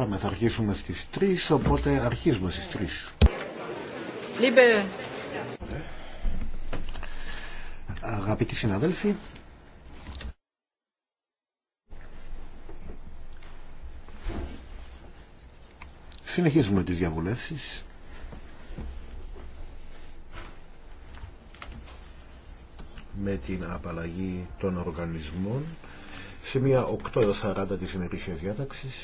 Πάμε, θα αρχίσουμε στις 3, οπότε αρχίζουμε στις 3. Λίμπε. Αγαπητοί συναδέλφοι, συνεχίζουμε τις διαβουλεύσεις. με την απαλλαγή των οργανισμών σε μια 8 40 της ημερήσιας διάταξης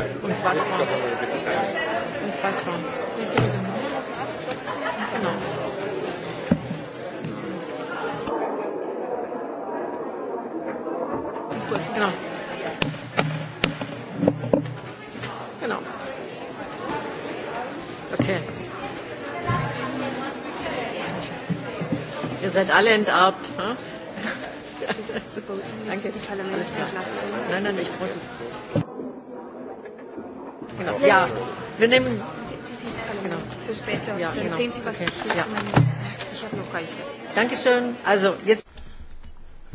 Unfassbar. Unfassbar. Genau. Genau. Genau. Okay. Ihr seid alle enterbt. Danke. die klar. Nein, nein, ich brauche.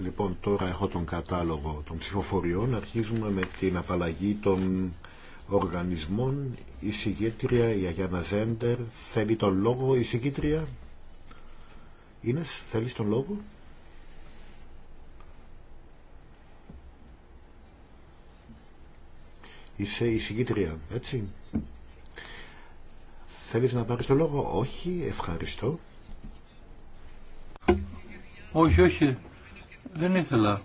Λοιπόν, τώρα έχω τον κατάλογο των ψηφοφοριών. Αρχίζουμε με την απαλλαγή των οργανισμών. Η συγκίτρια η Αγιάννα Ζέντερ, θέλει τον λόγο. Η συγκίτρια Ίνες, θέλεις τον λόγο. Είσαι εισηγήτρια, έτσι. Θέλεις να πάρεις το λόγο. Όχι, ευχαριστώ. Όχι, όχι. Δεν ήθελα.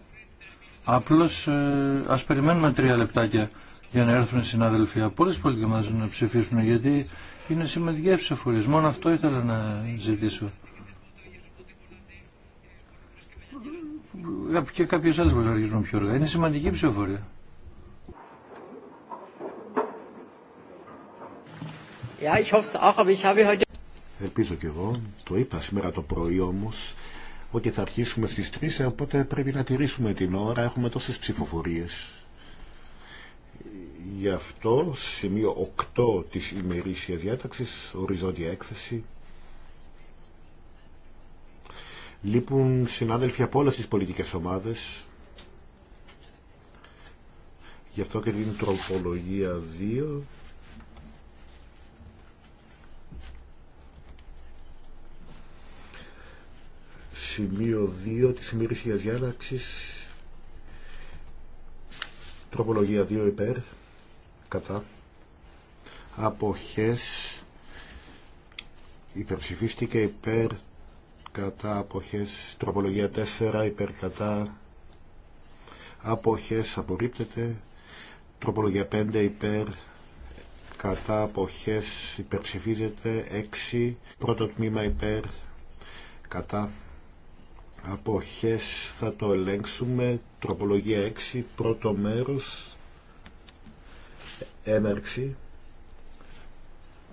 Απλώς ε, ας περιμένουμε τρία λεπτάκια για να έρθουν οι συνάδελφοι από όλες τις μας να ψηφίσουν γιατί είναι σημαντικές ψηφορίες. Μόνο αυτό ήθελα να ζητήσω. Ε, και κάποιες άλλες μπορεί να πιο αργά. Είναι σημαντική ψηφοφορία. Ελπίζω κι εγώ, το είπα σήμερα το πρωί όμω, ότι θα αρχίσουμε στι 3, οπότε πρέπει να τηρήσουμε την ώρα, έχουμε τόσες ψηφοφορίες. Γι' αυτό, σημείο 8 της ημερήσιας διάταξης, οριζόντια έκθεση, λείπουν συνάδελφοι από όλε τι πολιτικές ομάδες, γι' αυτό και την τροπολογία 2 σημείο 2 της ημερήσιας διάλαξης τροπολογία 2 υπέρ κατά αποχές υπερψηφίστηκε υπέρ κατά αποχές τροπολογία 4 υπέρ κατά αποχές απορρίπτεται τροπολογία 5 υπέρ κατά αποχές υπερψηφίζεται 6 πρώτο τμήμα υπέρ κατά αποχές θα το ελέγξουμε τροπολογία 6 πρώτο μέρος έναρξη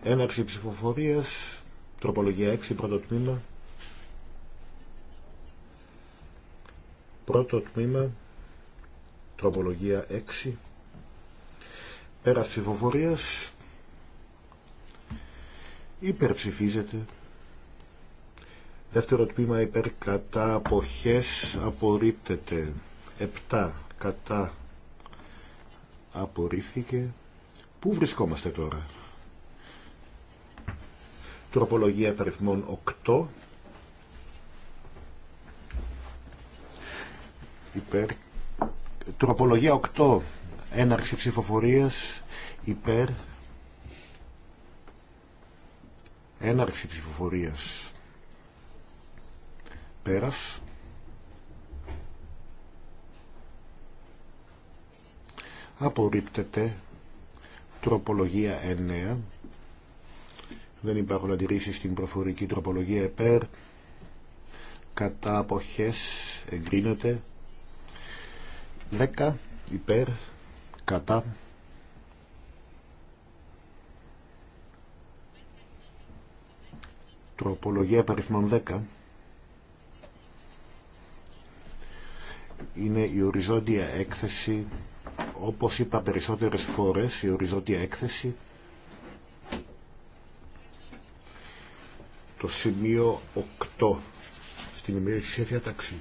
έναρξη ψηφοφορίας τροπολογία 6 πρώτο τμήμα πρώτο τμήμα τροπολογία 6 πέρα ψηφοφορίας υπερψηφίζεται Δεύτερο τμήμα υπέρ κατά αποχές απορρίπτεται. Επτά κατά απορρίφθηκε. Πού βρισκόμαστε τώρα. Τροπολογία παριθμών 8. Υπέρ. Τροπολογία 8. Έναρξη ψηφοφορίας υπέρ. Έναρξη ψηφοφορίας. Πέρας. Απορρίπτεται τροπολογία 9. Δεν υπάρχουν αντιρρήσει στην προφορική τροπολογία υπέρ. Κατά αποχές εγκρίνεται. 10 υπέρ. Κατά. Τροπολογία παριθμών 10. είναι η οριζόντια έκθεση. Όπως είπα περισσότερες φορές, η οριζόντια έκθεση το σημείο 8 στην ημερήσια διάταξη.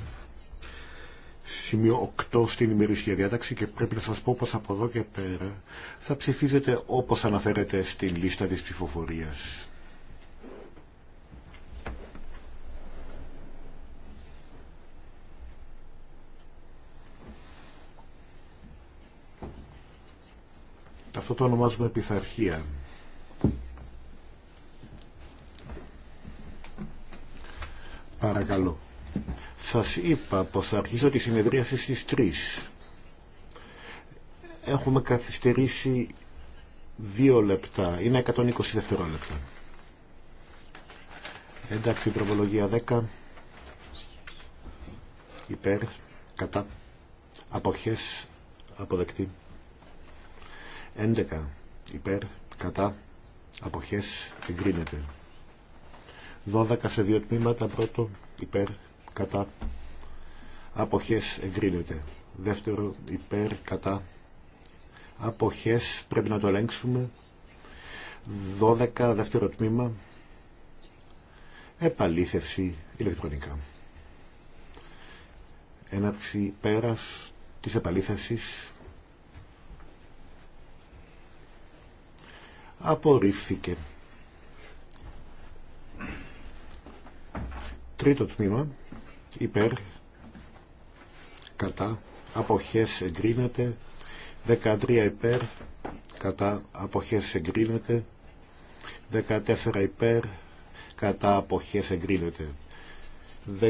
Σημείο 8 στην ημερήσια διάταξη και πρέπει να σας πω πως από εδώ και πέρα θα ψηφίζετε όπως αναφέρεται στην λίστα της ψηφοφορίας. Αυτό το ονομάζουμε πειθαρχία. Παρακαλώ. Σας είπα πως θα αρχίσω τη συνεδρίαση στις 3. Έχουμε καθυστερήσει 2 λεπτά. Είναι 120 δευτερόλεπτα. Εντάξει, τροπολογία 10. Υπέρ, κατά, αποχές, αποδεκτή. 11 υπέρ κατά αποχές εγκρίνεται 12 σε δύο τμήματα πρώτο υπέρ κατά αποχές εγκρίνεται δεύτερο υπέρ κατά αποχές πρέπει να το ελέγξουμε 12 δεύτερο τμήμα επαλήθευση ηλεκτρονικά έναρξη πέρας της επαλήθευσης απορρίφθηκε. Τρίτο τμήμα υπέρ κατά αποχές εγκρίνεται 13 υπέρ κατά αποχές εγκρίνεται 14 υπέρ κατά αποχές εγκρίνεται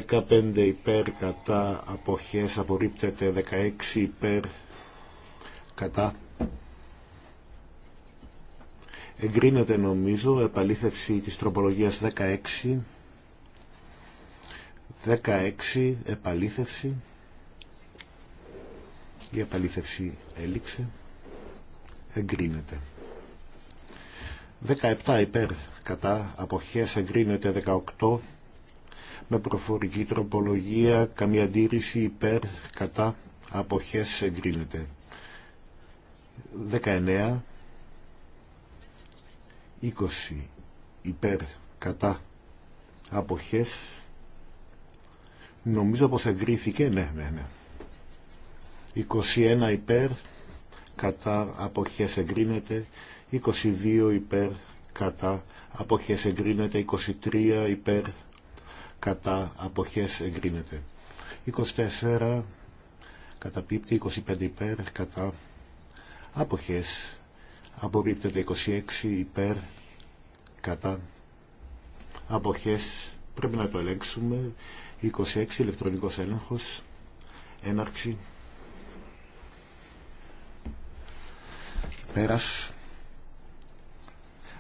15 υπέρ κατά αποχές απορρίπτεται 16 υπέρ κατά Εγκρίνεται νομίζω επαλήθευση της τροπολογίας 16. 16 επαλήθευση. Η επαλήθευση έληξε. Εγκρίνεται. 17 υπέρ κατά αποχές εγκρίνεται 18 με προφορική τροπολογία καμία αντίρρηση υπέρ κατά αποχές εγκρίνεται 19 20 υπέρ κατά αποχές νομίζω πως εγκρίθηκε ναι ναι ναι 21 υπέρ κατά αποχές εγκρίνεται 22 υπέρ κατά αποχές εγκρίνεται 23 υπέρ κατά αποχές εγκρίνεται 24 καταπίπτει 25 υπέρ κατά αποχές απορρίπτεται 26 υπέρ κατά αποχές πρέπει να το ελέγξουμε 26 ηλεκτρονικός έλεγχος έναρξη πέρας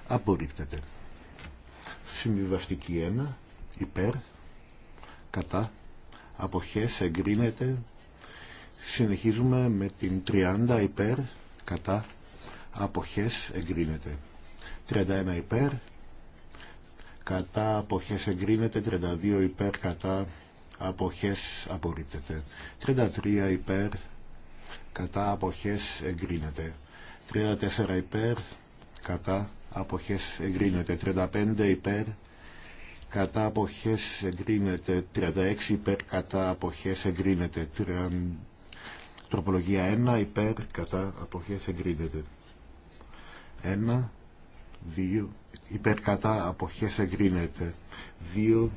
απορρίπτεται συμβιβαστική 1 υπέρ κατά αποχές εγκρίνεται συνεχίζουμε με την 30 υπέρ κατά αποχές εγκρίνεται 31 υπέρ κατά αποχές εγκρίνεται 32 υπέρ κατά αποχές απορρίπτεται 33 υπέρ κατά αποχές εγκρίνεται 34 υπέρ κατά αποχές εγκρίνεται 35 υπέρ κατά αποχές εγκρίνεται 36 υπέρ κατά αποχές εγκρίνεται 3... τροπολογία 1 υπέρ κατά αποχές εγκρίνεται 1, 2, υπέρ αποχές εγκρίνεται. 2,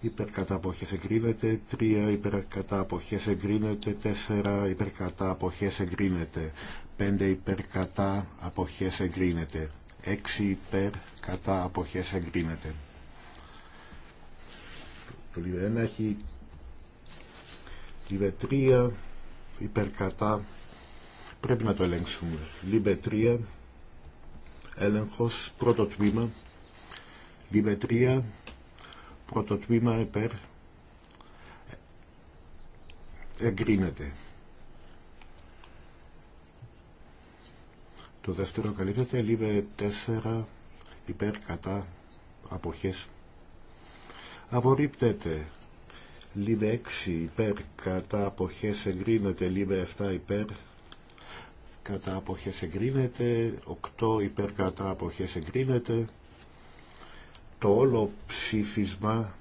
υπερκατα αποχές εγκρίνεται. 3, υπερκατά αποχές εγκρίνεται. 4, υπερκατά αποχές εγκρίνεται. 5, υπερκατά αποχές εγκρίνεται. 6, υπέρκατα κατά αποχές εγκρίνεται. Το λιβε 1 έχει 3, υπερκατά Πρέπει να το ελέγξουμε. Λίμπε 3, έλεγχος, πρώτο τμήμα. Λίμπε 3, πρώτο τμήμα υπέρ. Εγκρίνεται. Το δεύτερο καλύπτεται. Λίμπε 4, υπέρ, κατά, αποχές. Απορρίπτεται. Λίμπε 6 υπέρ κατά αποχές εγκρίνεται. Λίμπε 7 υπέρ κατά αποχές εγκρίνεται, 8 υπέρ κατά αποχές εγκρίνεται. Το όλο ψήφισμα,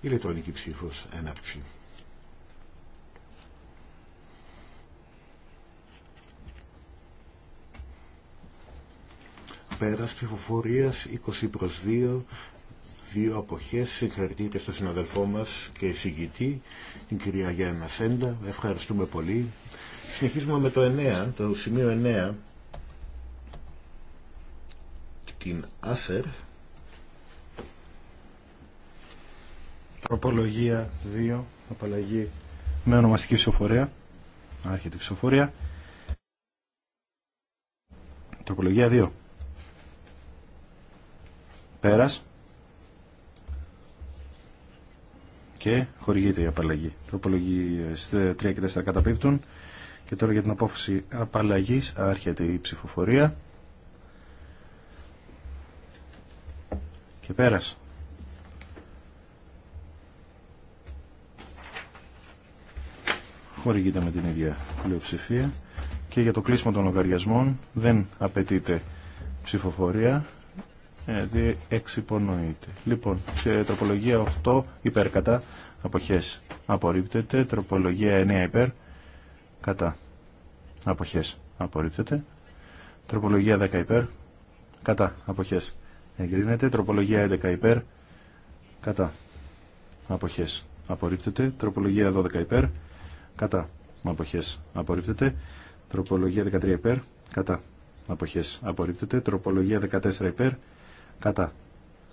ηλεκτρονική ψήφος, έναρξη. Πέρας ψηφοφορίας 20 προς 2, δύο αποχές συγχαρητήρια στον συναδελφό μας και εισηγητή, την κυρία Γιάννα Σέντα. Ευχαριστούμε πολύ. Συνεχίζουμε με το 9, το σημείο 9, την Άθερ. Τροπολογία 2, απαλλαγή με ονομαστική ψηφοφορία. Άρχεται η ψηφοφορία. Τροπολογία 2. Πέρας. Και χορηγείται η απαλλαγή. Τοπολογία ε, 3 και 4 καταπίπτουν. Και τώρα για την απόφαση απαλλαγής άρχεται η ψηφοφορία. Και πέρασε. Χορηγείται με την ίδια πλειοψηφία. Και για το κλείσιμο των λογαριασμών δεν απαιτείται ψηφοφορία. Δηλαδή εξυπονοείται. Λοιπόν, σε τροπολογία 8 υπέρ κατά αποχές απορρίπτεται. Τροπολογία 9 υπέρ κατά αποχές απορρίπτεται τροπολογία 10 υπέρ κατά αποχές εγκρίνεται τροπολογία 11 υπέρ κατά αποχές απορρίπτεται τροπολογία 12 υπέρ κατά αποχές απορρίπτεται τροπολογία 13 υπέρ κατά αποχές απορρίπτεται τροπολογία 14 υπέρ κατά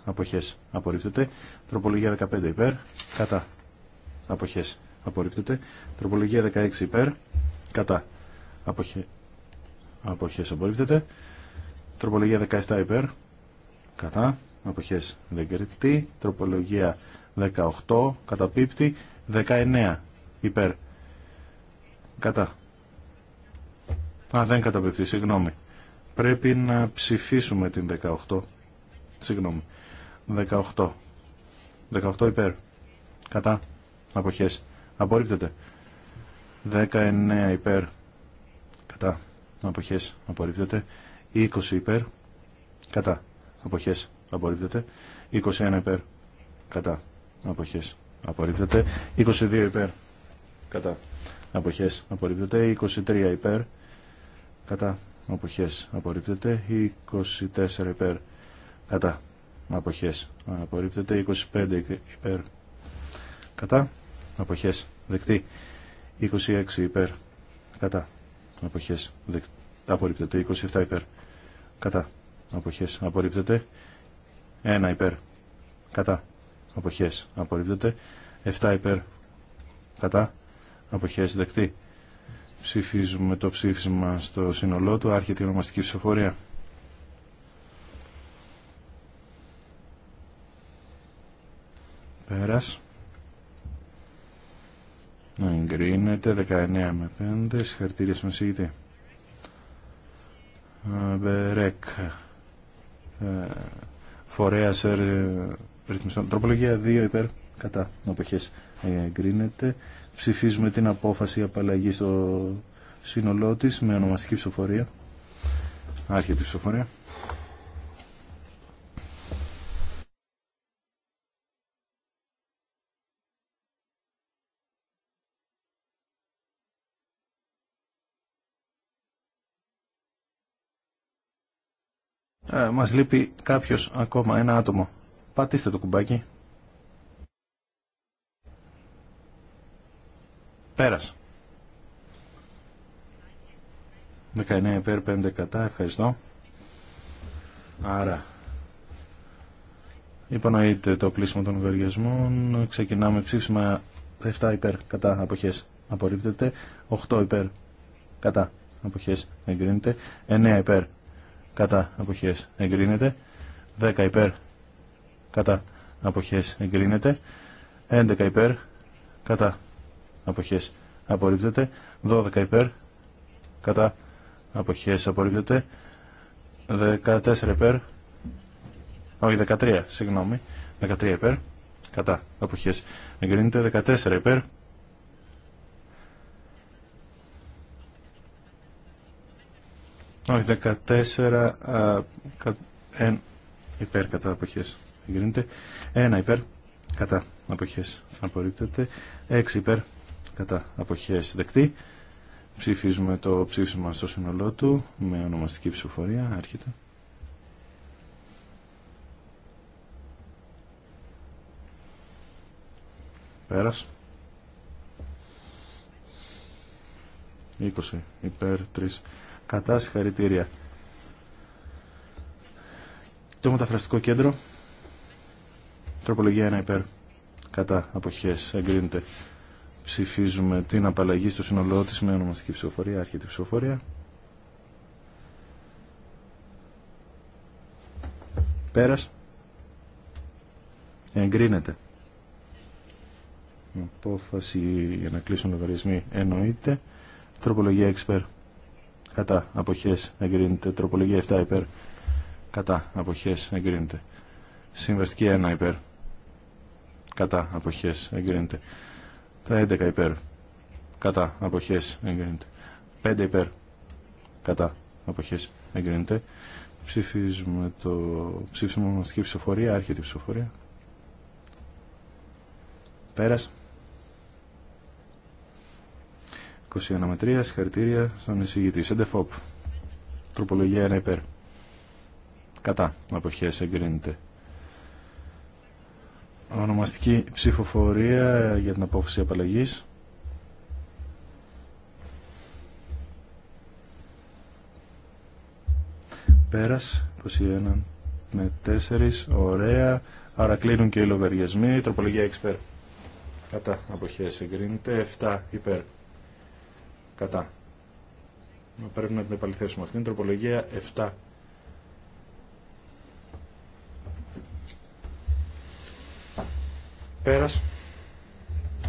αποχές απορρίπτεται τροπολογία 15 υπέρ κατά αποχές απορρίπτεται. Τροπολογία 16 υπέρ, κατά, αποχε... αποχές απορρίπτεται. Τροπολογία 17 υπέρ, κατά, αποχές δεν κρυπτεί. Τροπολογία 18, καταπίπτει. 19 υπέρ, κατά. Α, δεν καταπίπτει, συγγνώμη. Πρέπει να ψηφίσουμε την 18. Συγγνώμη. 18. 18 υπέρ. Κατά. Αποχές. Απορρίπτεται. 19 υπέρ. Κατά. Αποχές. Απορρίπτεται. 20 υπέρ. Κατά. Αποχές. Απορρίπτεται. 21 υπέρ. Κατά. Αποχές. Απορρίπτεται. 22 υπέρ. Κατά. Αποχές. Απορρίπτεται. 23 υπέρ. Κατά. Αποχές. Απορρίπτεται. 24 υπέρ. Κατά. Αποχές. Απορρίπτεται. 25 υπέρ. Κατά αποχές δεκτή 26 υπέρ κατά αποχές απορρίπτεται 27 υπέρ κατά αποχές απορρίπτεται 1 υπέρ κατά αποχές απορρίπτεται 7 υπέρ κατά αποχές δεκτή ψηφίζουμε το ψήφισμα στο σύνολό του άρχεται η ονομαστική ψηφοφορία πέρας Εγκρίνεται 19 με 5. Συγχαρητήρια στον εισηγητή. Ε, Μπερέκ. Ε, Φορέα ε, ρυθμιστών. Τροπολογία 2 υπέρ. Κατά. Αποχέ. Εγκρίνεται. Ψηφίζουμε την απόφαση απαλλαγή στο σύνολό τη με ονομαστική ψηφοφορία. Άρχεται η ψηφοφορία. μας λείπει κάποιος ακόμα, ένα άτομο. Πατήστε το κουμπάκι. Πέρασε. 19 υπέρ 5 κατά, ευχαριστώ. Άρα, υπονοείται το κλείσιμο των λογαριασμών. Ξεκινάμε ψήφισμα 7 υπέρ κατά αποχές απορρίπτεται, 8 υπέρ κατά αποχές εγκρίνεται, 9 υπέρ κατά αποχές εγκρίνεται 10 υπέρ κατά αποχές εγκρίνεται 11 υπέρ κατά αποχές απορρίπτεται 12 υπέρ κατά αποχές απορρίπτεται 14 υπέρ όχι 13 συγγνώμη 13 υπέρ κατά αποχές εγκρίνεται 14 υπέρ Όχι, 14 υπέρ κατά αποχές εγκρίνεται. 1 υπέρ κατά αποχές απορρίπτεται. 6 υπέρ κατά αποχές δεκτή. Ψηφίζουμε το ψήφισμα στο σύνολό του με ονομαστική ψηφοφορία. Άρχεται. Πέρας. 20 υπέρ 3 Κατά συγχαρητήρια. Το μεταφραστικό κέντρο. Τροπολογία 1 υπέρ. Κατά αποχές εγκρίνεται. Ψηφίζουμε την απαλλαγή στο σύνολό της με ονομαστική ψηφοφορία, άρχεται ψηφοφορία. Πέρας. Εγκρίνεται. Απόφαση για να κλείσουν λογαριασμοί εννοείται. Τροπολογία 6 υπέρ κατά αποχές εγκρίνεται. Τροπολογία 7 υπέρ κατά αποχές εγκρίνεται. Συμβαστική 1 υπέρ κατά αποχές εγκρίνεται. Τα 11 υπέρ κατά αποχές εγκρίνεται. 5 υπέρ κατά αποχές εγκρίνεται. Ψηφίζουμε το ψήφισμα ονομαστική ψηφοφορία, άρχεται η ψηφοφορία. Πέρασε. 21 με 3, συγχαρητήρια στον εισηγητή. Σεντεφόπ. Τροπολογία 1 υπέρ. Κατά. Αποχέ εγκρίνεται. Ονομαστική ψηφοφορία για την απόφαση απαλλαγή. Πέρα 21 με 4. Ωραία. Άρα κλείνουν και οι λογαριασμοί. Τροπολογία 6 υπέρ. Κατά. Αποχέ εγκρίνεται. 7 υπέρ Κατά. Πρέπει να την επαληθέσουμε η Τροπολογία 7. Πέρας.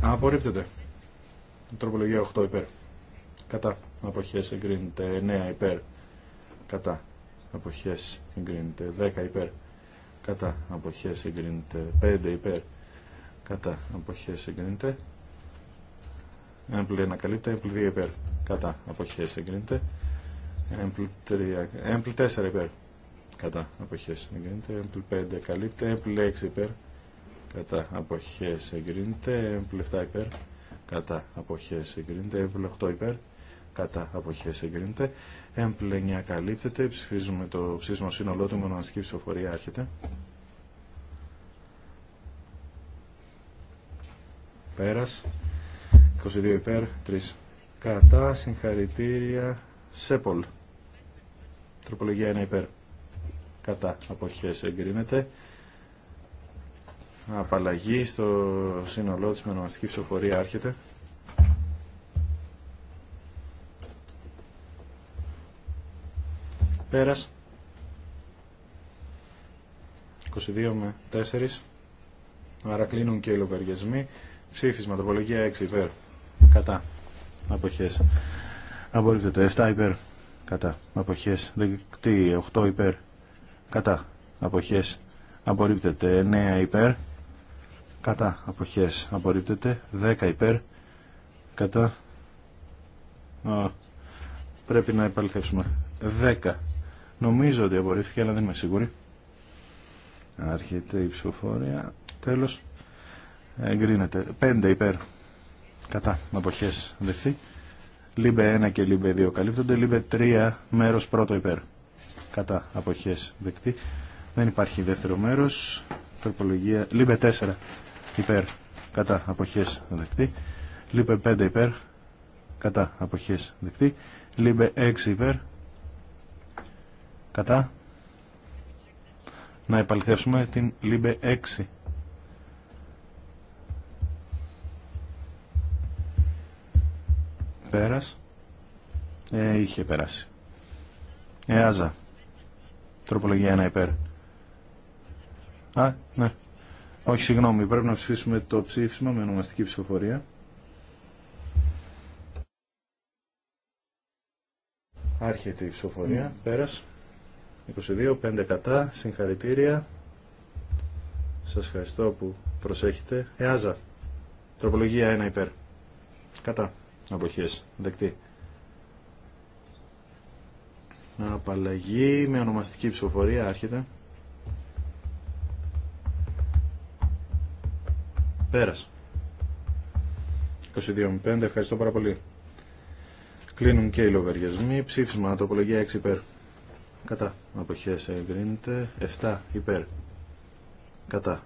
Απορρίπτεται. Τροπολογία 8 υπέρ. Κατά. Αποχές εγκρίνεται. 9 υπέρ. Κατά. Αποχές εγκρίνεται. 10 υπέρ. Κατά. Αποχές εγκρίνεται. 5 υπέρ. Κατά. Αποχές εγκρίνεται. Έμπλ 1 καλύπτεται, έμπλ 2 υπέρ. Κατά. Αποχές εγκρίνεται. Έμπλ 4 υπέρ. Κατά. Αποχές εγκρίνεται. Έμπλ 5 καλύπτεται. Έμπλ 6 υπέρ. Κατά. Αποχές εγκρίνεται. Έμπλ 7 υπέρ. Κατά. Αποχές εγκρίνεται. Έμπλ 8 υπέρ. Κατά. αποχέ εγκρίνεται. Έμπλ 9 καλύπτεται. Ψηφίζουμε το ψήσιμο σύνολό του. Μονομαστική ψηφοφορία άρχεται. Πέρας. 22 υπέρ, 3 κατά, συγχαρητήρια, Σέπολ. Τροπολογία 1 υπέρ, κατά, αποχές εγκρίνεται. Απαλλαγή στο σύνολό της μενομαστική ψηφοφορία άρχεται. Πέρας. 22 με 4. Άρα κλείνουν και οι λογαριασμοί. Ψήφισμα, τροπολογία 6 υπέρ κατά αποχές απορρίπτεται 7 υπέρ κατά αποχές δεκτή 8 υπέρ κατά αποχές απορρίπτεται 9 υπέρ κατά αποχές απορρίπτεται 10 υπέρ κατά πρέπει να επαληθεύσουμε 10 νομίζω ότι απορρίφθηκε αλλά δεν είμαι σίγουρη Άρχεται η ψηφοφορία. Τέλος. Εγκρίνεται. 5 υπέρ κατά αποχές δεκτή. Λίμπε 1 και Λίμπε 2 καλύπτονται. Λίμπε 3 μέρος πρώτο υπέρ. Κατά αποχές δεκτή. Δεν υπάρχει δεύτερο μέρος. Τροπολογία. Λίμπε 4 υπέρ. Κατά αποχές δεκτή. Λίμπε 5 υπέρ. Κατά αποχές δεκτή. Λίμπε 6 υπέρ. Κατά. Να επαληθεύσουμε την Λίμπε 6. Πέρας. Ε, είχε περάσει. Εάζα. Τροπολογία 1 υπέρ. Α, ναι. Όχι, συγγνώμη, πρέπει να ψηφίσουμε το ψήφισμα με ονομαστική ψηφοφορία. Άρχεται η ψηφοφορία. Mm. Πέρας. 22, 5 κατά. Συγχαρητήρια. Σας ευχαριστώ που προσέχετε. Εάζα. Τροπολογία 1 υπέρ. Κατά. Αποχέ δεκτή απαλλαγή με ονομαστική ψηφοφορία άρχεται πέρας 22.05 ευχαριστώ πάρα πολύ κλείνουν και οι λογαριασμοί ψήφισμα τοπολογία 6 υπέρ κατά αποχές εγκρίνεται 7 υπέρ κατά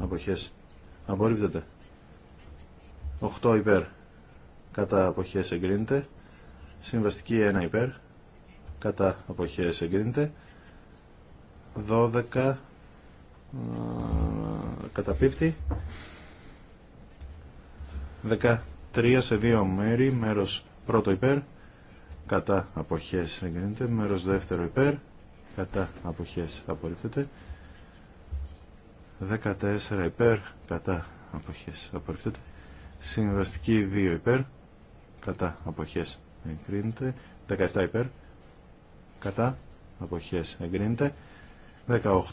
αποχές απορρίπτεται 8 υπέρ κατά αποχές εγκρίνεται. Συμβαστική 1 υπέρ, κατά αποχές εγκρίνεται. 12 ε, καταπίπτει. 13 σε 2 μέρη, μέρος πρώτο υπέρ, κατά αποχές εγκρίνεται, μέρος δεύτερο υπέρ, κατά αποχές απορρίπτεται, 14 υπέρ, κατά αποχές απορρίπτεται, συμβαστική 2 υπέρ, κατά αποχές εγκρίνεται 17 υπέρ κατά αποχές εγκρίνεται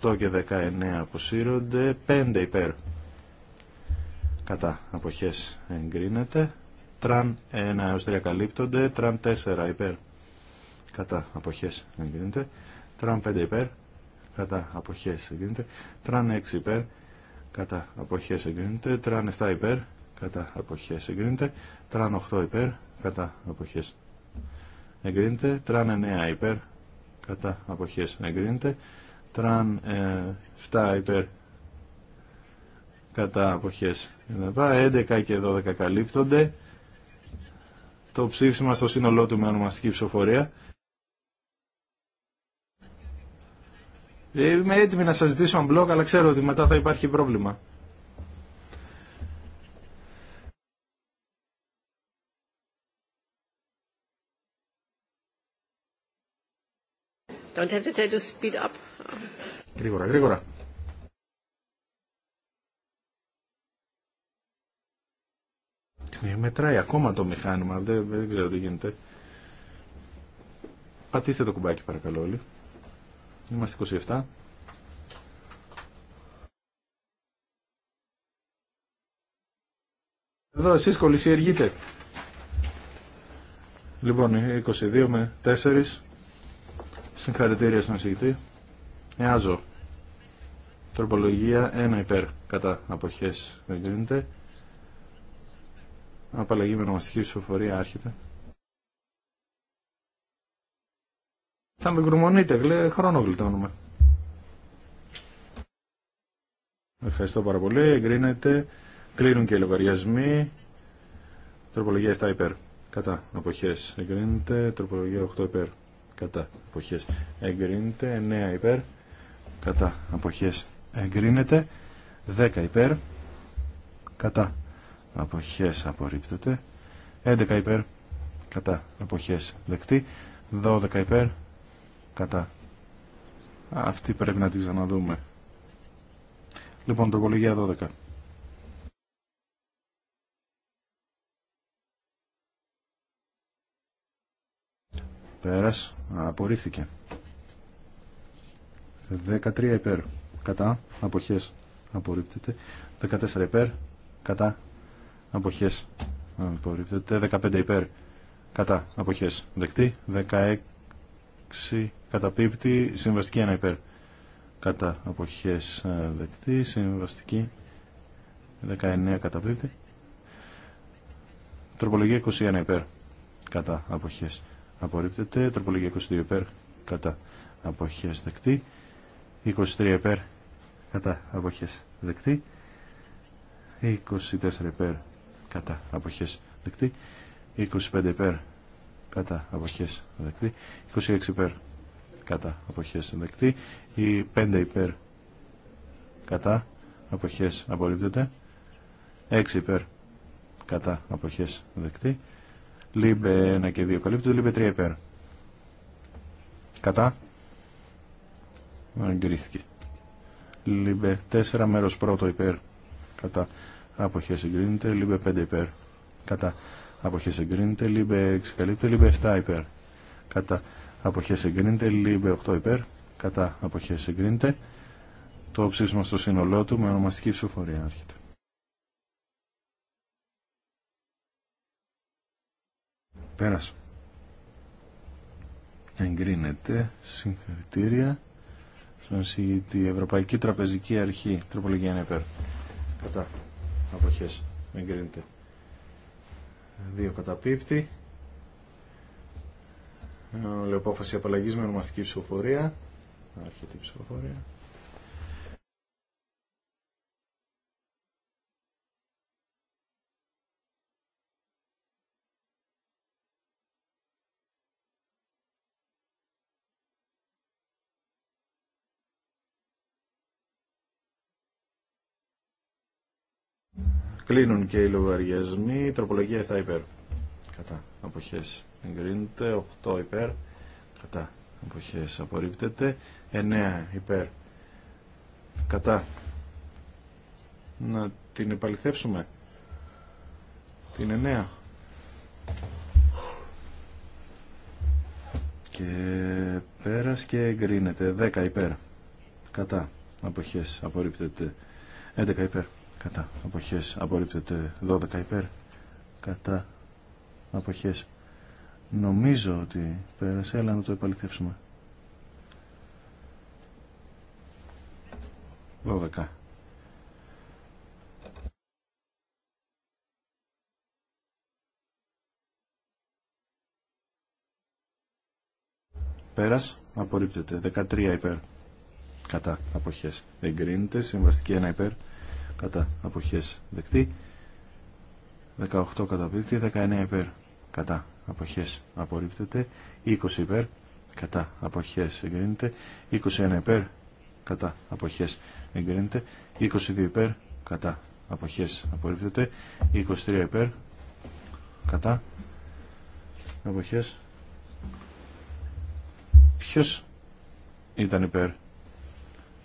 18 και 19 αποσύρονται 5 υπέρ κατά αποχές εγκρίνεται τραν 1 έως 3 καλύπτονται τραν 4 υπέρ κατά αποχές εγκρίνεται τραν 5 υπέρ κατά αποχές εγκρίνεται τραν 6 υπέρ κατά αποχές εγκρίνεται τραν 7 υπέρ κατά αποχές εγκρίνεται, τραν 8 υπέρ, κατά αποχές εγκρίνεται, τραν 9 υπέρ, κατά αποχές εγκρίνεται, τραν 7 ε, υπέρ, κατά αποχές 11 και 12 καλύπτονται, το ψήφισμα στο σύνολό του με ονομαστική ψηφοφορία. Ε, είμαι έτοιμη να σας ζητήσω μπλοκ, αλλά ξέρω ότι μετά θα υπάρχει πρόβλημα. Don't hesitate speed up. Γρήγορα, γρήγορα. Ε, μετράει ακόμα το μηχάνημα, δεν, δεν ξέρω τι γίνεται. Πατήστε το κουμπάκι παρακαλώ όλοι. Είμαστε 27. Εδώ εσείς κολλησιεργείτε. Λοιπόν, 22 με 4. Συγχαρητήρια στον εισηγητή. Εάζω. Τροπολογία 1 υπέρ κατά αποχές δεν Απαλλαγή με νομαστική ψηφοφορία άρχεται. Θα με γκρουμονείτε, λέει, χρόνο γλιτώνουμε. Ευχαριστώ πάρα πολύ. Εγκρίνεται. Κλείνουν και οι λογαριασμοί. Τροπολογία 7 υπέρ. Κατά αποχές εγκρίνεται. Τροπολογία 8 υπέρ κατά αποχές εγκρίνεται 9 υπέρ κατά αποχές εγκρίνεται 10 υπέρ κατά αποχές απορρίπτεται 11 υπέρ κατά αποχές δεκτή 12 υπέρ κατά αυτή πρέπει να τη ξαναδούμε λοιπόν τροπολογία 12 Πέρας. Απορρίφθηκε. 13 υπέρ. Κατά. Αποχές. Απορρίπτεται. 14 υπέρ. Κατά. Αποχές. Απορρίπτεται. 15 υπέρ. Κατά. Αποχές. Δεκτή. 16 καταπίπτει. Συμβαστική 1 υπέρ. Κατά. Αποχές. Δεκτή. Συμβαστική 19 καταπίπτει. Τροπολογία 21 υπέρ. Κατά. Αποχές απορρίπτεται. Τροπολογία 22 υπέρ κατά αποχές δεκτή. 23 υπέρ κατά αποχές δεκτή. 24 υπέρ κατά αποχές δεκτή. 25 υπέρ κατά αποχές δεκτή. 26 υπέρ κατά αποχές δεκτή. 5 υπέρ κατά αποχές απορρίπτεται. 6 υπέρ κατά αποχές δεκτή. Λίμπε 1 και 2 καλύπτονται, Λίμπε 3 υπέρ. Κατά. Εγκρίθηκε. Λίμπε 4 μέρος πρώτο υπέρ. Κατά. Αποχές εγκρίνεται. Λίμπε 5 υπέρ. Κατά. Αποχές εγκρίνεται. Λίμπε 6 καλύπτει. Λίμπε 7 υπέρ. Κατά. Αποχές εγκρίνεται. Λίμπε 8 υπέρ. Κατά. Αποχές εγκρίνεται. Το ψήφισμα στο σύνολό του με ονομαστική ψηφοφορία έρχεται. Πέρας. Εγκρίνεται. Συγχαρητήρια. Στον συγητή Ευρωπαϊκή Τραπεζική Αρχή. Τροπολογία είναι υπέρ. Κατά. Αποχές. Εγκρίνεται. Δύο καταπίπτει. Ε, Λεωπόφαση απαλλαγής με ονομαστική ψηφοφορία. Αρχιτή ψηφοφορία. Κλείνουν και οι λογαριασμοί. τροπολογία 7 υπέρ. Κατά. Αποχέ Εγκρίνεται. 8 υπέρ. Κατά. Αποχέ Απορρίπτεται. 9 υπέρ. Κατά. Να την επαληθεύσουμε. Την 9. Και πέρα και εγκρίνεται. 10 υπέρ. Κατά. Αποχέ Απορρίπτεται. 11 υπέρ κατά αποχές απορρίπτεται 12 υπέρ κατά αποχές νομίζω ότι πέρασε αλλά να το επαληθεύσουμε 12 Πέρας, απορρίπτεται. 13 υπέρ. Κατά αποχές. Εγκρίνεται. Συμβαστική 1 υπέρ κατά αποχές δεκτή 18 καταπλήκτη 19 υπέρ κατά αποχές απορρίπτεται 20 υπέρ κατά αποχές εγκρίνεται 21 υπέρ κατά αποχές εγκρίνεται 22 υπέρ κατά αποχές απορρίπτεται 23 υπέρ κατά αποχές ποιος ήταν υπέρ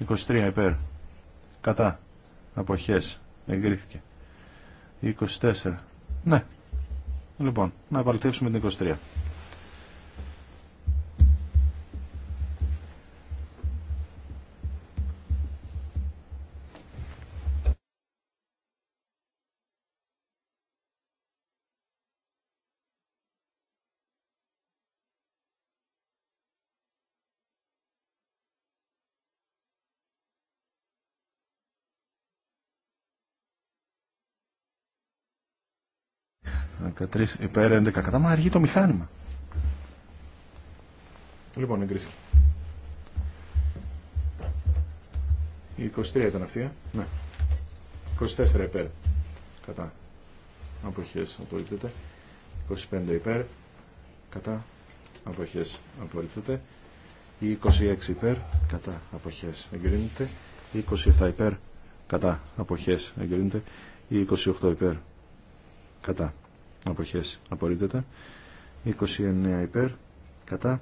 23 υπέρ κατά Αποχές. Εγκρίθηκε. 24. Ναι. Λοιπόν, να επαληθεύσουμε την 23. 13 υπέρ 11 κατά. Μα αργεί το μηχάνημα. Λοιπόν, εγκρίθηκε. Η 23 ήταν αυτή, ε? ναι. 24 υπέρ. Κατά. Αποχές απολύπτεται. 25 υπέρ. Κατά. Αποχές απολύπτεται. Η 26 υπέρ. Κατά. Αποχές εγκρίνεται. Η 27 υπέρ. Κατά. Αποχές εγκρίνεται. Η 28 υπέρ. Κατά αποχές απορρίπτεται 29 υπέρ κατά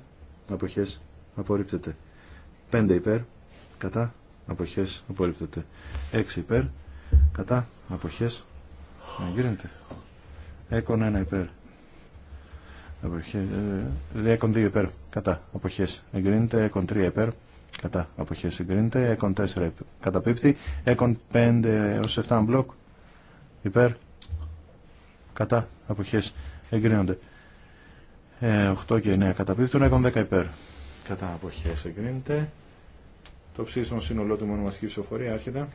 αποχές απορρίπτεται 5 υπέρ κατά αποχές απορρίπτεται 6 υπέρ κατά αποχές εγκρίνεται έκον 1 υπέρ αποχές, ε, ε, έκον 2 υπέρ κατά αποχές εγκρίνεται έκον 3 υπέρ κατά αποχές εγκρίνεται έκον 4 καταπίπτει έκον 5 έως 7 μπλοκ υπέρ κατά αποχές εγκρίνονται. 8 ε, και 9 καταπίπτουν, έχουν 10 υπέρ. Κατά αποχές εγκρίνεται. Το ψήσιμο σύνολό του μονομαστική ψηφοφορία άρχεται.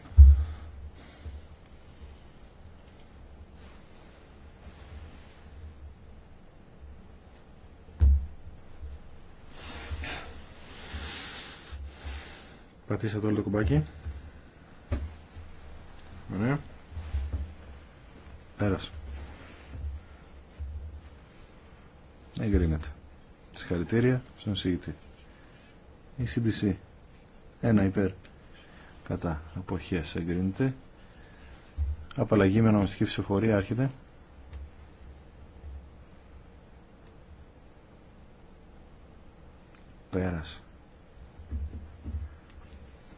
Πατήσατε όλο το κουμπάκι. Ωραία. Ναι. Πέρασε. Εγκρίνεται. Συγχαρητήρια στον συγητή. Η CDC. Ένα υπέρ. Κατά. Αποχές εγκρίνεται. Απαλλαγή με ονομαστική ψηφοφορία άρχεται. Πέρας.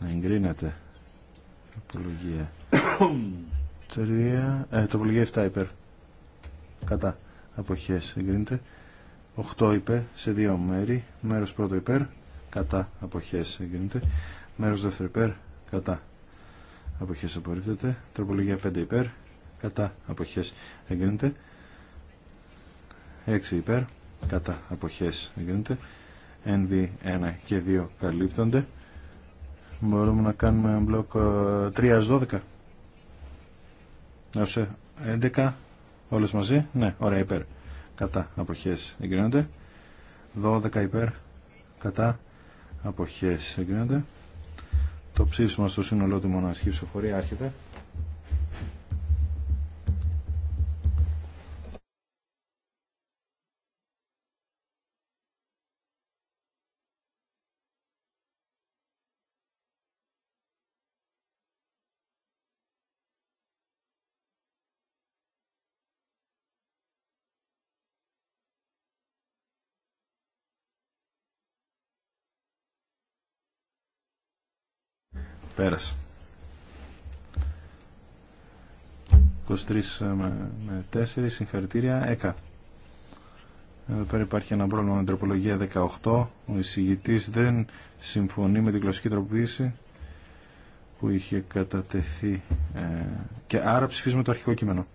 Εγκρίνεται. Απολογία. Τρία. Ε, 7 υπέρ. Κατά. Αποχές εγκρίνεται. 8 είπε σε δύο μέρη. Μέρος πρώτο υπέρ, κατά αποχές εγκρίνεται. Μέρος δεύτερο υπέρ, κατά αποχές απορρίπτεται. Τροπολογία 5 υπέρ, κατά αποχές εγκρίνεται. 6 υπέρ, κατά αποχές εγκρίνεται. NV1 και 2 καλύπτονται. Μπορούμε να κάνουμε μπλοκ 3-12. Ε, έως 11, όλες μαζί. Ναι, ωραία, υπέρ κατά αποχές εγκρίνονται 12 υπέρ κατά αποχές εγκρίνονται το ψήφισμα στο σύνολό του μονασχή ψηφοφορία άρχεται Πέρασε. 23 με 4, συγχαρητήρια, ΕΚΑ. Εδώ πέρα υπάρχει ένα πρόβλημα με τροπολογία 18. Ο εισηγητής δεν συμφωνεί με την κλασική τροποποίηση που είχε κατατεθεί. Ε, και άρα ψηφίζουμε το αρχικό κείμενο.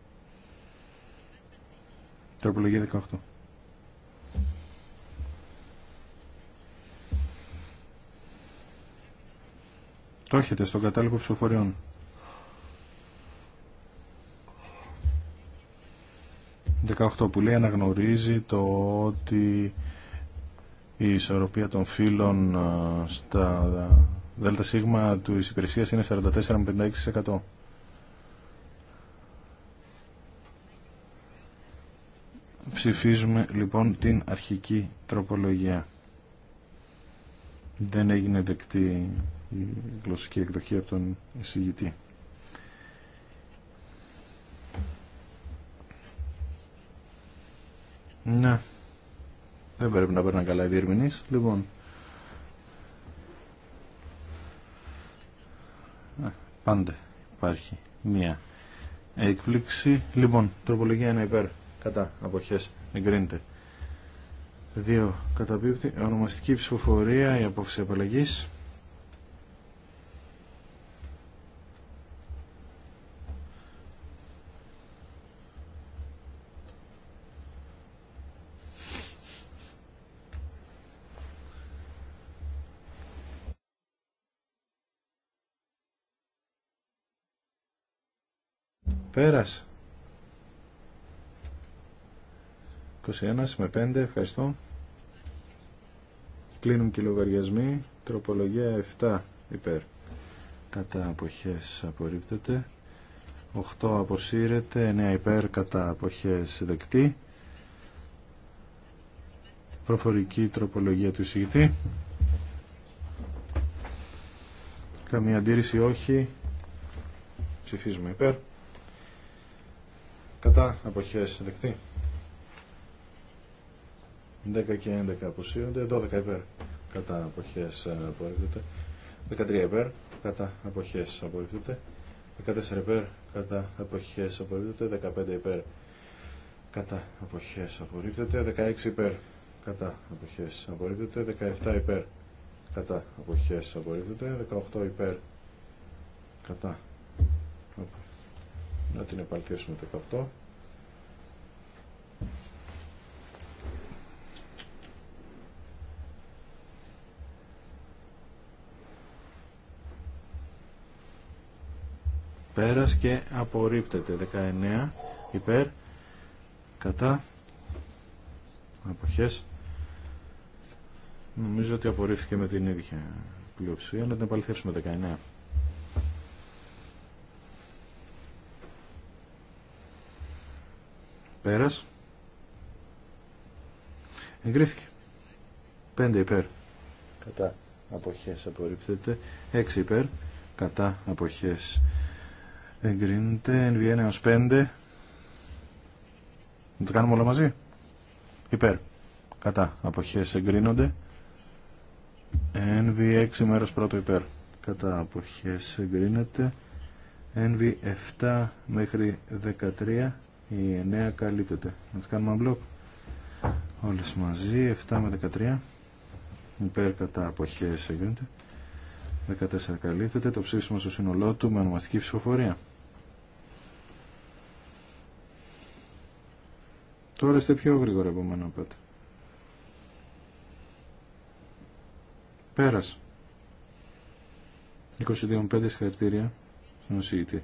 Τροπολογία 18. Το έχετε στον κατάλογο ψηφοφοριών. που λέει αναγνωρίζει το ότι η ισορροπία των φύλων στα ΔΣ του υπηρεσία είναι 44 56%. Ψηφίζουμε λοιπόν την αρχική τροπολογία. Δεν έγινε δεκτή η γλωσσική εκδοχή από τον εισηγητή. Ναι. Δεν πρέπει να παίρνουν καλά οι διερμηνείς. Λοιπόν. Πάντα υπάρχει μία έκπληξη. Λοιπόν, τροπολογία είναι υπέρ. Κατά. Αποχές. Εγκρίνεται. δύο Καταπίπτει. Ονομαστική ψηφοφορία. Η απόφαση απαλλαγής. Πέρας. 21 με 5, ευχαριστώ. Κλείνουν και οι λογαριασμοί. Τροπολογία 7 υπέρ. Κατά αποχές απορρίπτεται. 8 αποσύρεται. 9 υπέρ. Κατά αποχές δεκτή. Προφορική τροπολογία του εισηγητή. Καμία αντίρρηση όχι. Ψηφίζουμε υπέρ κατά αποχές δεκτή 10 και 11 αποσύρονται 12 υπέρ κατά αποχές απορρίπτεται 13 υπέρ κατά αποχές απορρίπτεται 14 υπέρ κατά αποχές απορρίπτεται 15 υπέρ κατά αποχές απορρίπτεται 16 υπέρ κατά αποχές απορρίπτεται 17 υπέρ κατά αποχές απορρίπτεται 18 υπέρ κατά να την επαληθεύσουμε 18 πέρας και απορρίπτεται 19 υπέρ κατά αποχές νομίζω ότι απορρίφθηκε με την ίδια πλειοψηφία να την επαληθεύσουμε 19 Πέρας. Εγκρίθηκε. 5 υπέρ. Κατά αποχές απορρίπτεται. 6 υπέρ. Κατά αποχές εγκρίνεται. NV1 έως 5. Να το κάνουμε όλα μαζί. Υπέρ. Κατά αποχές εγκρίνονται. NV6 μέρος πρώτο υπέρ. Κατά αποχές εγκρίνεται. NV7 μέχρι 13 η 9 καλύπτεται. Να τις κάνουμε μπλοκ. Όλες μαζί. 7 με 13. Υπέρ κατά αποχές εγκρίνεται. 14 καλύπτεται. Το ψήφισμα στο σύνολό του με ονομαστική ψηφοφορία. Τώρα είστε πιο γρήγορα από μένα 22 με 5 συγχαρητήρια στον εισηγητή.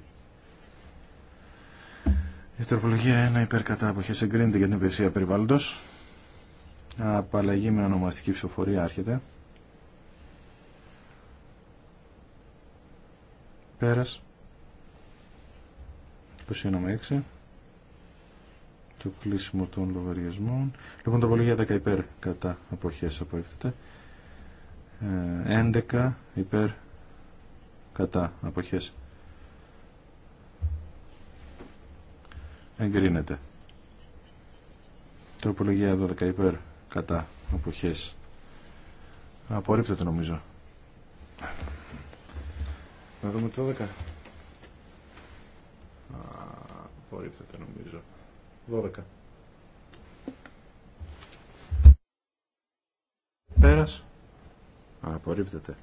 Η τροπολογία 1 υπέρ κατά εγκρίνεται για την υπηρεσία περιβάλλοντο, Απαλλαγή με ονομαστική ψηφοφορία άρχεται. Πέρα. 21 6. Το κλείσιμο των λογαριασμών. Λοιπόν, τροπολογία 10 υπέρ κατά αποχέ απορρίφθηκε. 11 υπέρ κατά εγκρίνεται. Τροπολογία 12 υπέρ κατά αποχές. Απορρίπτεται νομίζω. Να δούμε το 12. Απορρίπτεται νομίζω. 12. Πέρας. Απορρίπτεται.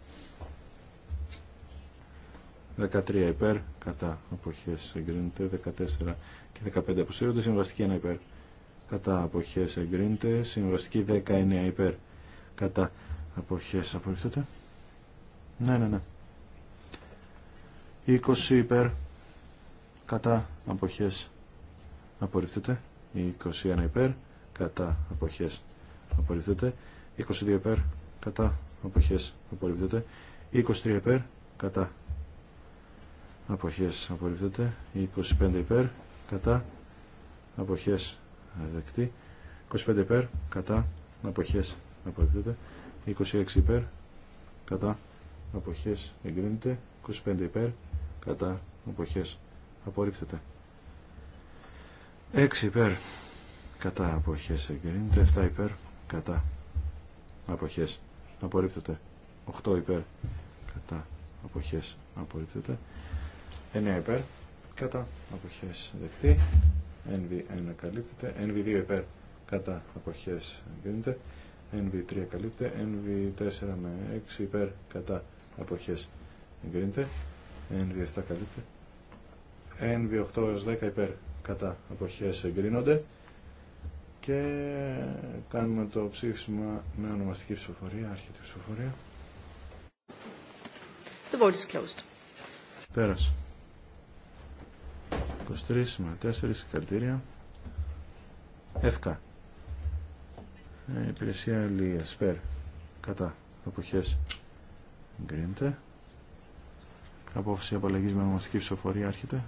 13 υπέρ, κατά αποχές εγκρίνεται, 14 και 15 αποσύρονται, συμβαστική 1 υπέρ, κατά αποχές εγκρίνεται, συμβαστική 19 υπέρ, κατά αποχές απορρίπτεται. Ναι, ναι, ναι. 20 υπέρ, κατά αποχές απορρίπτεται, 21 υπέρ, κατά αποχές 22 υπέρ, κατά αποχές απορρίπτεται, 23 υπέρ, κατά αποχές απορρίπτεται 25 υπέρ κατά αποχές δεκτή 25 υπέρ κατά αποχές απορρίπτεται 26 υπέρ κατά αποχές εγκρίνεται 25 υπέρ κατά αποχές απορρίπτεται 6 υπέρ κατά αποχές εγκρίνεται 7 υπέρ κατά αποχές απορρίπτεται 8 υπέρ κατά αποχές απορρίπτεται 9 υπέρ, κατά αποχές δεκτή. NV1 καλύπτεται. NV2 υπέρ, κατά αποχές εγκρίνεται. NV3 καλύπτεται. NV4 με 6 υπέρ, κατά αποχές εγκρίνεται. NV7 καλύπτεται. NV8 έως 10 υπέρ, κατά αποχές εγκρίνονται. Και κάνουμε το ψήφισμα με ονομαστική ψηφοφορία, άρχιτη ψηφοφορία. The vote is closed. Πέρασε. 23, με 4, συγχαρητήρια. Εύκα. Ε, υπηρεσία αλληλεία. Σπέρ. Κατά. Αποχέ. Εγκρίνεται. Απόφαση απαλλαγή με ονομαστική ψηφοφορία. Άρχεται.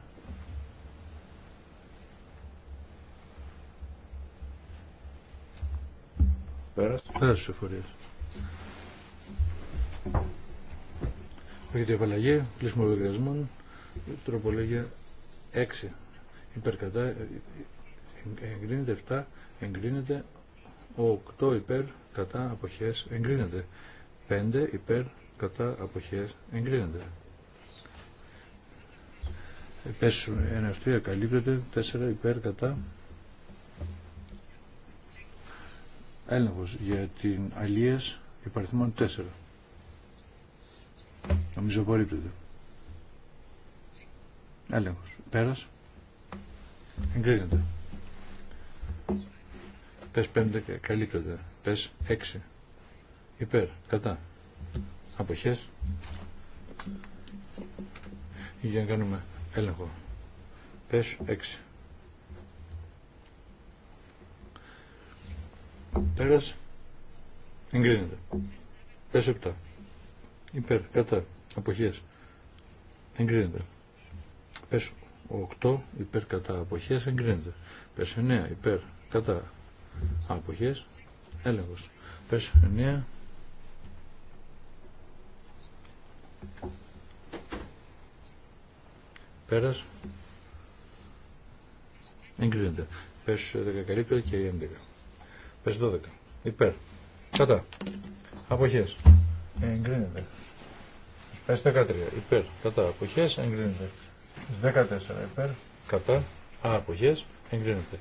Πέρασε. Πέρασε ψηφοφορία. Έχετε η απαλλαγή. Κλείσιμο λογαριασμών. Τροπολογία 6 υπέρ κατά ε, ε, ε, εγκρίνεται 7 εγκρίνεται 8 υπέρ κατά αποχές εγκρίνεται 5 υπέρ κατά αποχές εγκρίνεται πες ενευτρία καλύπτεται 4 υπέρ κατά έλεγχος για την αλίας υπαριθμών 4 νομίζω απορρίπτεται έλεγχος. Πέρας. Εγκρίνεται. Πες 5 καλύτερα. Πες έξι. Υπέρ. Κατά. Αποχές. Για να κάνουμε έλεγχο. Πες έξι. Πέρας. Εγκρίνεται. Πες επτά. Υπέρ. Κατά. Αποχές. Εγκρίνεται. Πες 8 υπέρ κατά αποχές εγκρίνεται. Πες 9 υπέρ κατά αποχές έλεγχος. Πες 9 πέρας εγκρίνεται. Πες 10 καλύπτεται και 11. Πες 12 υπέρ κατά αποχές εγκρίνεται. Πες 13 υπέρ κατά αποχές εγκρίνεται. 14 υπέρ. Κατά. Α, αποχές. Εγκρίνεται.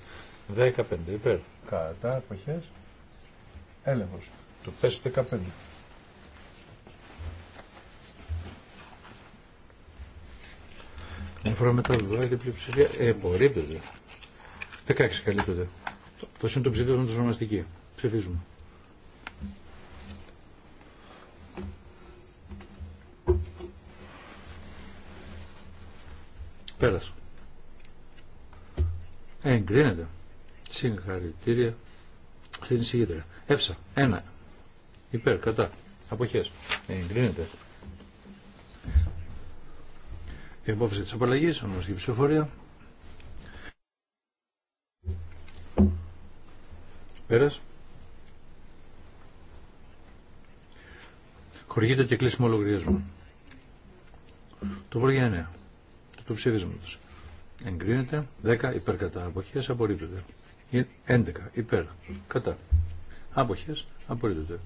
15 υπέρ. Κατά. Αποχές. Έλεγχος. Το πες 15. Μια φορά μετά το 12 την πλειοψηφία. Ε, απορρίπτεται. 16 καλύπτεται. Το σύντομο ψήφισμα είναι το σωμαστική. Ψηφίζουμε. σου. Εγκρίνεται. Συγχαρητήρια στην εισηγήτρια. Εύσα. Ένα. Υπέρ. Κατά. Αποχές. Εγκρίνεται. Η απόφαση της απαλλαγής, ονομαστική ψηφοφορία. Πέρας. Χορηγείται και κλείσιμο λογαριασμό. Το πρώτο του ψηφίσματος. Εγκρίνεται. 10 υπέρ κατά. Αποχές απορρίπτεται. 11 ε, υπέρ κατά. Αποχές απορρίπτεται.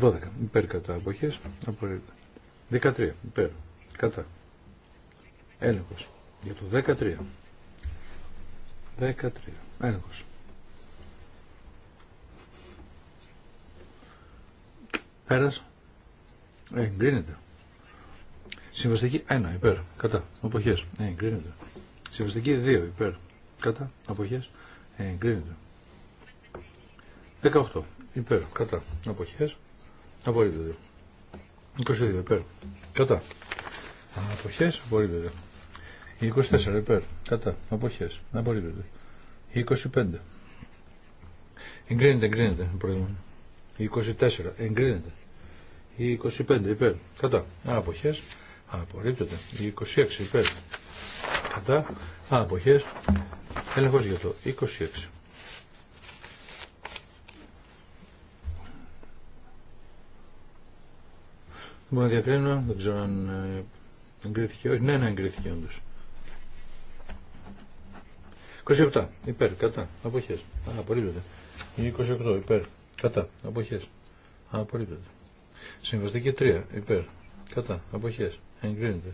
12 υπέρ κατά. Αποχές απορρίπτεται. 13 υπέρ κατά. Έλεγχος. Για το 13. 13. Έλεγχος. Πέρασε. Εγκρίνεται. Συμβαστική 1 υπέρ. Κατά. Αποχέ. Ε, εγκρίνεται. Συμβαστική 2 υπέρ. Κατά. Αποχέ. Ε, εγκρίνεται. 18 υπέρ. Κατά. Αποχέ. Απορρίπτεται. 22 υπέρ. Κατά. Αποχέ. Απορρίπτεται. 24 υπέρ. Κατά. Αποχέ. Απορρίπτεται. 25. Εγκρίνεται, εγκρίνεται. Προηγούμενο. 24. Εγκρίνεται. 25 υπέρ. Κατά. Αποχέ. Απορρίπτεται. Η 26 υπέρ. Κατά. Α, αποχές. Έλεγχος για το 26. Δεν μπορώ να διακρίνω, δεν ξέρω αν ε, εγκρίθηκε. Όχι, ναι, ναι, εγκρίθηκε όντως. 27. Υπέρ, κατά, αποχές. Α, 28. Υπέρ, κατά, αποχές. Α, απορρίπτεται. Συμβαστική 3. Υπέρ, κατά, αποχές εγκρίνεται.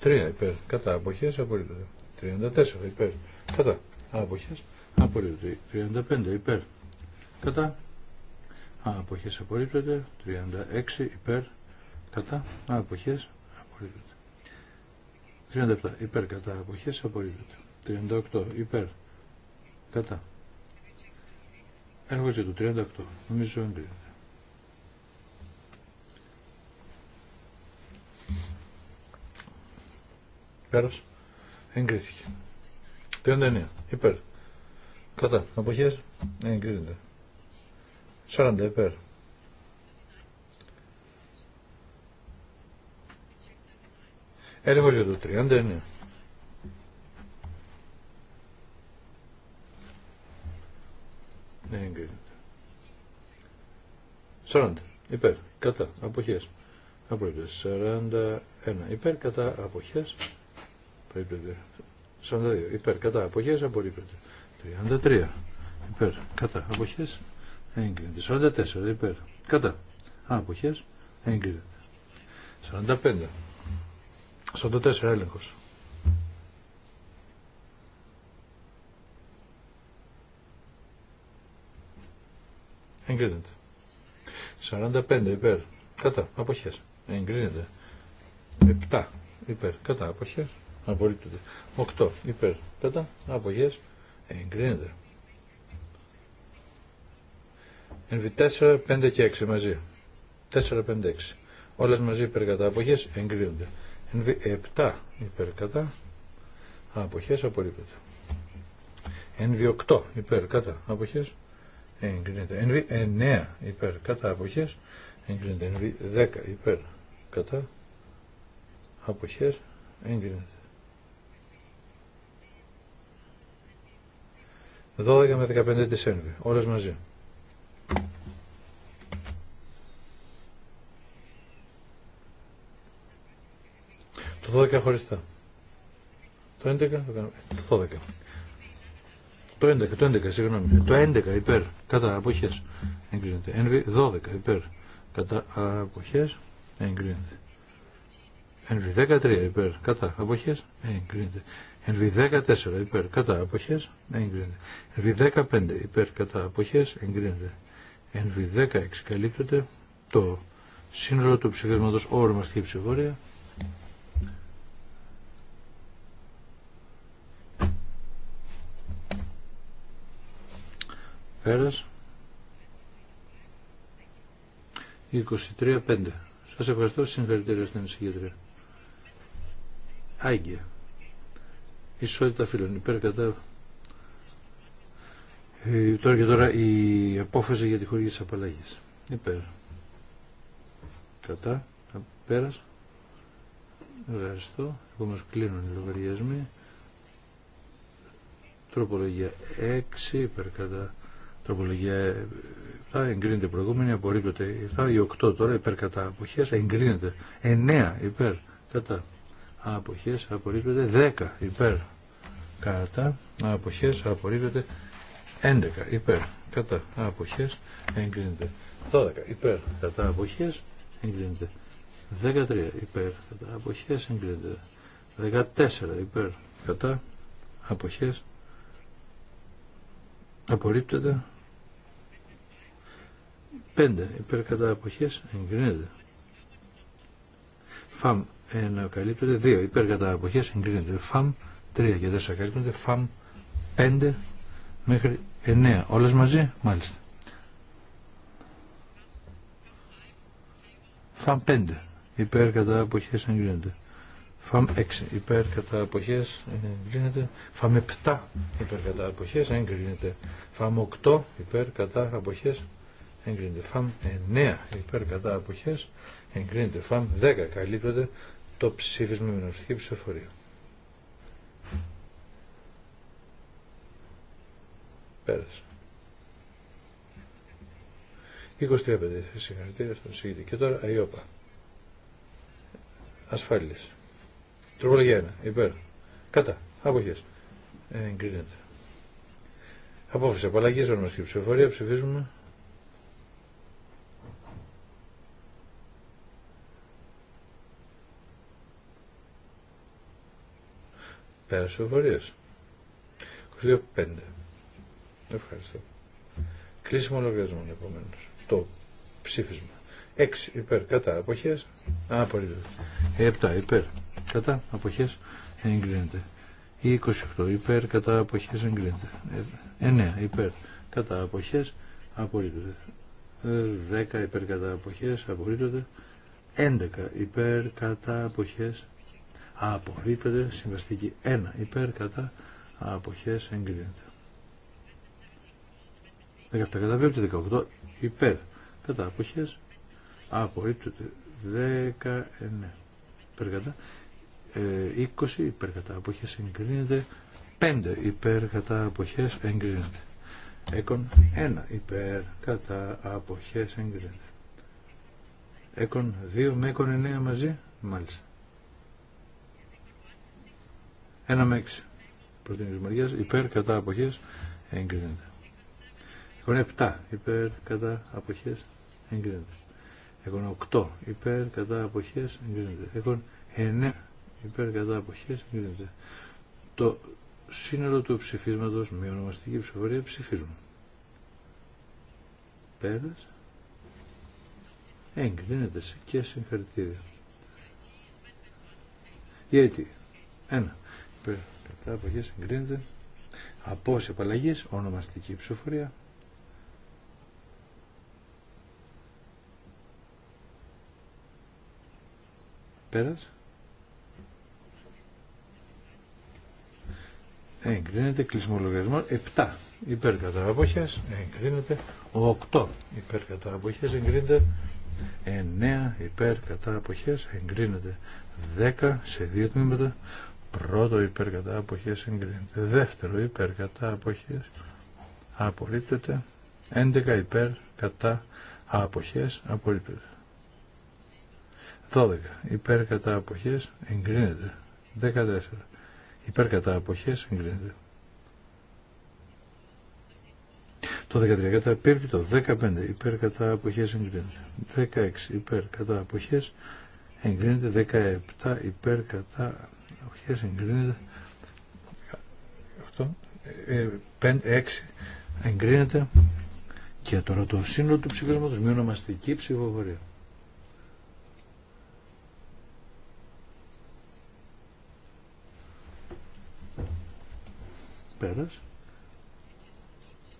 33 υπέρ, κατά αποχές απορρίπτεται. 34 υπέρ, κατά αποχές απορρίπτεται. 35 υπέρ, κατά άποχέ απορρίπτεται. 36 υπέρ, κατά άποχέ απορρίπτεται. 37 υπέρ, κατά αποχές απορρίπτεται. 38 υπέρ, κατά. Έρχομαι το 38, νομίζω είναι. Πέρας. Εγκρίθηκε. 39. Υπέρ. Κατά. Αποχές. Εγκρίνεται. 40. Υπέρ. Έλεγχος για το 39. εγκρίνεται. 40. Υπέρ. Κατά. Αποχές. Απορρίπτεται. 41 υπέρ κατά αποχές. Απορρίπτεται. 42 υπέρ κατά αποχές. Απορρίπτεται. 33 υπέρ κατά αποχές. Έγκρινεται. 44 υπέρ κατά αποχές. Έγκρινεται. 45. 44 έλεγχος. Εγκρίνεται. 45 υπέρ. Κατά. Αποχές εγκρίνεται. 7 υπέρ κατά άποχε. απορρίπτεται. 8 υπέρ Αποχέ. αποχές Ενβι NV4, 5 και 6 μαζί. 4, 5, 6. Όλε μαζι μαζί υπέρ Αποχέ. αποχές Ενβι 7 NV7 υπέρ Αποχέ. αποχές Ενβι NV8 υπέρ Αποχέ. αποχές Ενβι NV9 υπέρ Αποχέ. αποχές Ενβι NV10 υπέρ κατά αποχές εγκρίνεται 12 με 15 Δεσέμβρη όλες μαζί το 12 χωριστά το 11 το 12 ε, το 11, το 11, συγγνώμη. Ε, το 11 υπέρ, κατά αποχές. Εγκρίνεται. 12 υπέρ, κατά αποχές εγκρινεται Ενβι NV13 υπέρ κατά αποχές Ενβι NV14 υπέρ κατά αποχές Ενβι NV15 υπέρ κατά αποχές Ενβι NV16 καλύπτεται το σύνολο του ψηφίσματος όρο στη ψηφορία. Πέρας. 23-5. Σας ευχαριστώ. Συγχαρητήρια στην εισηγήτρια. Άγγια. Ισότητα φίλων. Υπέρ κατά... Ε, τώρα και τώρα η απόφαση για τη χορήγηση απαλλαγής. Υπέρ. Κατά. Πέρας. Ευχαριστώ. μας κλείνουν οι λογαριασμοί. Τροπολογία 6, κατά. Τροπολογία 7 εγκρίνεται προηγούμενη, απορρίπτεται η 7, η 8 τώρα υπέρ κατά αποχέ εγκρίνεται, 9 υπέρ κατά αποχέ απορρίπτεται, 10 υπέρ κατά αποχέ, απορρίπτεται, 11 υπέρ κατά αποχέ εγκρίνεται, 12 υπέρ κατά αποχέ εγκρίνεται, 13 υπέρ κατά αποχέ εγκρίνεται, 14 υπέρ κατά αποχέ απορρίπτεται, 5 υπέρ κατά εποχές εγκρίνεται. Φαμ ένα καλύπτεται, 2 υπέρ κατά εποχές εγκρίνεται. Φαμ 3 και τέσσερα καλύπτεται. φαμ 5 μέχρι 9. Όλες μαζί, μάλιστα. Φαμ 5 υπέρ κατά εποχές εγκρίνεται. Φαμ 6 υπέρ κατά εποχέ εγκρίνεται. Φαμ 7 υπέρ κατά εποχέ εγκρίνεται. Φαμ 8 υπέρ κατά εποχέ εγκρίνεται εγκρίνεται φαμ 9 ε, υπέρ κατά αποχές εγκρίνεται φαμ 10 καλύπτονται το ψήφισμα με νοστική ψηφοφορία πέρασε 23 συγχαρητήρια στον συγκεκριτή και τώρα ΑΙΟΠΑ ασφάλιες τροπολογία 1 υπέρ κατά αποχές εγκρίνεται Απόφαση απαλλαγή ονομαστική ψηφοφορία ψηφίζουμε. περασε 22-5. Ευχαριστώ. Κλείσιμο λογαριασμών επομένω. Το ψήφισμα. 6 υπέρ κατά αποχέ. Απορρίπτεται. 7 υπέρ κατά αποχέ εγκρίνεται. 28 υπέρ κατά αποχέ εγκρίνεται. 9 υπέρ κατά αποχέ απορρίπτεται. 10 υπέρ κατά αποχές απορρίπτονται 11 υπέρ κατά αποχές απορρίπτεται. Συμβαστική 1 υπέρ κατά αποχές εγκρίνεται. 17 καταπέπτει 18 υπέρ κατά αποχές απορρίπτεται 19 υπέρ κατά 20 ε, υπέρ κατά αποχές εγκρίνεται 5 υπέρ κατά αποχές εγκρίνεται. Έκον 1 υπέρ κατά αποχές εγκρίνεται. Έκον 2 με έκον 9 μαζί μάλιστα. Ένα με έξι. Προτείνει Μαριά. υπέρ κατά αποχέ. εγκρίνεται. Έχουν 7 υπέρ κατά αποχέ. εγκρίνεται. Έχουν 8 υπέρ κατά αποχέ. εγκρίνεται. Έχουν 9 υπέρ κατά αποχέ. εγκρίνεται. Το σύνολο του ψηφίσματο με ονομαστική ψηφοφορία ψηφίζουμε. Πέρας. Εγκρίνεται και συγχαρητήρια. Γιατί. Ένα υπέρ κατά αποχές από ονομαστική ψηφοφορία πέρας εγκρίνεται κλεισμό 7 υπέρ κατά αποχές εγκρίνεται 8 υπέρ κατά αποχές εγκρίνεται 9 υπέρ κατά αποχές εγκρίνεται 10 σε δύο τμήματα Πρώτο υπέρκατα αποχές εγκρίνεται. Δεύτερο υπέρκατα αποχές απορρίπτεται. 11 υπέρ αποχές απορρίπτεται. 12 υπερκατά αποχές εγκρίνεται. 14 υπερκατά αποχές εγκρίνεται. Το 13 κατά το 15 υπέρ κατά αποχές εγκρίνεται. 16 υπέρ κατά αποχές εγκρίνεται. 17 υπέρ κατά Αποχές εγκρίνεται. Έξι ε, έξι εγκρίνεται. Και τώρα το σύνολο του ψηφίσματος με ονομαστική ψηφοφορία. Πέρας.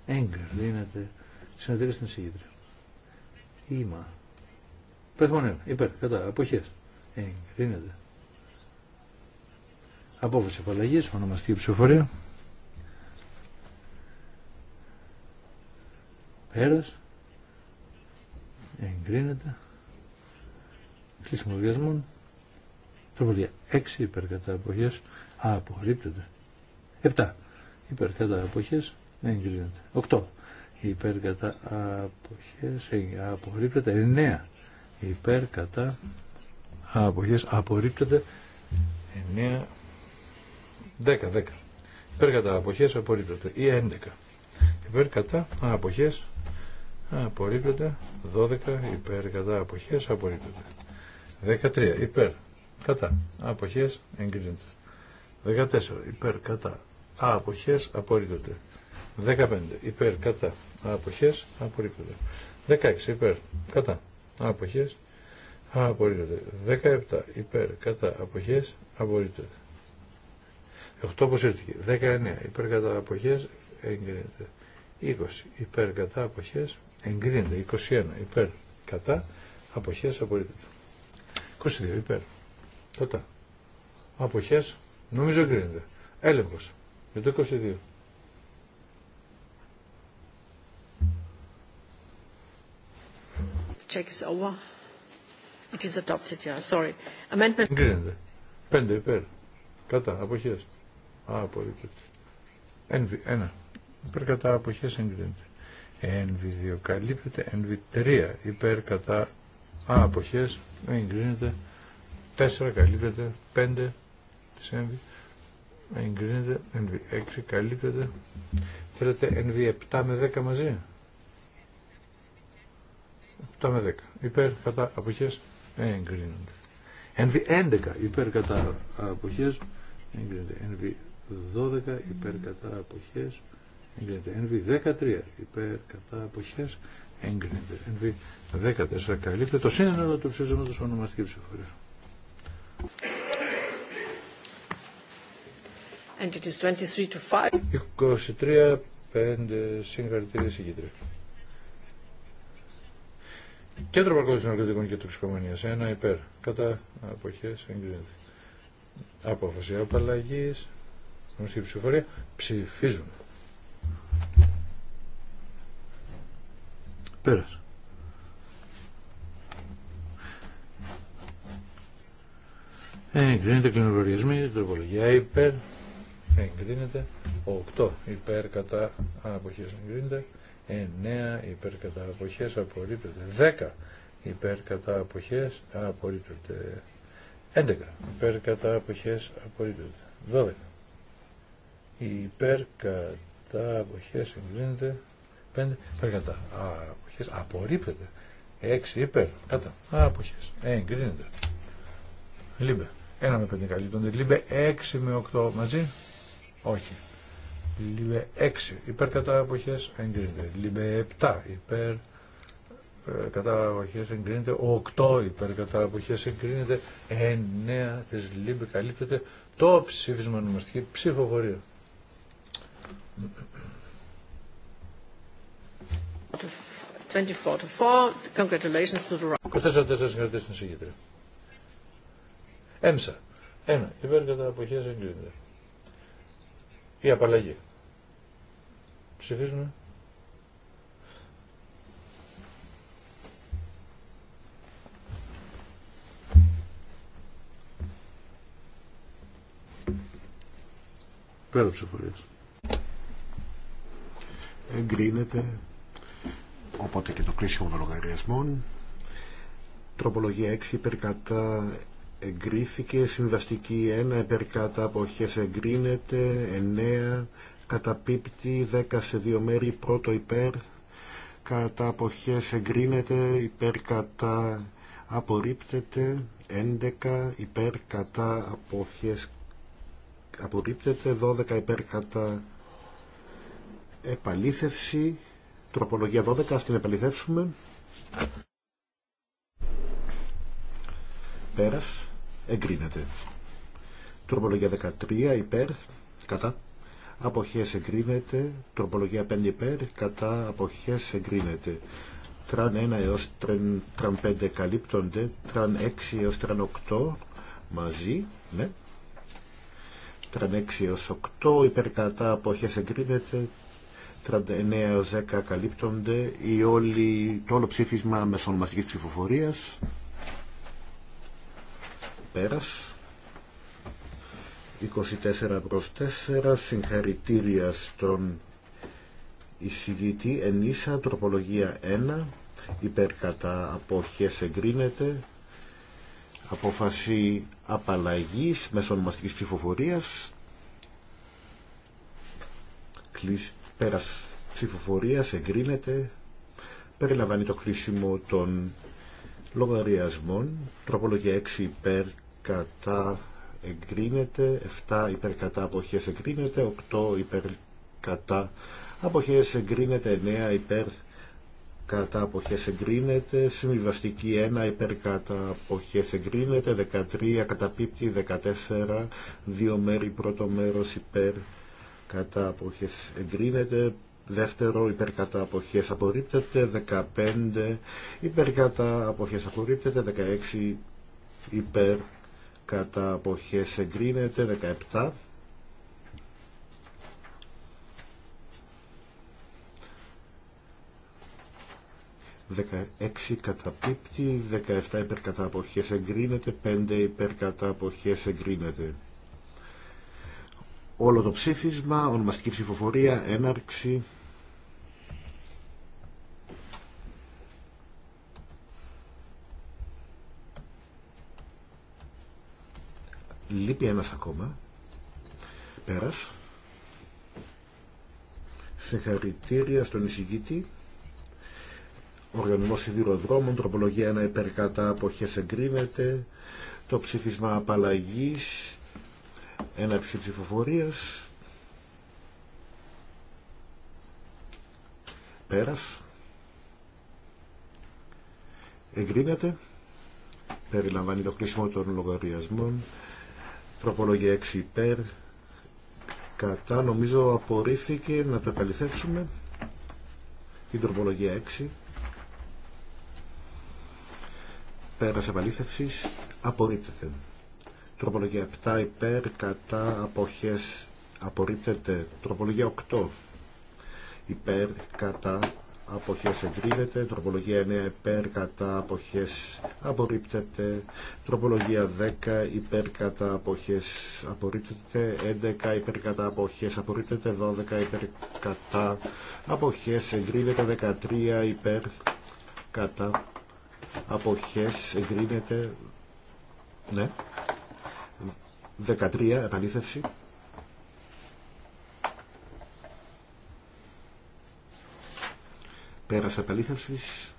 Εγκρίνεται. Συναντήρια στην συγκέντρια. Ήμα. Πεθμονέων. Υπέρ. Κατά. Αποχές. Εγκρίνεται. Απόφαση απαλλαγή, ονομαστική ψηφοφορία. Πέρα Εγκρίνεται. Κλείσιμο βιασμών. Τροπολογία 6 υπερκατα Α, απορρίπτεται. 7 υπερθέτα αποχέ Εγκρίνεται. 8 υπέρ κατά ε, Απορρίπτεται. 9 υπερκατα κατά Απορρίπτεται. 9 10, 10. Υπέρ κατά αποχές απορρίπτεται. Ή 11. Υπέρ κατά αποχές απορρίπτεται. 12. Υπέρ κατά αποχές απορρίπτεται. 13. Υπέρ κατά αποχέ, εγκρίνεται. 14. Υπέρ κατά αποχές απορρίπτεται. 15. Υπέρ κατά αποχές απορρίπτεται. 16. Υπέρ κατά άποχέ. απορρίπτεται. 17. Υπέρ κατά αποχές απορρίπτεται. 8 αποσύρθηκε. 19 υπέρ κατά αποχές εγκρίνεται. 20 υπέρ κατά αποχές εγκρίνεται. 21 υπέρ κατά αποχές απορρίπτεται. 22 υπέρ. Κατά. Αποχές νομίζω εγκρίνεται. Έλεγχος. Για το 22. Check is over. It is adopted, sorry. Amendment... Εγκρίνεται. 5 υπέρ. Κατά. Αποχές. Απορρίπτεται. NV1. Υπέρ κατά αποχές εγκρίνεται. NV2 καλύπτεται. NV3 υπέρ κατά αποχές εγκρίνεται. 4 καλύπτεται. 5 της NV εγκρίνεται. NV6 καλύπτεται. Θέλετε NV7 με 10 μαζί. 7 με 10. Υπέρ κατά αποχές εγκρίνονται. NV11 υπέρ κατά αποχές εγκρίνεται. NV 12 υπέρ κατά αποχές εγκρίνεται. NV 13 υπέρ κατά αποχές εγκρίνεται. NV 14 καλύπτε το σύνολο του ψηφίσματος ονομαστική ψηφοφορία. And it is 23 to 5. 23-5 συγχαρητήρια συγκεντρία. Κέντρο Παγκόσμιου Ναρκωτικών και Τοξικομανίας. Ένα υπέρ. Κατά αποχές εγκρίνεται. Απόφαση απαλλαγής. Είμαστε ψηφοφορία Ψηφίζουμε. Πέρασε. Εγκρίνεται την τροπολογία υπέρ, εγκρίνεται, 8 υπέρ κατά αποχές εγκρίνεται, 9 υπέρ κατά αποχές απορρίπτεται, 10 υπέρ κατά αποχές απορρίπτεται, 11 υπέρ κατά αποχές απορρίπτεται, 12 υπέρ κατά αποχές εγκρίνεται 5 υπέρ κατά αποχές απορρίπτεται 6 υπέρ κατά αποχές εγκρίνεται λίμπε 1 με 5 καλύπτονται λίμπε 6 με 8 μαζί όχι λίμπε 6 υπέρ κατά αποχές εγκρίνεται λίμπε 7 ε, υπέρ κατά αποχές εγκρίνεται 8 υπέρ κατά αποχές εγκρίνεται 9 της λίμπε καλύπτεται το ψήφισμα νομαστική ψηφοφορία 24 4. Congratulations to the 24 4 στην συγκήτρια. Έμσα. Ένα. Υπέρ κατά αποχές εγκρίνεται. Η απαλλαγή. Ψηφίζουμε. Πέρα ψηφορίας εγκρίνεται οπότε και το κλείσιμο των λογαριασμών τροπολογία 6 υπερκατά εγκρίθηκε συμβαστική 1 υπερκατά αποχές εγκρίνεται 9 καταπίπτει 10 σε δύο μέρη πρώτο υπέρ κατά αποχές εγκρίνεται υπερκατά απορρίπτεται 11 υπέρ κατά αποχές απορρίπτεται 12 υπέρ κατά επαλήθευση τροπολογία 12 ας την επαληθεύσουμε πέρας εγκρίνεται τροπολογία 13 υπέρ κατά αποχές εγκρίνεται τροπολογία 5 υπέρ κατά αποχές εγκρίνεται τραν 1 έως τραν 5 καλύπτονται τραν 6 έως τραν 8 μαζί ναι τραν 6 έως 8 υπερκατά αποχές εγκρίνεται 39 έως 10 καλύπτονται η όλοι το όλο ψήφισμα μεσονομαστικής ψηφοφορίας πέρας 24 προς 4 συγχαρητήρια στον εισηγητή ενίσα τροπολογία 1 υπέρ κατά αποχές εγκρίνεται απόφαση απαλλαγής μεσονομαστικής ψηφοφορίας Πέρας ψηφοφορία εγκρίνεται, περιλαμβάνει το χρήσιμο των λογαριασμών, τροπολογία 6 υπέρ κατά εγκρίνεται, 7 υπέρ κατά αποχές εγκρίνεται, 8 υπέρ κατά αποχές εγκρίνεται, 9 υπέρ κατά αποχές εγκρίνεται, συμβιβαστική 1 υπέρ κατά αποχές εγκρίνεται, 13 καταπίπτει, 14 δύο μέρη πρώτο μέρος υπέρ κατά αποχές εγκρίνεται δεύτερο υπερκατά αποχές απορρίπτεται 15 υπερκατά αποχές απορρίπτεται 16 υπερ κατά αποχές εγκρίνεται 17 16 καταπίπτει, 17 υπερκατά εγκρίνεται, 5 υπερκατά αποχές εγκρίνεται. Όλο το ψήφισμα, ονομαστική ψηφοφορία, έναρξη. Λείπει ένας ακόμα. Πέρας. Συγχαρητήρια στον εισηγήτη. Οργανισμό Σιδηροδρόμων, τροπολογία 1 υπερκατά αποχές εγκρίνεται. Το ψήφισμα απαλλαγής έναρξη ψηφοφορίας πέρας εγκρίνεται περιλαμβάνει το κλείσιμο των λογαριασμών τροπολογία 6 υπέρ κατά νομίζω απορρίφθηκε να το επαληθεύσουμε την τροπολογία 6 πέρας επαλήθευσης απορρίπτεται Τροπολογία 7 υπέρ κατά αποχές απορρίπτεται. Τροπολογία 8 υπέρ κατά αποχές εγκρίνεται. Τροπολογία 9 υπέρ κατά αποχές απορρίπτεται. Τροπολογία 10 υπέρ κατά αποχές απορρίπτεται. 11 υπέρ κατά αποχές απορρίπτεται. 12 υπέρ κατά αποχές εγκρίνεται. 13 υπέρ κατά αποχές εγκρίνεται. Ναι. 13 επαλήθευση. Πέρας επαλήθευσης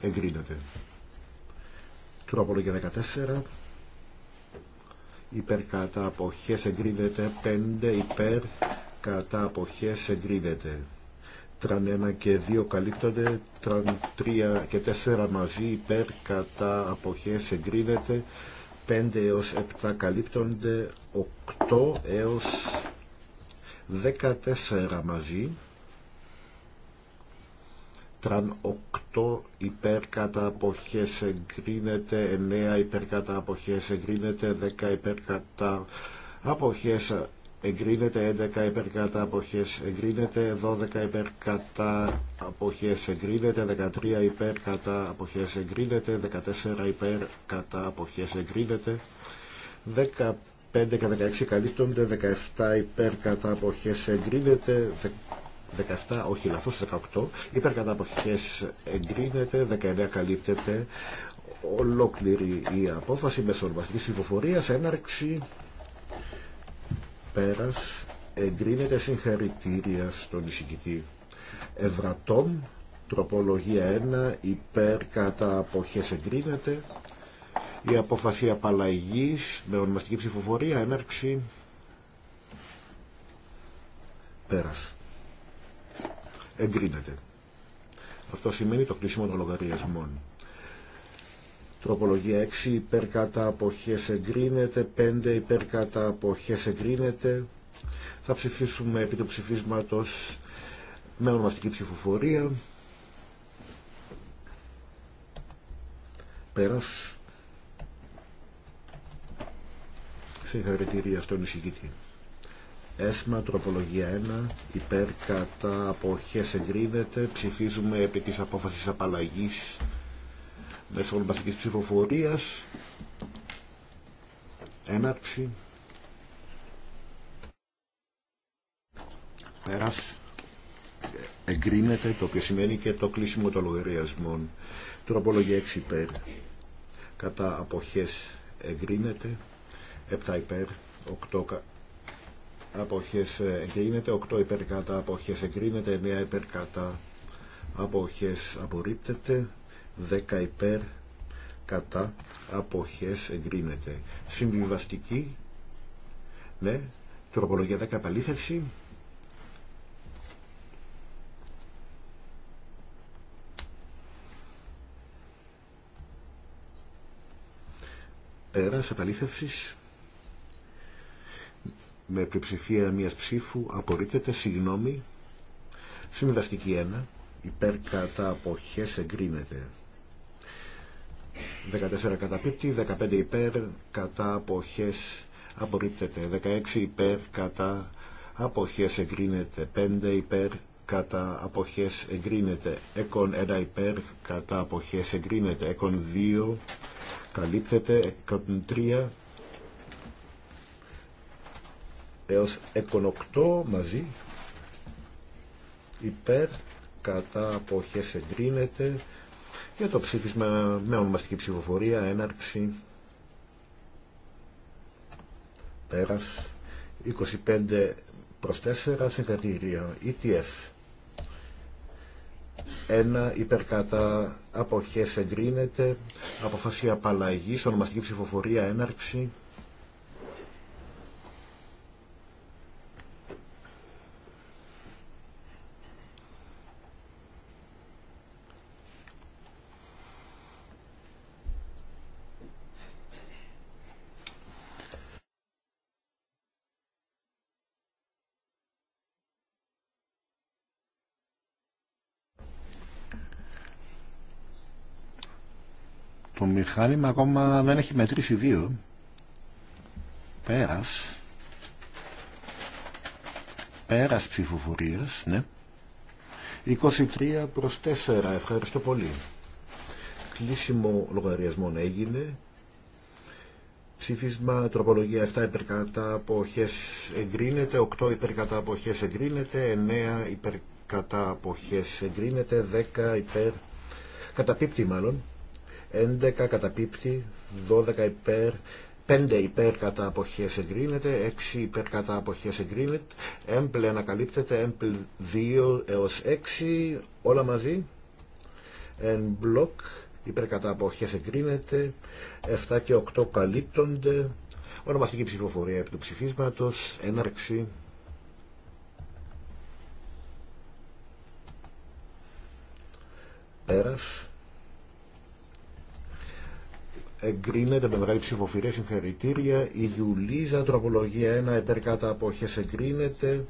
εγκρίνεται. για 14 υπέρ κατά αποχές εγκρίνεται 5 υπέρ κατά αποχές εγκρίνεται τραν 1 και 2 καλύπτονται τραν 3 και 4 μαζί υπέρ κατά αποχές εγκρίνεται 5 έως 7 καλύπτονται 8 έως 14 μαζί τραν 8 υπέρ κατά αποχές εγκρίνεται 9 υπέρ κατά αποχές εγκρίνεται 10 υπέρ κατά αποχές εγκρίνεται 11 υπέρ κατά αποχές εγκρίνεται 12 υπέρ κατά αποχές εγκρίνεται 13 υπέρ κατά αποχές εγκρίνεται 14 υπέρ κατά αποχές εγκρίνεται 15 και 16 καλύπτονται 17 υπέρ κατά αποχές εγκρίνεται 17, όχι λαθός, 18 υπέρ κατά αποχές εγκρίνεται 19 καλύπτεται ολόκληρη η απόφαση μεσορβασμής υποφορίας, έναρξη πέρας εγκρίνεται συγχαρητήρια στον εισηγητή. Ευρατών, τροπολογία 1, υπέρ κατά αποχές εγκρίνεται. Η απόφαση απαλλαγής με ονομαστική ψηφοφορία, έναρξη, πέρας. Εγκρίνεται. Αυτό σημαίνει το κλείσιμο των λογαριασμών. Τροπολογία 6 υπέρ κατά αποχές εγκρίνεται, 5 υπέρ κατά αποχές εγκρίνεται. Θα ψηφίσουμε επί του ψηφίσματος με ονομαστική ψηφοφορία. Πέρας. Συγχαρητήρια στον εισηγητή. Έσμα τροπολογία 1, υπέρ κατά αποχές εγκρίνεται, ψηφίζουμε επί της απόφασης απαλλαγής μέσω ονομαστικής ψηφοφορίας έναρξη πέρας εγκρίνεται το οποίο σημαίνει και το κλείσιμο των λογαριασμών τροπολογία 6 υπέρ κατά αποχές εγκρίνεται 7 υπέρ 8 αποχές ε, εγκρίνεται 8 υπέρ κατά αποχές εγκρίνεται 9 υπέρ κατά αποχές απορρίπτεται 10 υπέρ κατά αποχές εγκρίνεται. Συμβιβαστική, ναι, τροπολογία 10 επαλήθευση. Πέρας επαλήθευσης με πλειοψηφία μιας ψήφου απορρίπτεται, συγγνώμη, συμβιβαστική 1, υπέρ κατά αποχές εγκρίνεται. 14 καταπίπτει, 15 υπέρ κατά αποχές απορρίπτεται, 16 υπέρ κατά αποχές εγκρίνεται, 5 υπέρ κατά αποχές εγκρίνεται, έκον 1 υπέρ κατά αποχές εγκρίνεται, έκον 2 καλύπτεται, έκον 3 έως έκον 8 μαζί υπέρ κατά αποχές εγκρίνεται για το ψήφισμα με ονομαστική ψηφοφορία, έναρξη, πέρας, 25 προς 4, ETF. Ε Ένα υπερκατά αποχές εγκρίνεται, αποφασία απαλλαγής, ονομαστική ψηφοφορία, έναρξη, Το μηχάνημα ακόμα δεν έχει μετρήσει δύο. Πέρας. Πέρας ψηφοφορίας, ναι. 23 προς 4. Ευχαριστώ πολύ. Κλείσιμο λογαριασμών έγινε. Ψήφισμα τροπολογία 7 υπερκατά αποχές εγκρίνεται, 8 υπερκατά αποχές εγκρίνεται, 9 υπερκατά αποχές εγκρίνεται, 10 υπερ... Καταπίπτει μάλλον. 11 καταπίπτει, 12 υπέρ, 5 υπέρ κατά αποχές εγκρίνεται, 6 υπέρ κατά αποχές εγκρίνεται, έμπλε ανακαλύπτεται, έμπλε 2 έως 6, όλα μαζί, εν μπλοκ, υπέρ κατά αποχές εγκρίνεται, 7 και 8 καλύπτονται, ονομαστική ψηφοφορία επί του ψηφίσματος, έναρξη. Πέρας εγκρίνεται με μεγάλη ψηφοφορία συγχαρητήρια. Η Γιουλίζα, τροπολογία 1, υπέρ κατά αποχές εγκρίνεται.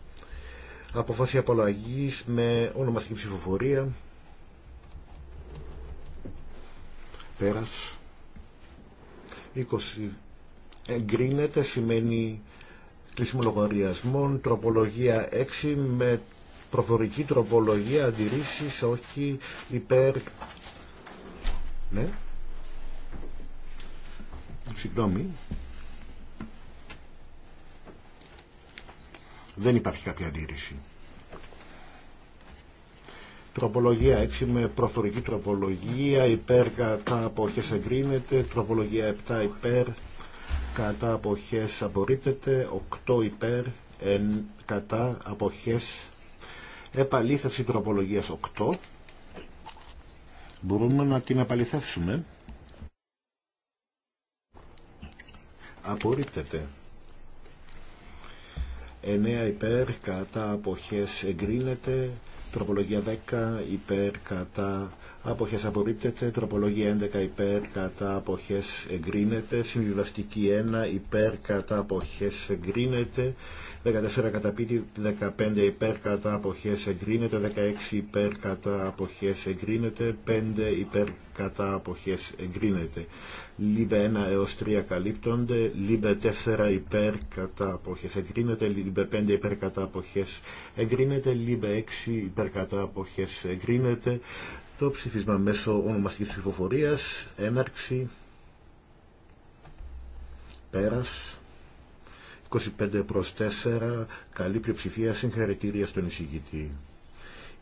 Αποφάση απαλλαγής με ονομαστική ψηφοφορία. Πέρας. 20. Εγκρίνεται σημαίνει κλείσιμο λογαριασμών. Τροπολογία 6 με προφορική τροπολογία αντιρρήσεις όχι υπέρ... Ναι. Συγγνώμη. Δεν υπάρχει κάποια αντίρρηση. Τροπολογία 6 με προφορική τροπολογία, υπέρ κατά αποχές εγκρίνεται, τροπολογία 7 υπέρ κατά αποχές απορρίπτεται, 8 υπέρ εν, κατά αποχές επαλήθευση τροπολογίας 8. Μπορούμε να την επαληθεύσουμε. απορρίπτεται. 9 υπέρ κατά αποχές εγκρίνεται. Τροπολογία 10 υπέρ κατά αποχές απορρίπτεται, τροπολογία 11 υπέρ κατά αποχές εγκρίνεται, συμβιβαστική 1 υπέρ κατά αποχές εγκρίνεται, 14 καταπίτη 15 υπέρ κατά αποχές εγκρίνεται, 16 υπέρ κατά αποχές εγκρίνεται, 5 υπέρ κατά αποχές εγκρίνεται. Λίμπε 1 έως 3 καλύπτονται, Λίμπε 4 υπέρ κατά αποχές εγκρίνεται, Λίμπε 5 υπέρ κατά αποχές εγκρίνεται, Λίμπε 6 υπέρ κατά αποχές εγκρίνεται, το ψηφίσμα μέσω ονομαστικής ψηφοφορίας, έναρξη, πέρας, 25 προς 4, καλή πλειοψηφία, συγχαρητήρια στον εισηγητή.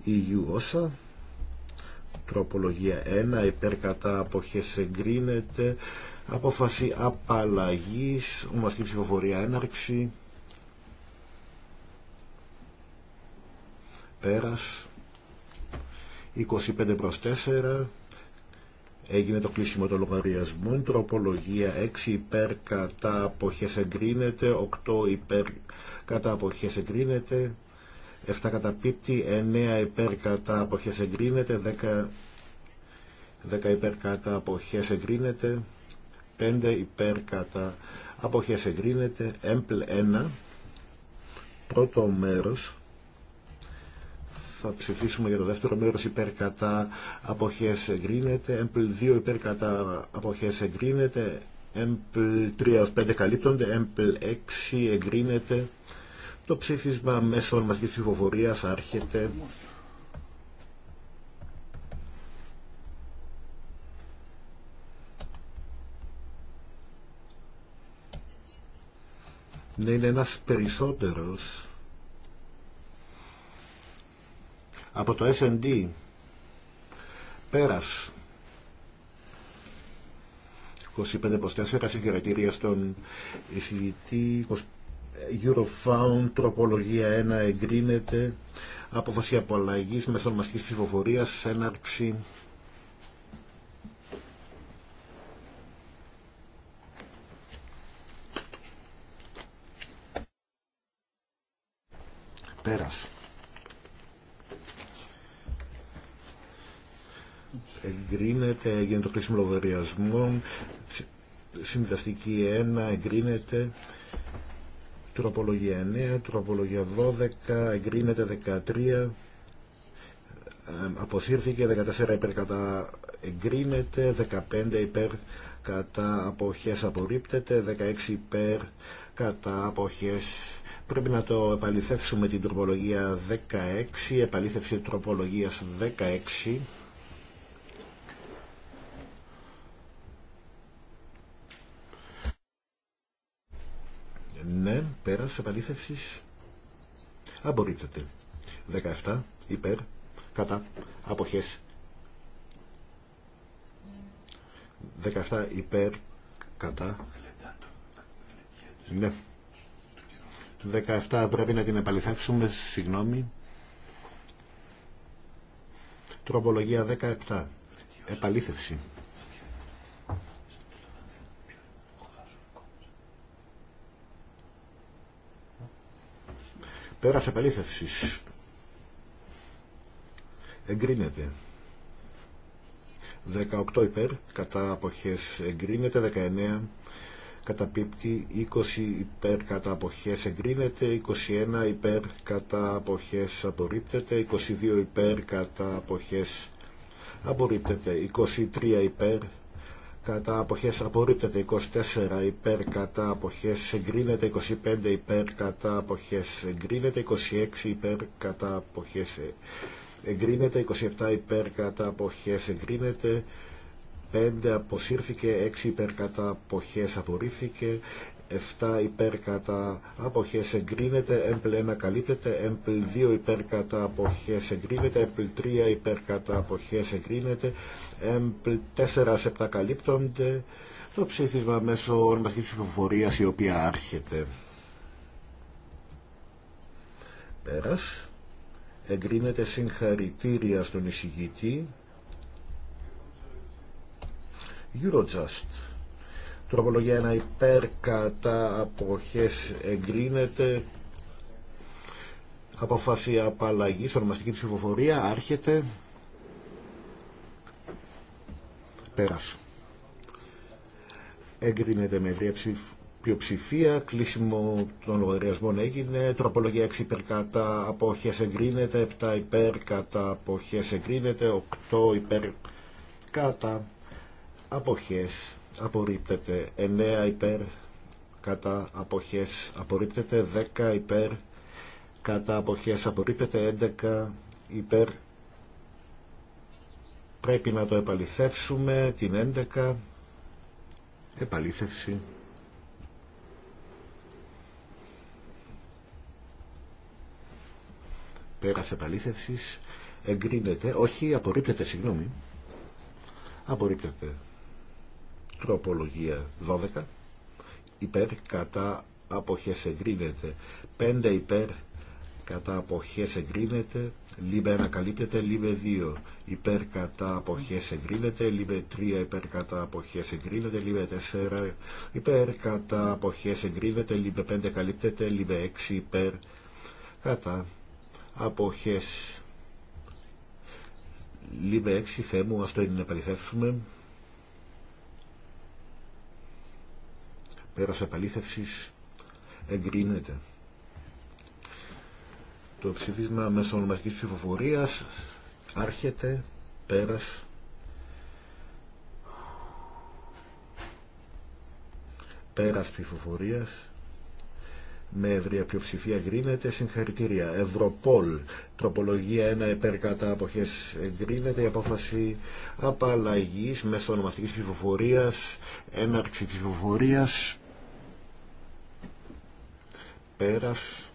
EU όσα, τροπολογία 1, υπέρ κατά αποχές εγκρίνεται, απόφαση απαλλαγής, ονομαστική ψηφοφορία, έναρξη, πέρας, 25 προς 4 έγινε το κλείσιμο των λογαριασμών τροπολογία 6 υπέρ κατά αποχές εγκρίνεται 8 υπέρ κατά αποχές εγκρίνεται 7 καταπίπτει 9 υπέρ κατά αποχές εγκρίνεται 10 10 υπέρ κατά αποχές εγκρίνεται 5 υπέρ κατά αποχές εγκρίνεται έμπλ 1 πρώτο μέρος θα ψηφίσουμε για το δεύτερο μέρος υπέρ κατά αποχές εγκρίνεται, έμπλ 2 υπέρ κατά αποχές εγκρίνεται, έμπλ 3 5 καλύπτονται, έμπλ 6 εγκρίνεται. Το ψήφισμα μέσω μαζικής ψηφοφορίας άρχεται. Ναι, είναι ένας περισσότερος από το SND. πέρας 25 προς 4 συγχαρητήρια στον εισηγητή Eurofound τροπολογία 1 εγκρίνεται απόφαση απαλλαγής μεσονομαστικής ψηφοφορίας έναρξη πέρας εγκρίνεται, γίνεται το κλείσιμο λογαριασμών, 1 εγκρίνεται, τροπολογία 9, τροπολογία 12, εγκρίνεται 13, ε, αποσύρθηκε 14 υπέρ κατά εγκρίνεται, 15 υπέρ κατά αποχές απορρίπτεται, 16 υπέρ κατά αποχές πρέπει να το επαληθεύσουμε την τροπολογία 16, επαλήθευση τροπολογίας 16 ναι, πέρας επαλήθευση. απορρίπτεται. 17 υπέρ, κατά, αποχές. 17 υπέρ, κατά. Ναι. 17 πρέπει να την επαληθεύσουμε, συγγνώμη. Τροπολογία 17. Επαλήθευση. Πέρας επαλήθευσης. Εγκρίνεται. 18 υπέρ, κατά αποχές εγκρίνεται. 19 κατά πίπτη 20 υπέρ κατά αποχές εγκρίνεται, 21 υπέρ κατά αποχές απορρίπτεται, 22 υπέρ κατά αποχές απορρίπτεται, 23 υπέρ κατά αποχές απορρίπτεται 24 υπέρ κατά αποχές εγκρίνεται 25 υπέρ κατά αποχές εγκρίνεται 26 υπέρ κατά αποχές εγκρίνεται 27 υπέρ κατά αποχές εγκρίνεται 5 αποσύρθηκε 6 υπέρ κατά αποχές απορρίφθηκε 7 υπέρ κατά αποχές εγκρίνεται, έμπλ 1 καλύπτεται, έμπλ 2 υπέρ κατά αποχές εγκρίνεται, έμπλ 3 υπέρ κατά αποχές εγκρίνεται, έμπλ 4 σε 7 καλύπτονται, το ψήφισμα μέσω ονομαστικής ψηφοφορίας η οποία άρχεται. Πέρας. Εγκρίνεται συγχαρητήρια στον εισηγητή. Eurojust. Τροπολογία 1 υπέρ κατά αποχές εγκρίνεται. Απόφαση απαλλαγή, ονομαστική ψηφοφορία, άρχεται. Πέρασε. Εγκρίνεται με ευρία πλειοψηφία, κλείσιμο των λογαριασμών έγινε, τροπολογία 6 υπέρ κατά αποχές εγκρίνεται, 7 υπέρ κατά αποχές εγκρίνεται, 8 υπέρ κατά αποχές απορρίπτεται 9 υπέρ κατά αποχές απορρίπτεται 10 υπέρ κατά αποχές απορρίπτεται 11 υπέρ πρέπει να το επαληθεύσουμε την 11 επαλήθευση πέρας επαλήθευσης εγκρίνεται όχι απορρίπτεται συγγνώμη απορρίπτεται Τροπολογία 12 υπέρ κατά αποχές εγκρίνεται. 5 υπέρ κατά αποχές εγκρίνεται. Λίμπε 1 καλύπτεται. Λίμπε 2 υπέρ κατά αποχές εγκρίνεται. Λίμπε 3 υπέρ κατά αποχές εγκρίνεται. Λίμπε 4 υπέρ κατά αποχές εγκρίνεται. Λίμπε 5 καλύπτεται. Λίμπε 6 υπέρ κατά αποχές Λίμπε 6 θέμου, αυτό είναι να περιθέψουμε. πέρας απαλήθευσης εγκρίνεται. Το ψηφίσμα μέσω ονομαστικής ψηφοφορίας άρχεται πέρας πέρας ψηφοφορίας με ευρία πλειοψηφία εγκρίνεται συγχαρητήρια. Ευρωπόλ, τροπολογία 1 επερκατά κατά αποχές εγκρίνεται, η απόφαση απαλλαγής μέσω ονομαστικής ψηφοφορίας, έναρξη ψηφοφορίας, πέρας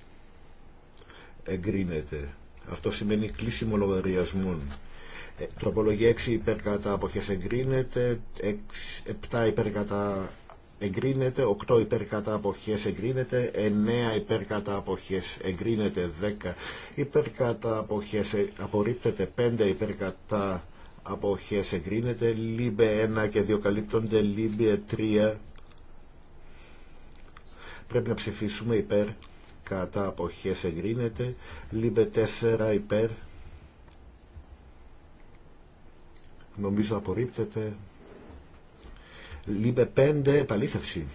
εγκρίνεται. Αυτό σημαίνει κλείσιμο λογαριασμών. Ε, τροπολογία 6 υπερκατά αποχές εγκρίνεται, 6, 7 υπερκατά εγκρίνεται, 8 υπερκατά αποχές εγκρίνεται, 9 υπερκατά αποχές εγκρίνεται, 10 υπερκατά αποχές ε, απορρίπτεται, 5 υπερκατά αποχές εγκρίνεται, λίμπε 1 και 2 καλύπτονται, λίμπε 3 Πρέπει να ψηφίσουμε υπέρ κατά αποχές εγκρίνεται. Λίμπε 4 υπέρ. Νομίζω απορρίπτεται. Λίμπε 5 επαλήθευση.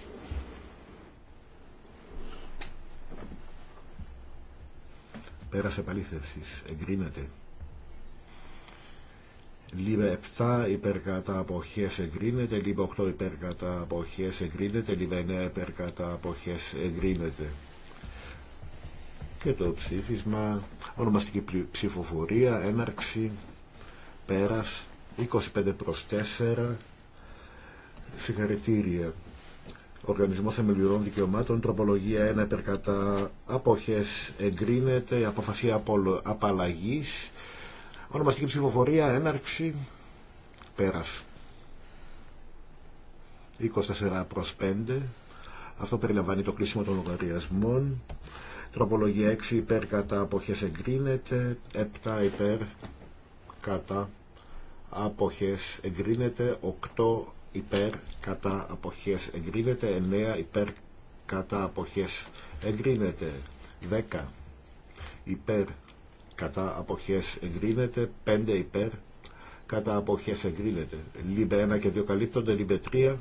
Πέρασε επαλήθευσης. Εγκρίνεται. Λίβε 7 υπέρ κατά αποχές εγκρίνεται, Λίβε 8 υπερκατά κατά αποχές εγκρίνεται, Λίβε 9 υπερκατά κατά αποχές εγκρίνεται. Και το ψήφισμα, ονομαστική ψηφοφορία, έναρξη, πέρας, 25 προς 4, συγχαρητήρια. Οργανισμό Θεμελιωδών Δικαιωμάτων, τροπολογία 1 υπερκατά αποχές εγκρίνεται, αποφασία απαλλαγής, Ονομαστική ψηφοφορία, έναρξη, πέρας. 24 προς 5. Αυτό περιλαμβάνει το κλείσιμο των λογαριασμών. Τροπολογία 6 υπέρ κατά αποχές εγκρίνεται. 7 υπέρ κατά αποχές εγκρίνεται. 8 υπέρ κατά αποχές εγκρίνεται. 9 υπέρ κατά αποχές εγκρίνεται. 10 υπέρ κατά αποχές εγκρίνεται 5 υπέρ κατά αποχές εγκρίνεται λίμπε 1 και 2 καλύπτονται λίμπε 3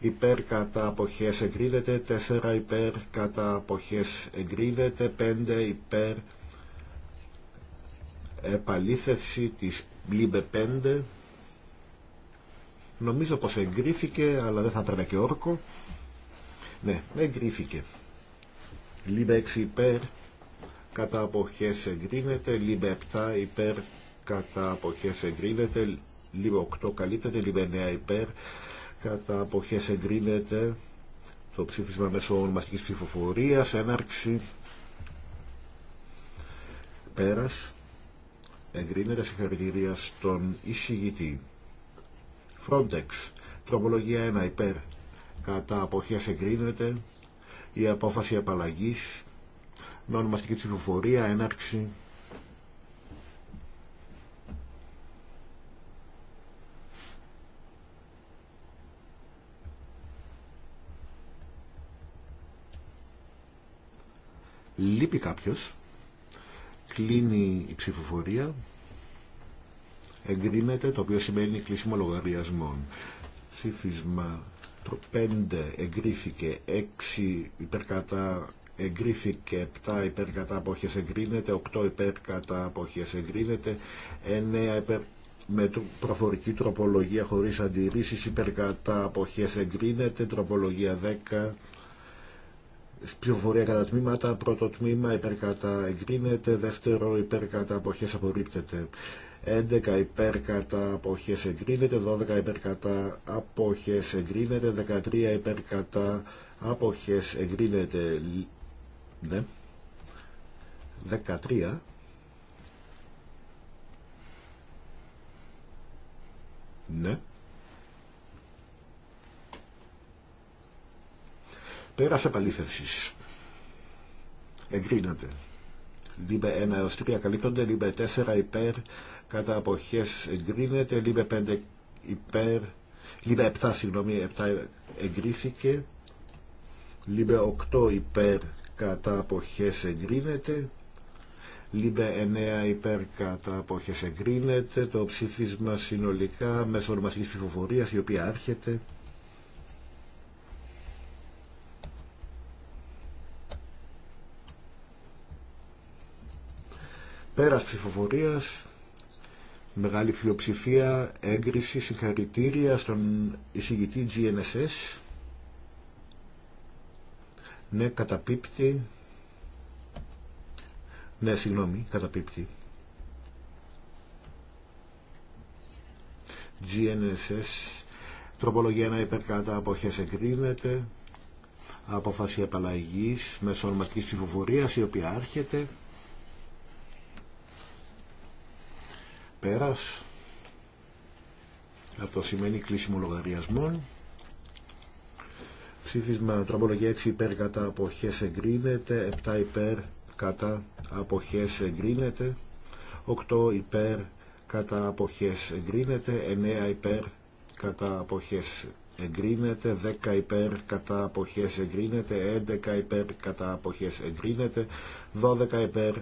υπέρ κατά αποχές εγκρίνεται 4 υπέρ κατά αποχές εγκρίνεται 5 υπέρ επαλήθευση της λίμπε 5 νομίζω πως εγκρίθηκε αλλά δεν θα έπαιρνα και όρκο ναι εγκρίθηκε λίμπε 6 υπέρ κατά αποχές εγκρίνεται, λίμπε 7 υπέρ κατά αποχές εγκρίνεται, λίμπε 8 καλύπτεται, λίμπε 9 υπέρ κατά αποχές εγκρίνεται το ψήφισμα μέσω ονομαστικής ψηφοφορίας, έναρξη πέρας εγκρίνεται συγχαρητήρια στον εισηγητή. Frontex, τροπολογία 1 υπέρ, κατά αποχές εγκρίνεται η απόφαση απαλλαγής με ονομαστική ψηφοφορία, έναρξη. Λείπει κάποιος. Κλείνει η ψηφοφορία. Εγκρίνεται, το οποίο σημαίνει κλείσιμο λογαριασμών. Ψήφισμα το 5 εγκρίθηκε, 6 υπερκατά εγκρίθηκε 7 υπέρ κατά αποχές εγκρίνεται 8 υπέρ κατά αποχές εγκρίνεται 9 υπέρ με προφορική τροπολογία χωρίς αντιρρήσεις υπέρ κατά αποχές εγκρίνεται τροπολογία 10 Πληροφορία κατά τμήματα, πρώτο τμήμα υπερκατά εγκρίνεται, δεύτερο υπερκατά αποχές απορρίπτεται. 11 υπέρ κατά αποχές εγκρίνεται, 12 υπερκατά κατά αποχές εγκρίνεται, 13 υπέρ κατά αποχές εγκρίνεται, ναι 13 ναι πέρας επαλήθευσης εγκρίνεται λίμπε 1 έως 3 καλύπτονται λίμπε 4 υπέρ κατά αποχές εγκρίνεται λίμπε 5 υπέρ λίμπε 7 συγγνώμη 7 εγκρίθηκε λίμπε 8 υπέρ κατά αποχές εγκρίνεται Λίμπε 9 υπέρ κατά αποχές εγκρίνεται το ψήφισμα συνολικά μέσω ονομαστικής ψηφοφορίας η οποία άρχεται πέρας ψηφοφορίας μεγάλη φιλοψηφία έγκριση συγχαρητήρια στον εισηγητή GNSS ναι, καταπίπτει. Ναι, συγγνώμη, καταπίπτει. GNSS. Τροπολογία να υπερκάτα κατά αποχές εγκρίνεται. Απόφαση μέσω ορματική ψηφοφορία, η οποία άρχεται. Πέρας. Αυτό σημαίνει κλείσιμο λογαριασμών. Ψήφισμα τροπολογία 6 υπέρ κατά αποχές εγκρίνεται, 7 υπέρ κατά αποχές εγκρίνεται, 8 υπέρ κατά αποχές εγκρίνεται, 9 υπέρ κατά αποχές εγκρίνεται, 10 υπέρ κατά αποχές εγκρίνεται, 11 υπέρ κατά αποχές εγκρίνεται, 12 υπέρ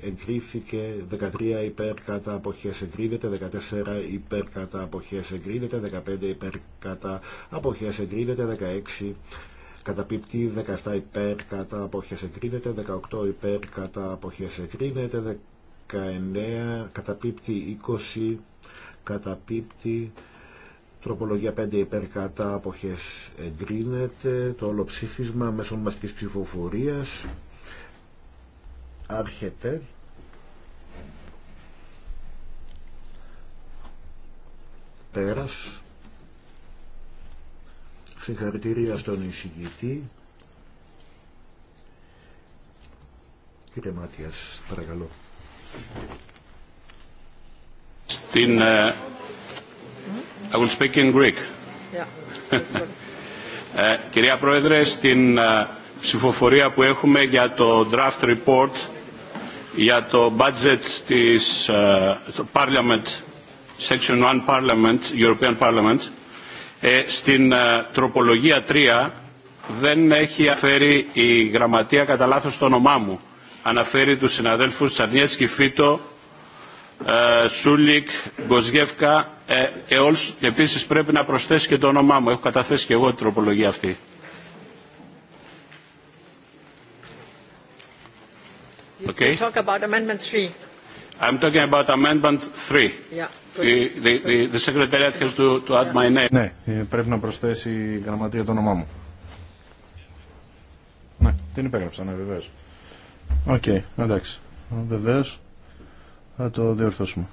εγκρίθηκε 13 υπέρ κατά αποχές εγκρίνεται 14 υπέρ κατά αποχές εγκρίνεται 15 υπέρ κατά αποχές εγκρίνεται 16 καταπίπτει 17 υπέρ κατά αποχές εγκρίνεται 18 υπέρ κατά αποχές εγκρίνεται 19 καταπίπτει 20 καταπίπτει Τροπολογία 5 υπέρ κατά αποχές εγκρίνεται, το όλο ψήφισμα μέσω μαστικής ψηφοφορίας άρχεται πέρας συγχαρητήρια στον εισηγητή κύριε Μάτιας παρακαλώ στην uh, I will speak yeah. uh, κυρία Πρόεδρε στην uh, ψηφοφορία που έχουμε για το draft report για το budget της ε, Parliament, Section 1 Parliament, European Parliament, ε, στην ε, τροπολογία 3 δεν έχει αναφέρει η γραμματεία κατά λάθο το όνομά μου. Αναφέρει τους συναδέλφους Σαρνιέσκι Φίτο, Σούλικ, Γκοσγεύκα, και επίσης πρέπει να προσθέσει και το όνομά μου. Έχω καταθέσει και εγώ την τροπολογία αυτή. Okay. You talk about Amendment 3. I'm talking about Amendment 3. Yeah. The, the, the Secretariat has to, to add yeah. my name. Ναι, ε, πρέπει να προσθέσει η γραμματεία το όνομά μου. Ναι, την υπέγραψα, ναι, βεβαίω. Οκ, okay, εντάξει. Βεβαίω θα το διορθώσουμε.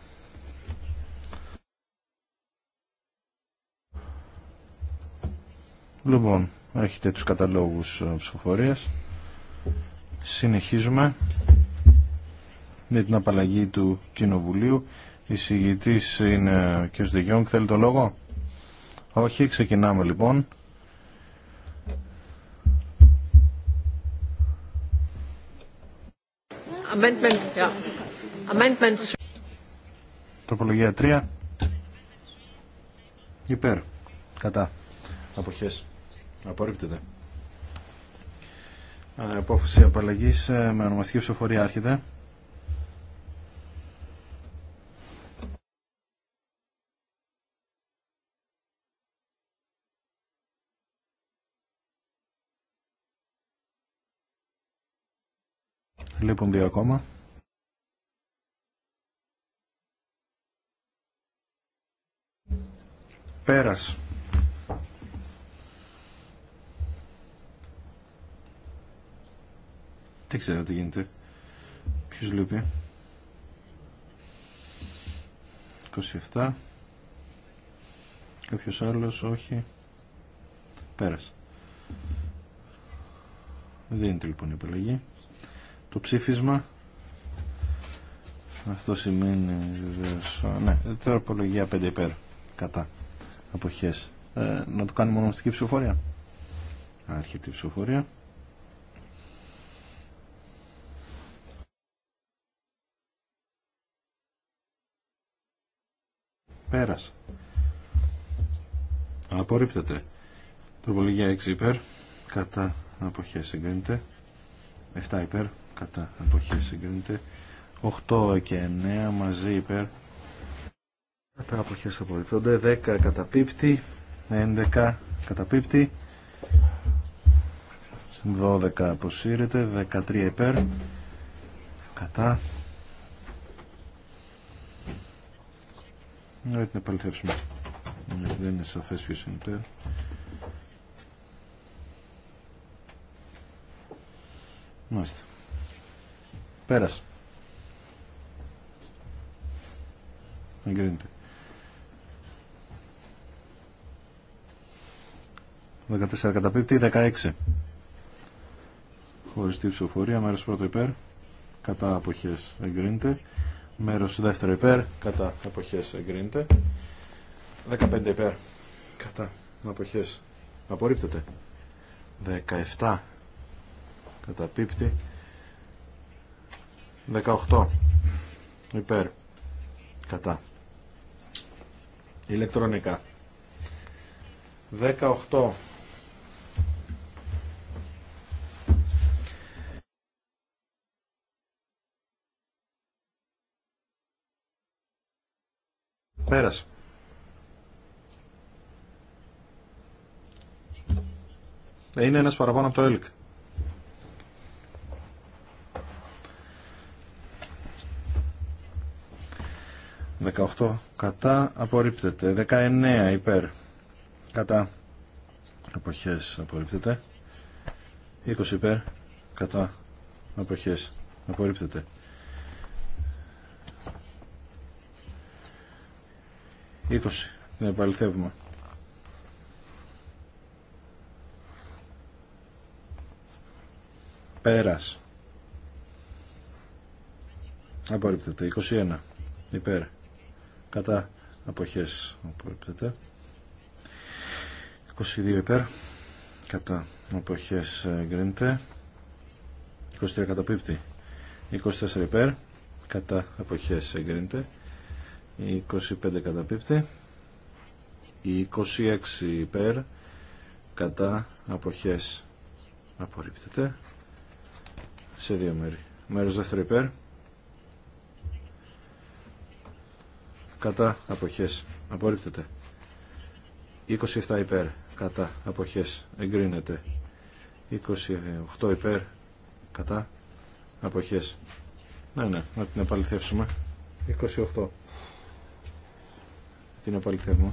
Λοιπόν, έχετε τους καταλόγους ε, ψηφοφορίας. Συνεχίζουμε με την απαλλαγή του Κοινοβουλίου. Η συγητής είναι ο κ. Δεγιόγκ. Θέλει το λόγο. Όχι, ξεκινάμε λοιπόν. Amendment, Τροπολογία 3. Υπέρ. Κατά. Αποχές. Απορρίπτεται. Ε, απόφαση απαλλαγής ε, με ονομαστική ψηφοφορία άρχεται. Λείπουν δύο ακόμα. Πέρας. Δεν ξέρω τι γίνεται. Ποιος λείπει. 27. Κάποιος άλλος, όχι. Πέρασε. Δεν λοιπόν η επιλογή. Το ψήφισμα. Αυτό σημαίνει βεβαίως... Ναι, τώρα απολογία 5 υπέρ. Κατά. Αποχές. Ε, να το κάνουμε ονομαστική ψηφοφορία. Άρχεται η ψηφοφορία. Πέρας. Απορρίπτεται. Τροπολογία 6 υπέρ. Κατά αποχέ συγκρίνεται. 7 υπέρ. Κατά αποχέ συγκρίνεται. 8 και 9 μαζί υπέρ. Κατά αποχέ απορρίπτονται. 10 καταπίπτει. 11 καταπίπτει. 12 αποσύρεται. 13 υπέρ. Κατά Να την επαληθεύσουμε. Ναι, δεν είναι σαφές ποιος είναι υπέρ. Μάλιστα. Πέρασε. Εγκρίνεται. 14 καταπίπτει, 16. Χωριστή ψηφοφορία, μέρος πρώτο υπέρ. Κατά αποχές εγκρίνεται μέρος δεύτερο υπέρ, κατά εποχέ εγκρίνεται. 15 υπέρ, κατά αποχές απορρίπτεται. 17 κατά πίπτη 18 υπέρ, κατά. Ηλεκτρονικά. 18 Είναι ένας παραπάνω από το ΕΛΚ. 18 κατά απορρίπτεται. 19 υπέρ κατά αποχές απορρίπτεται. 20 υπέρ κατά αποχές απορρίπτεται. 20. Να Πέρας. Απορρίπτεται. 21. Υπέρ. Κατά αποχές. Απορρίπτεται. 22 υπέρ. Κατά αποχές εγκρίνεται. 23 καταπίπτει. 24 υπέρ. Κατά αποχές εγκρίνεται. 25 καταπίπτει. 26 υπέρ. Κατά αποχές απορρίπτεται σε δύο μέρη. Μέρος δεύτερο υπέρ. Κατά αποχές. Απορρίπτεται. 27 υπέρ. Κατά αποχές. Εγκρίνεται. 28 υπέρ. Κατά αποχές. Ναι, ναι. Να την επαληθεύσουμε. 28. Την επαληθεύουμε.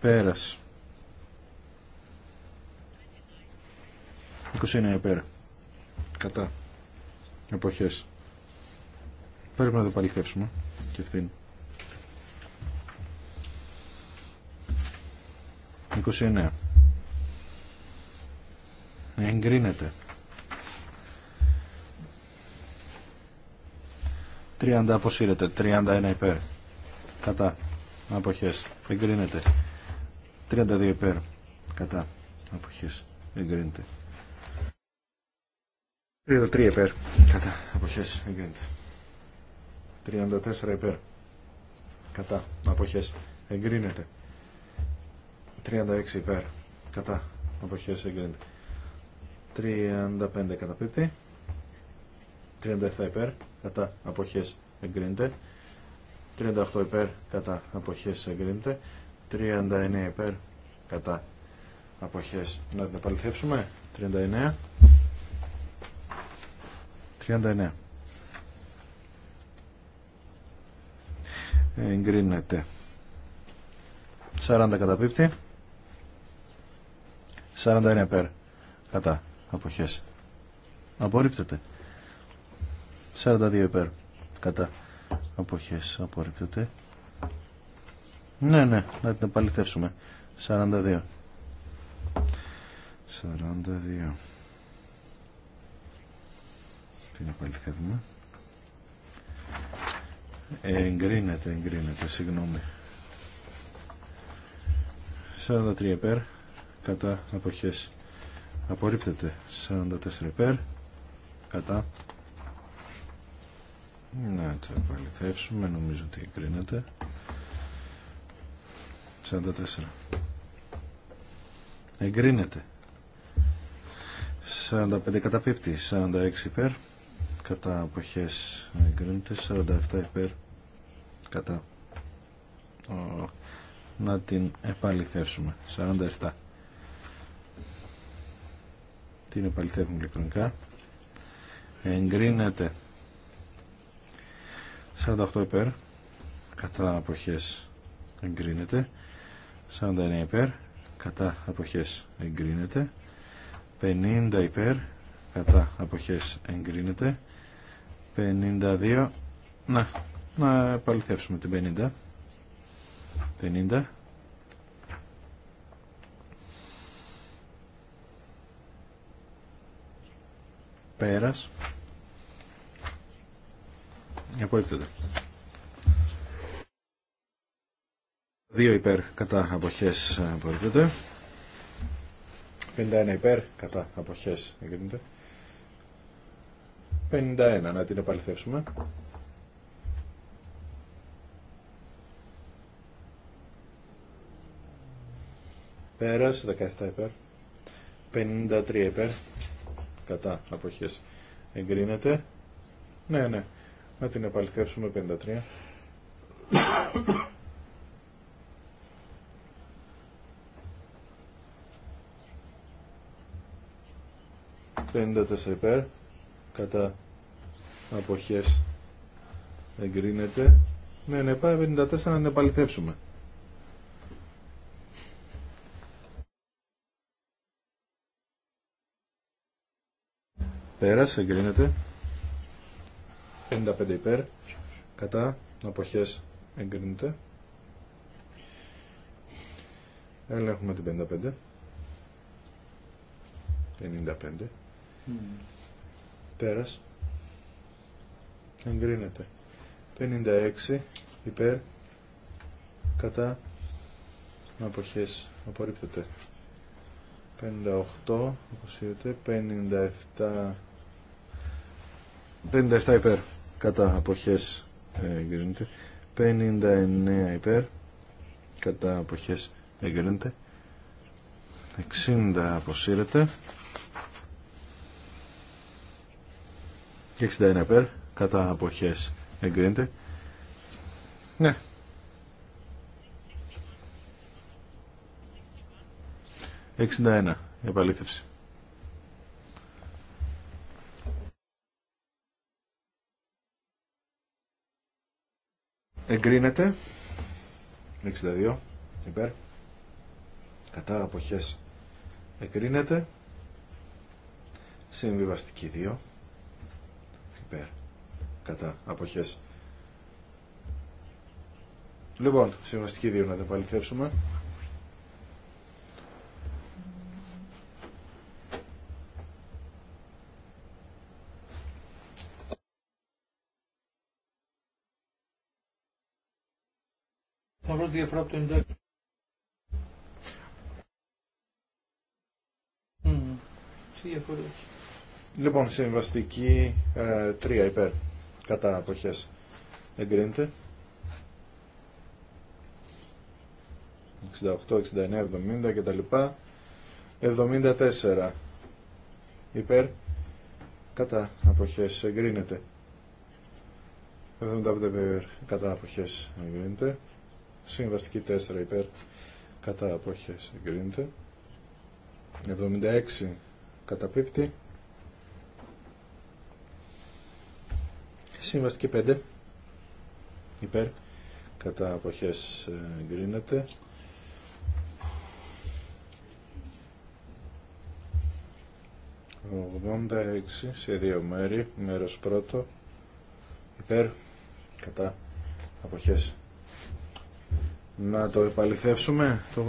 πέρας 29 υπέρ. Κατά. Εποχές. Πρέπει να το παληθεύσουμε και αυτήν. 29. Εγκρίνεται. 30 αποσύρεται. 31 υπέρ. Κατά. Αποχές. Εγκρίνεται. 32 υπέρ. Κατά. Αποχές. Εγκρίνεται. 33 υπέρ. Κατά. Αποχές. Εγκρίνεται. 34 υπέρ. Κατά. Αποχές. Εγκρίνεται. 36 υπέρ. Κατά. Αποχές. Εγκρίνεται. 35 καταπίπτει. 37 υπέρ. Κατά. Αποχές. Εγκρίνεται. 38 υπέρ. Κατά. Αποχές. Εγκρίνεται. 39 υπέρ. Κατά. Αποχές. Να την επαληθεύσουμε. 39. 39. Εγκρίνεται. 40 καταπίπτει. 41 υπέρ. Κατά. Αποχές. Απορρίπτεται. 42 υπέρ. Κατά. Αποχές. Απορρίπτεται. Ναι, ναι. Να την επαληθεύσουμε. 42. 42 την επαληθεύουμε. Εγκρίνεται, εγκρίνεται, συγγνώμη. 43 επέρ κατά αποχές. Απορρίπτεται 44 πέρ, κατά. Να το επαληθεύσουμε, νομίζω ότι εγκρίνεται. 44. Εγκρίνεται. 45 καταπίπτει, 46 υπέρ, κατά αποχές εγκρίνεται 47 υπέρ κατά να την επαληθεύσουμε 47 την επαληθεύουμε ηλεκτρονικά εγκρίνεται 48 υπέρ κατά αποχές εγκρίνεται 49 υπέρ κατά αποχές εγκρίνεται 50 υπέρ κατά αποχές εγκρίνεται 52. Να, να επαληθεύσουμε την 50. 50. Πέρας. Απορρίπτεται. 2 υπέρ κατά αποχές απορρίπτεται. 51 υπέρ κατά αποχές εγκρίνεται. 51, να την επαληθεύσουμε. Πέρας, 17 υπέρ. 53 υπέρ. Κατά, αποχές. Εγκρίνεται. Ναι, ναι. Να την επαληθεύσουμε 53. ...54 υπέρ, κατά αποχές εγκρίνεται ναι ναι πάει 54 να την επαληθεύσουμε πέρας εγκρίνεται 55 υπέρ κατά αποχές εγκρίνεται ελέγχουμε την 55 55 ναι. πέρας εγκρίνεται 56 υπέρ κατά αποχές απορρίπτεται 58 αποσύρεται 57 57 υπέρ κατά αποχές εγκρίνεται 59 υπέρ κατά αποχές εγκρίνεται 60 αποσύρεται 61 υπέρ κατά αποχές εγκρίνεται. Ναι. 61. Επαλήθευση. Εγκρίνεται. 62. Υπέρ. Κατά αποχές εγκρίνεται. Συμβιβαστική 2 κατά αποχές. Λοιπόν, συμβαστική δύο να τα παληθεύσουμε. Mm-hmm. Λοιπόν, συμβαστική ε, τρία υπέρ κατά αποχές εγκρίνεται 68, 69, 70 κτλ 74 υπέρ κατά αποχές εγκρίνεται 75 υπέρ κατά αποχές εγκρίνεται συμβαστική 4 υπέρ κατά αποχές εγκρίνεται 76 καταπίπτει Συμβαστική 5. Υπέρ. Κατά αποχές ε, γκρίνεται, Ο 86 σε δύο μέρη. μέρο πρώτο. Υπέρ. Κατά αποχέ. Να το επαληθεύσουμε το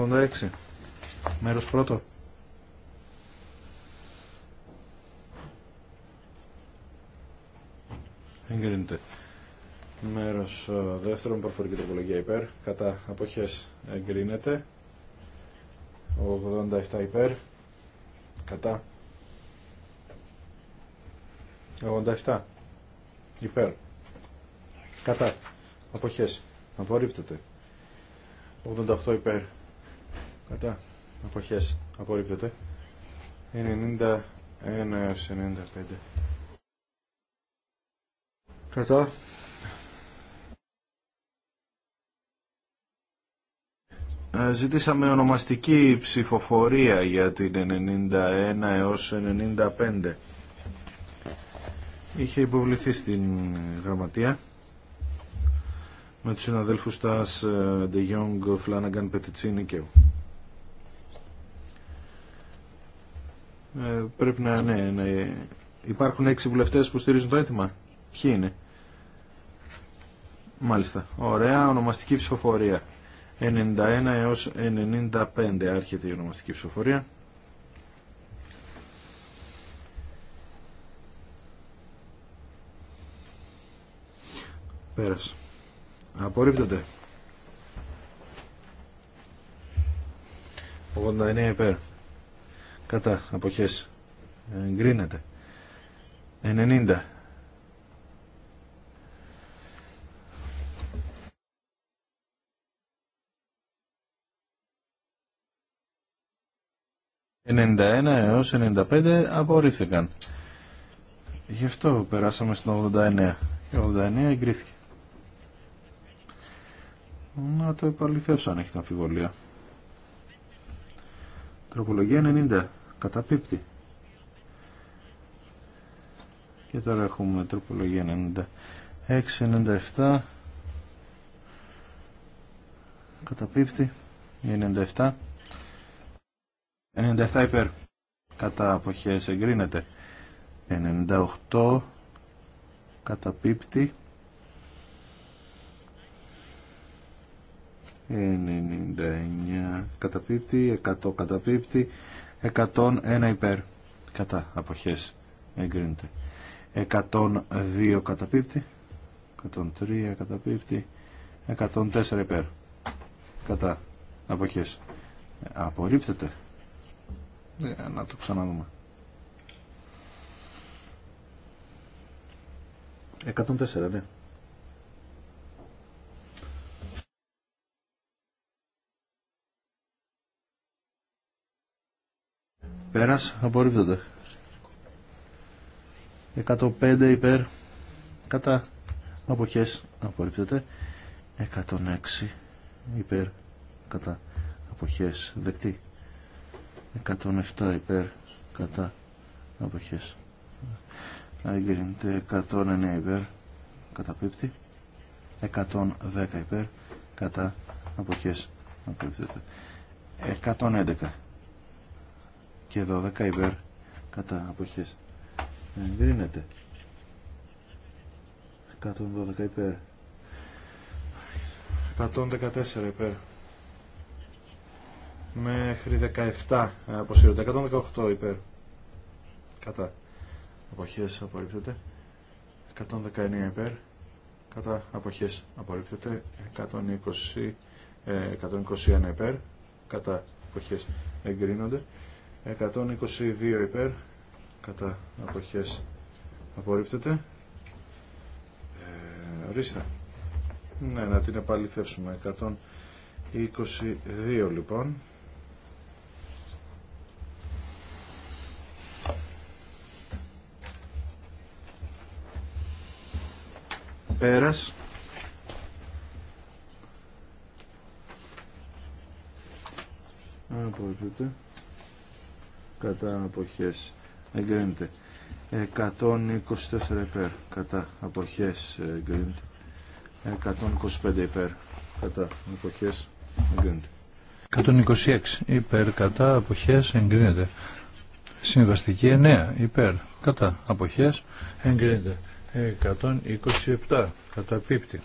86. Μέρος πρώτο. εγκρίνεται. Μέρο ε, δεύτερον προφορική τροπολογία υπέρ, κατά αποχέ εγκρίνεται. 87 υπέρ, κατά 87 υπέρ, κατά Αποχέ. απορρίπτεται. 88 υπέρ, κατά Αποχέ. απορρίπτεται. 91 έω 95 Κατά. Ε, Ζήτησαμε ονομαστική ψηφοφορία για την 91 έως 95. Είχε υποβληθεί στην γραμματεία με τους συναδέλφους Τάς, Ντεγιόγκ, Φλάναγκαν, Πετιτσίνη και ε, πρέπει να, ναι, ναι, υπάρχουν έξι βουλευτές που στηρίζουν το αίτημα. Ποιοι είναι. Μάλιστα. Ωραία. Ονομαστική ψηφοφορία. 91 έως 95 άρχεται η ονομαστική ψηφοφορία. Πέρασε. Απορρίπτονται. 89 υπέρ. Κατά. Αποχές. Εγκρίνεται. 90 91 έως 95 απορρίφθηκαν. Γι' αυτό περάσαμε στην 89. Η 89 εγκρίθηκε. Να το επαληθεύσω αν έχετε αμφιβολία. Τροπολογία 90. Καταπίπτει. Και τώρα έχουμε τροπολογία 96, 97. Καταπίπτει. 97. 97 υπέρ. Κατά αποχές εγκρίνεται. 98 καταπίπτει. 99 καταπίπτει. 100 καταπίπτει. 101 υπέρ. Κατά αποχές εγκρίνεται. 102 καταπίπτει. 103 καταπίπτει. 104 υπέρ. Κατά αποχές. Απορρίπτεται. Για ναι, να το ξαναδούμε. 104, ναι. Πέρας, απορρίπτονται. 105 υπέρ, κατά αποχές, απορρίπτεται. 106 υπέρ, κατά αποχές, δεκτή. 107 υπέρ κατά αποχές εγκρίνεται 109 υπέρ κατά πίπτη 110 υπέρ κατά αποχές 111 και 12 υπέρ κατά αποχές εγκρίνεται 112 υπέρ 114 υπέρ μέχρι 17 ε, αποσύρονται. 118 υπέρ. Κατά. Αποχές απορρίπτεται. 119 υπέρ. Κατά αποχές απορρίπτεται. 120, 121 ε, υπέρ. Κατά αποχές εγκρίνονται. 122 υπέρ. Κατά αποχές απορρίπτεται. Ε, ορίστε. Ναι, να την επαληθεύσουμε. 122 λοιπόν. Πέρας. Απορρίπτεται. Κατά αποχές. Εγκρίνεται. 124 υπέρ. Κατά αποχές. Εγκρίνεται. 125 υπέρ. Κατά αποχές. Εγκρίνεται. 126 υπέρ. Κατά αποχές. Εγκρίνεται. Συμβαστική 9 υπέρ. Κατά αποχές. Εγκρίνεται. 127 κατά καταπίπτει.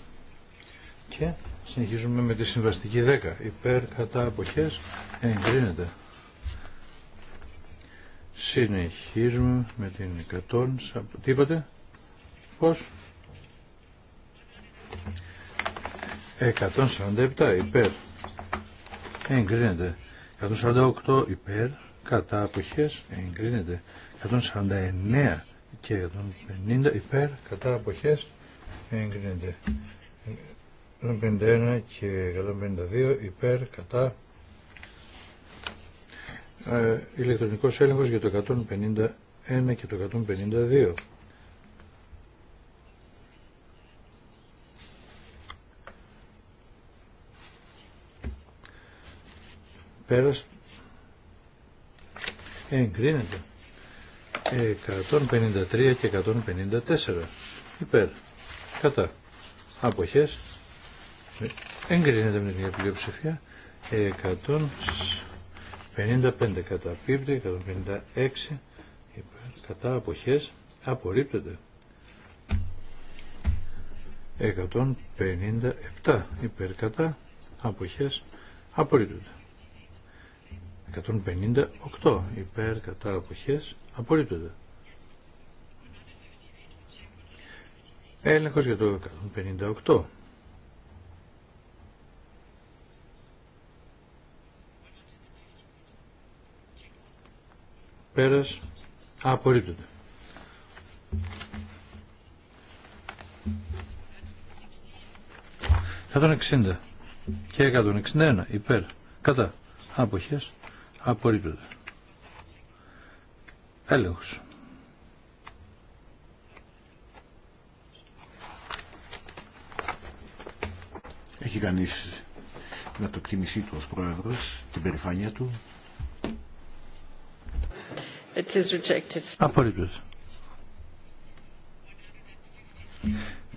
Και συνεχίζουμε με τη συμβαστική 10. Υπέρ κατά αποχές εγκρίνεται. Συνεχίζουμε με την 100. Τι είπατε? Πώς? 147 υπέρ. Εγκρίνεται. 148 υπέρ. Κατά αποχές εγκρίνεται. 149 και 150 υπέρ κατά αποχές εγκρίνεται 151 και 152 υπέρ κατά ε, ηλεκτρονικός έλεγχος για το 151 και το 152 Πέρας εγκρίνεται 153 και 154 υπέρ κατά αποχές εγκρίνεται με την πλειοψηφία 155 κατά πίπτη 156 υπέρ κατά αποχές απορρίπτεται 157 υπέρ κατά αποχές απορρίπτεται 158 υπέρ κατά αποχές Απορρίπτεται. Έλεγχος για το 158. πέρας Απορρίπτεται. 160 και 161 υπέρ κατά αποχές απορρίπτονται. Έλεγχος. Έχει κανείς να το εκτιμηθεί του ως πρόεδρος, την περηφάνεια του. It is rejected. Απορρίπτωση.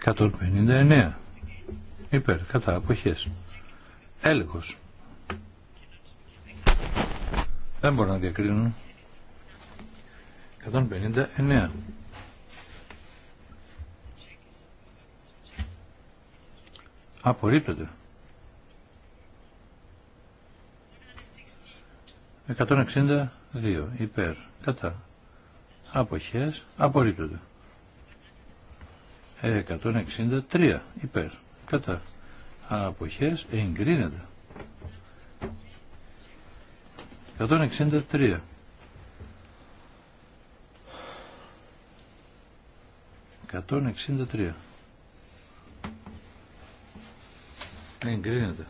159. Υπέρ, κατά, αποχές. Έλεγχος. Δεν μπορώ να διακρίνω. 159. Απορρίπτεται. 162 υπέρ. Κατά. Αποχές. Απορρίπτονται. 163 υπέρ. Κατά. Αποχές. Εγκρίνεται. 163 163. Εγκρίνεται.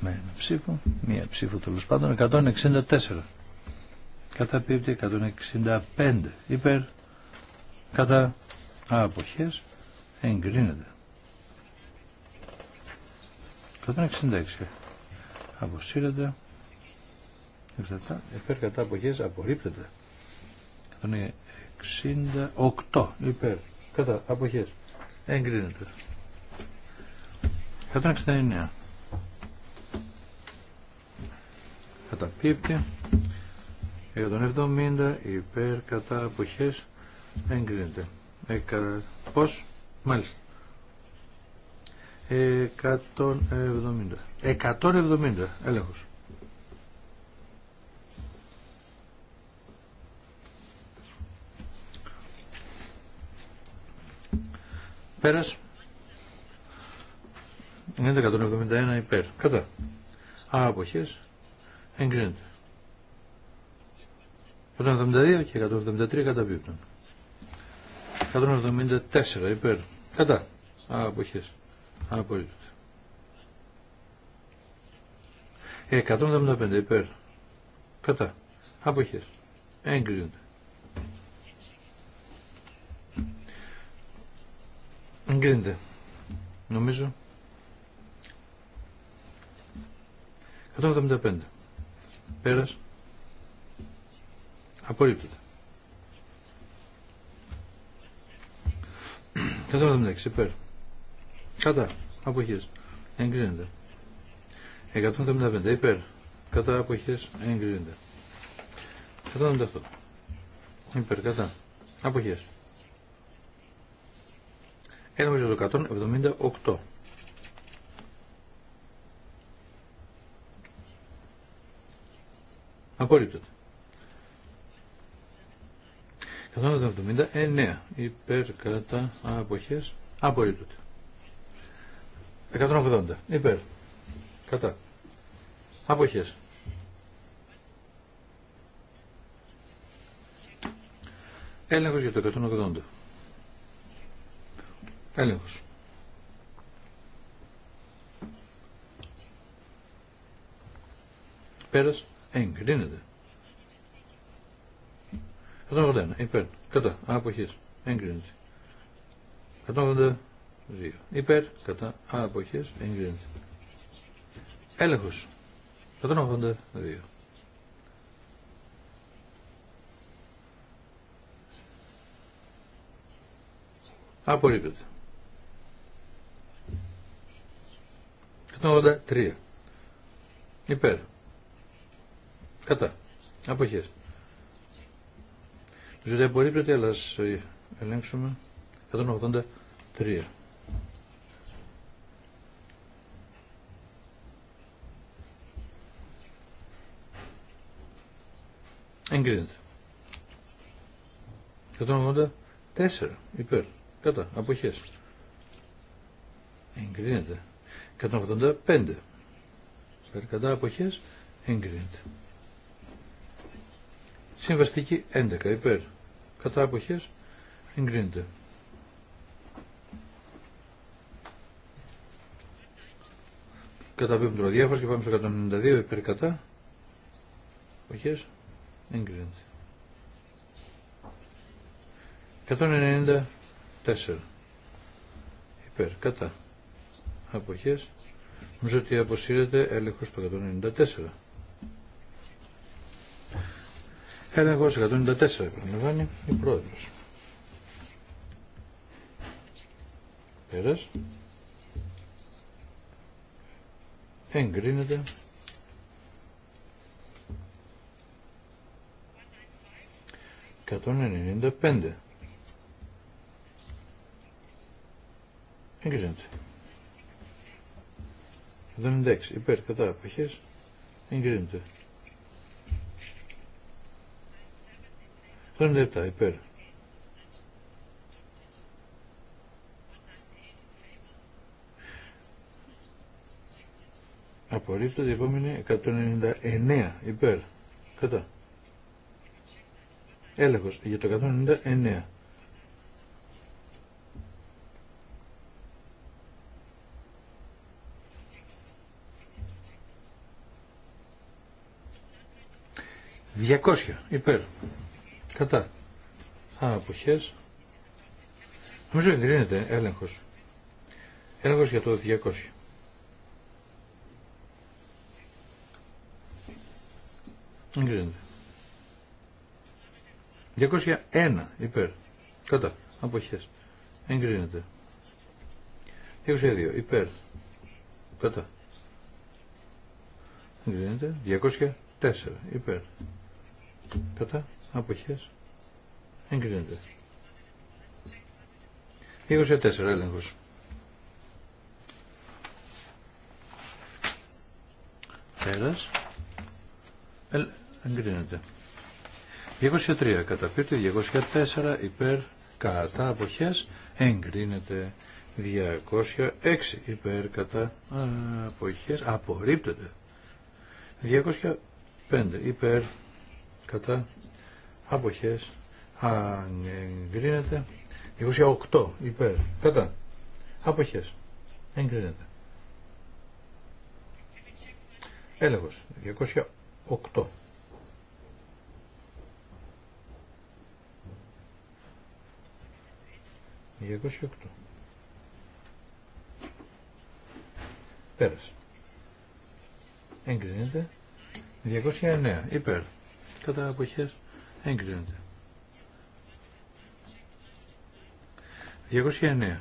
Με ένα ψήφο, μία ψήφο τέλο πάντων, 164. Καταπίπτει 165. Υπέρ, κατά αποχές, εγκρίνεται. 166. Αποσύρεται. Υπέρ κατά αποχές απορρίπτεται είναι 68 υπέρ. Κατά, αποχές. Εγκρίνεται. 169. Καταπίπτει. 170 υπέρ κατά αποχές εγκρίνεται. Ε, κα, πώς? Μάλιστα. 170. 170. Έλεγχος. Πέρας. Είναι 171 υπέρ. Κατά. αποχές. Εγκρίνεται. 172 και 173 καταπίπτουν. 174 υπέρ. Κατά. αποχές. απολύτως. 175 υπέρ. Κατά. Αποχές. Εγκρίνεται. Εγκρίνεται. Νομίζω. 175. Πέρας. Απορρίπτεται. 176. Υπέρ. Κατά. Αποχές. Εγκρίνεται. 175. Υπέρ. Κατά. Αποχές. Εγκρίνεται. 178. Υπέρ. Κατά. Αποχές για το 178. Απορρίπτεται. 179 υπέρ κατά αποχές απορρίπτεται. 180 υπέρ κατά αποχές. Έλεγχος για το 180. Έλεγχος. Πέρας εγκρίνεται. 181 υπέρ. Κατά. Αποχές. Εγκρίνεται. 182 υπέρ. Κατά. Αποχές. Εγκρίνεται. Έλεγχος. 182. Απορρίπτεται. 183. Υπέρ. Κατά. Αποχές. Ζωτέ απορρίπτεται, αλλά ας ε, ελέγξουμε 183. Εγκρίνεται. 184. Υπέρ. Κατά. Αποχές. Εγκρίνεται. 185 υπέρ κατά αποχές εγκρίνεται. Συμβαστική 11 υπέρ κατά αποχές εγκρίνεται. 105 το διάφορο και πάμε στο 192 υπέρ κατά αποχές εγκρίνεται. 194 υπέρ κατά αποχές νομίζω ότι αποσύρεται έλεγχος 194 έλεγχος 194 επαναλαμβάνει η πρόεδρος πέρας εγκρίνεται 195 εγκρίνεται 76 υπέρ κατά αποχές εγκρίνεται. 77 υπέρ. Απορρίπτω η επόμενη 199 υπέρ. Κατά. Έλεγχος για το 199. 200 υπέρ. Κατά. Α, αποχές. Νομίζω εγκρίνεται έλεγχος. Έλεγχος για το 200. Εγκρίνεται. 201 υπέρ. Κατά. Αποχές. Εγκρίνεται. 202 υπέρ. Κατά. Εγκρίνεται. 204 υπέρ. Κατά. Αποχές. Εγκρίνεται. 24 έλεγχος. Πέρας. Ε, εγκρίνεται. 23 καταπίπτει, 204 υπέρ κατά αποχές εγκρίνεται. 206 υπέρ κατά αποχές απορρίπτεται. 205 υπέρ κατά αποχές αν εγκρίνεται 28 υπέρ κατά αποχές εγκρίνεται έλεγχος 208 208 πέρασε εγκρίνεται 209 υπέρ κατά αποχές εγκρίνεται. 209.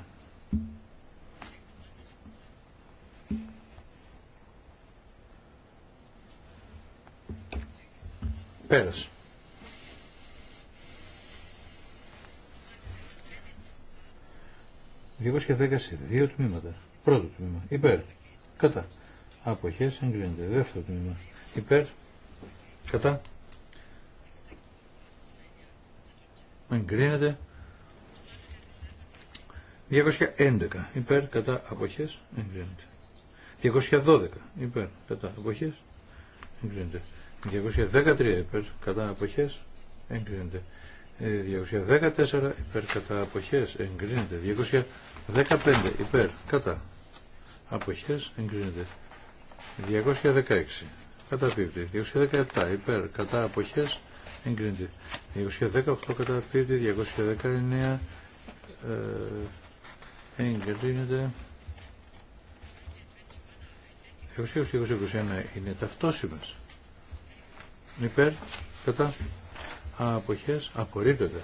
Πέρασε. και σε δύο τμήματα. Πρώτο τμήμα. Υπέρ. Κατά. Αποχές εγκρίνεται. Δεύτερο τμήμα. Υπέρ. Κατά. εγκρίνεται 211 υπέρ κατά αποχές εγκρίνεται 212 υπέρ κατά αποχές εγκρίνεται 213 υπέρ κατά αποχές εγκρίνεται 214 ε, υπέρ κατά αποχές εγκρίνεται 215 υπέρ κατά αποχές εγκρίνεται 216 κατά πίπτη 217 υπέρ κατά αποχές εγκρίνεται. 218 πίπτη, 219 ε, εγκρίνεται. 220-221 είναι ταυτόσιμες. Υπέρ, κατά, αποχές, απορρίπτεται.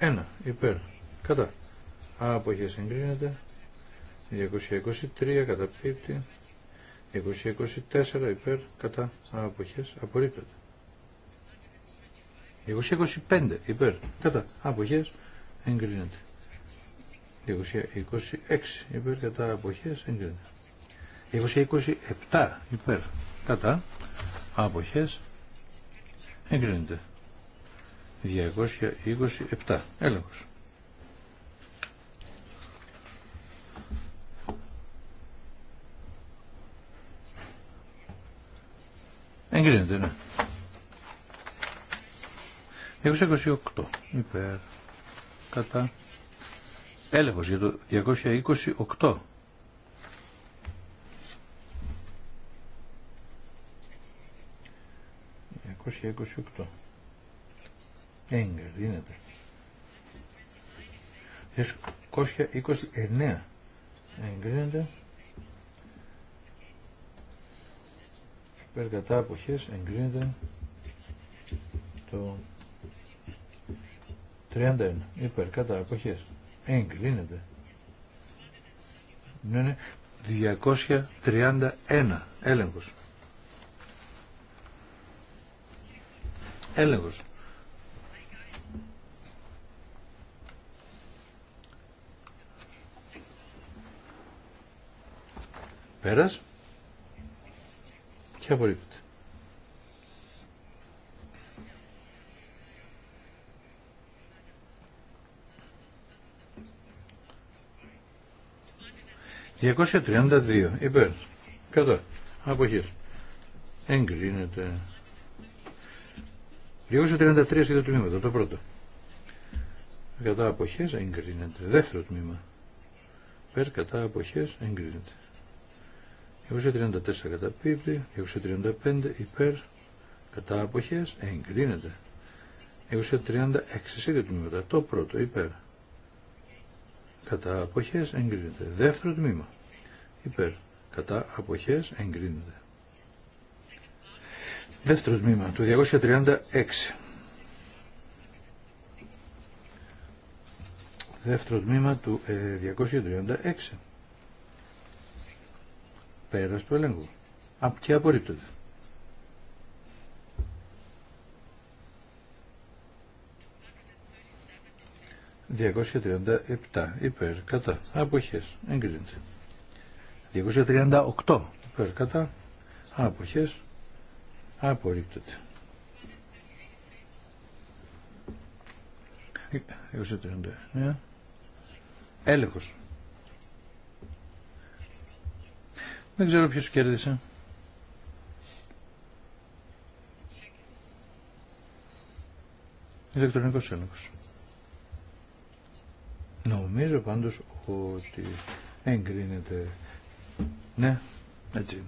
221 υπέρ, κατά, αποχές εγκρίνεται. 223 καταπίπτει. 224 υπέρ κατά αποχές απορρίπτεται. 225 υπέρ κατά αποχές εγκρίνεται. 226 υπέρ κατά αποχές εγκρίνεται. 227 υπέρ κατά αποχές εγκρίνεται. 227 έλεγχος. Εγκρίνεται, ναι. 228 υπέρ κατά έλεγχος για το 228 228 Εγκρίνεται. 229 εγκρίνεται υπέρ κατά εγκρίνεται το 31 υπέρ κατά εγκρίνεται ναι, ναι, 231 έλεγχος έλεγχος πέρας και «232. Υπέρ. Κατά. Αποχές. Εγκρίνεται. 233 το δύο τμήματα. Το πρώτο. Κατά αποχές εγκρίνεται. Δεύτερο τμήμα. Περ κατά αποχές εγκρίνεται. 234 κατά πίπτη, 235 υπέρ, κατά αποχές, εγκρίνεται. 236 σε τμήματα, το πρώτο υπέρ, κατά αποχές, εγκρίνεται. Δεύτερο τμήμα, υπέρ, κατά αποχές, εγκρίνεται. Δεύτερο τμήμα, του 236. Δεύτερο τμήμα του 236. Ε, Πέρας του ελέγχου. Και απορρίπτεται. 237 Υπέρ. Κατά. Αποχές. Εγκρίνεται. 238 υπέρ κατά άποχες απορρίπτεται 239 έλεγχος Δεν ξέρω ποιος κέρδισε. Ηλεκτρονικός έλεγχος. Νομίζω πάντως ότι εγκρίνεται. Ναι, έτσι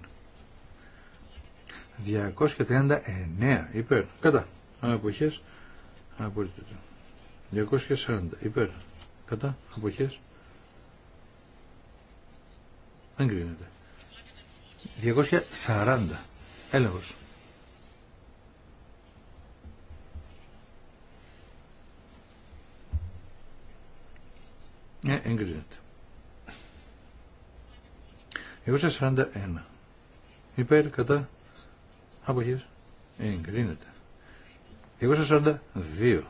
είναι. 239 υπέρ. Κατά. Αποχές. Απορρίπτεται. 240 υπέρ. Κατά. Αποχές. Εγκρίνεται. 240. Έλεγχος. Ναι, εγκρίνεται. 241. Υπέρ, κατά, αποχές, εγκρίνεται. 242.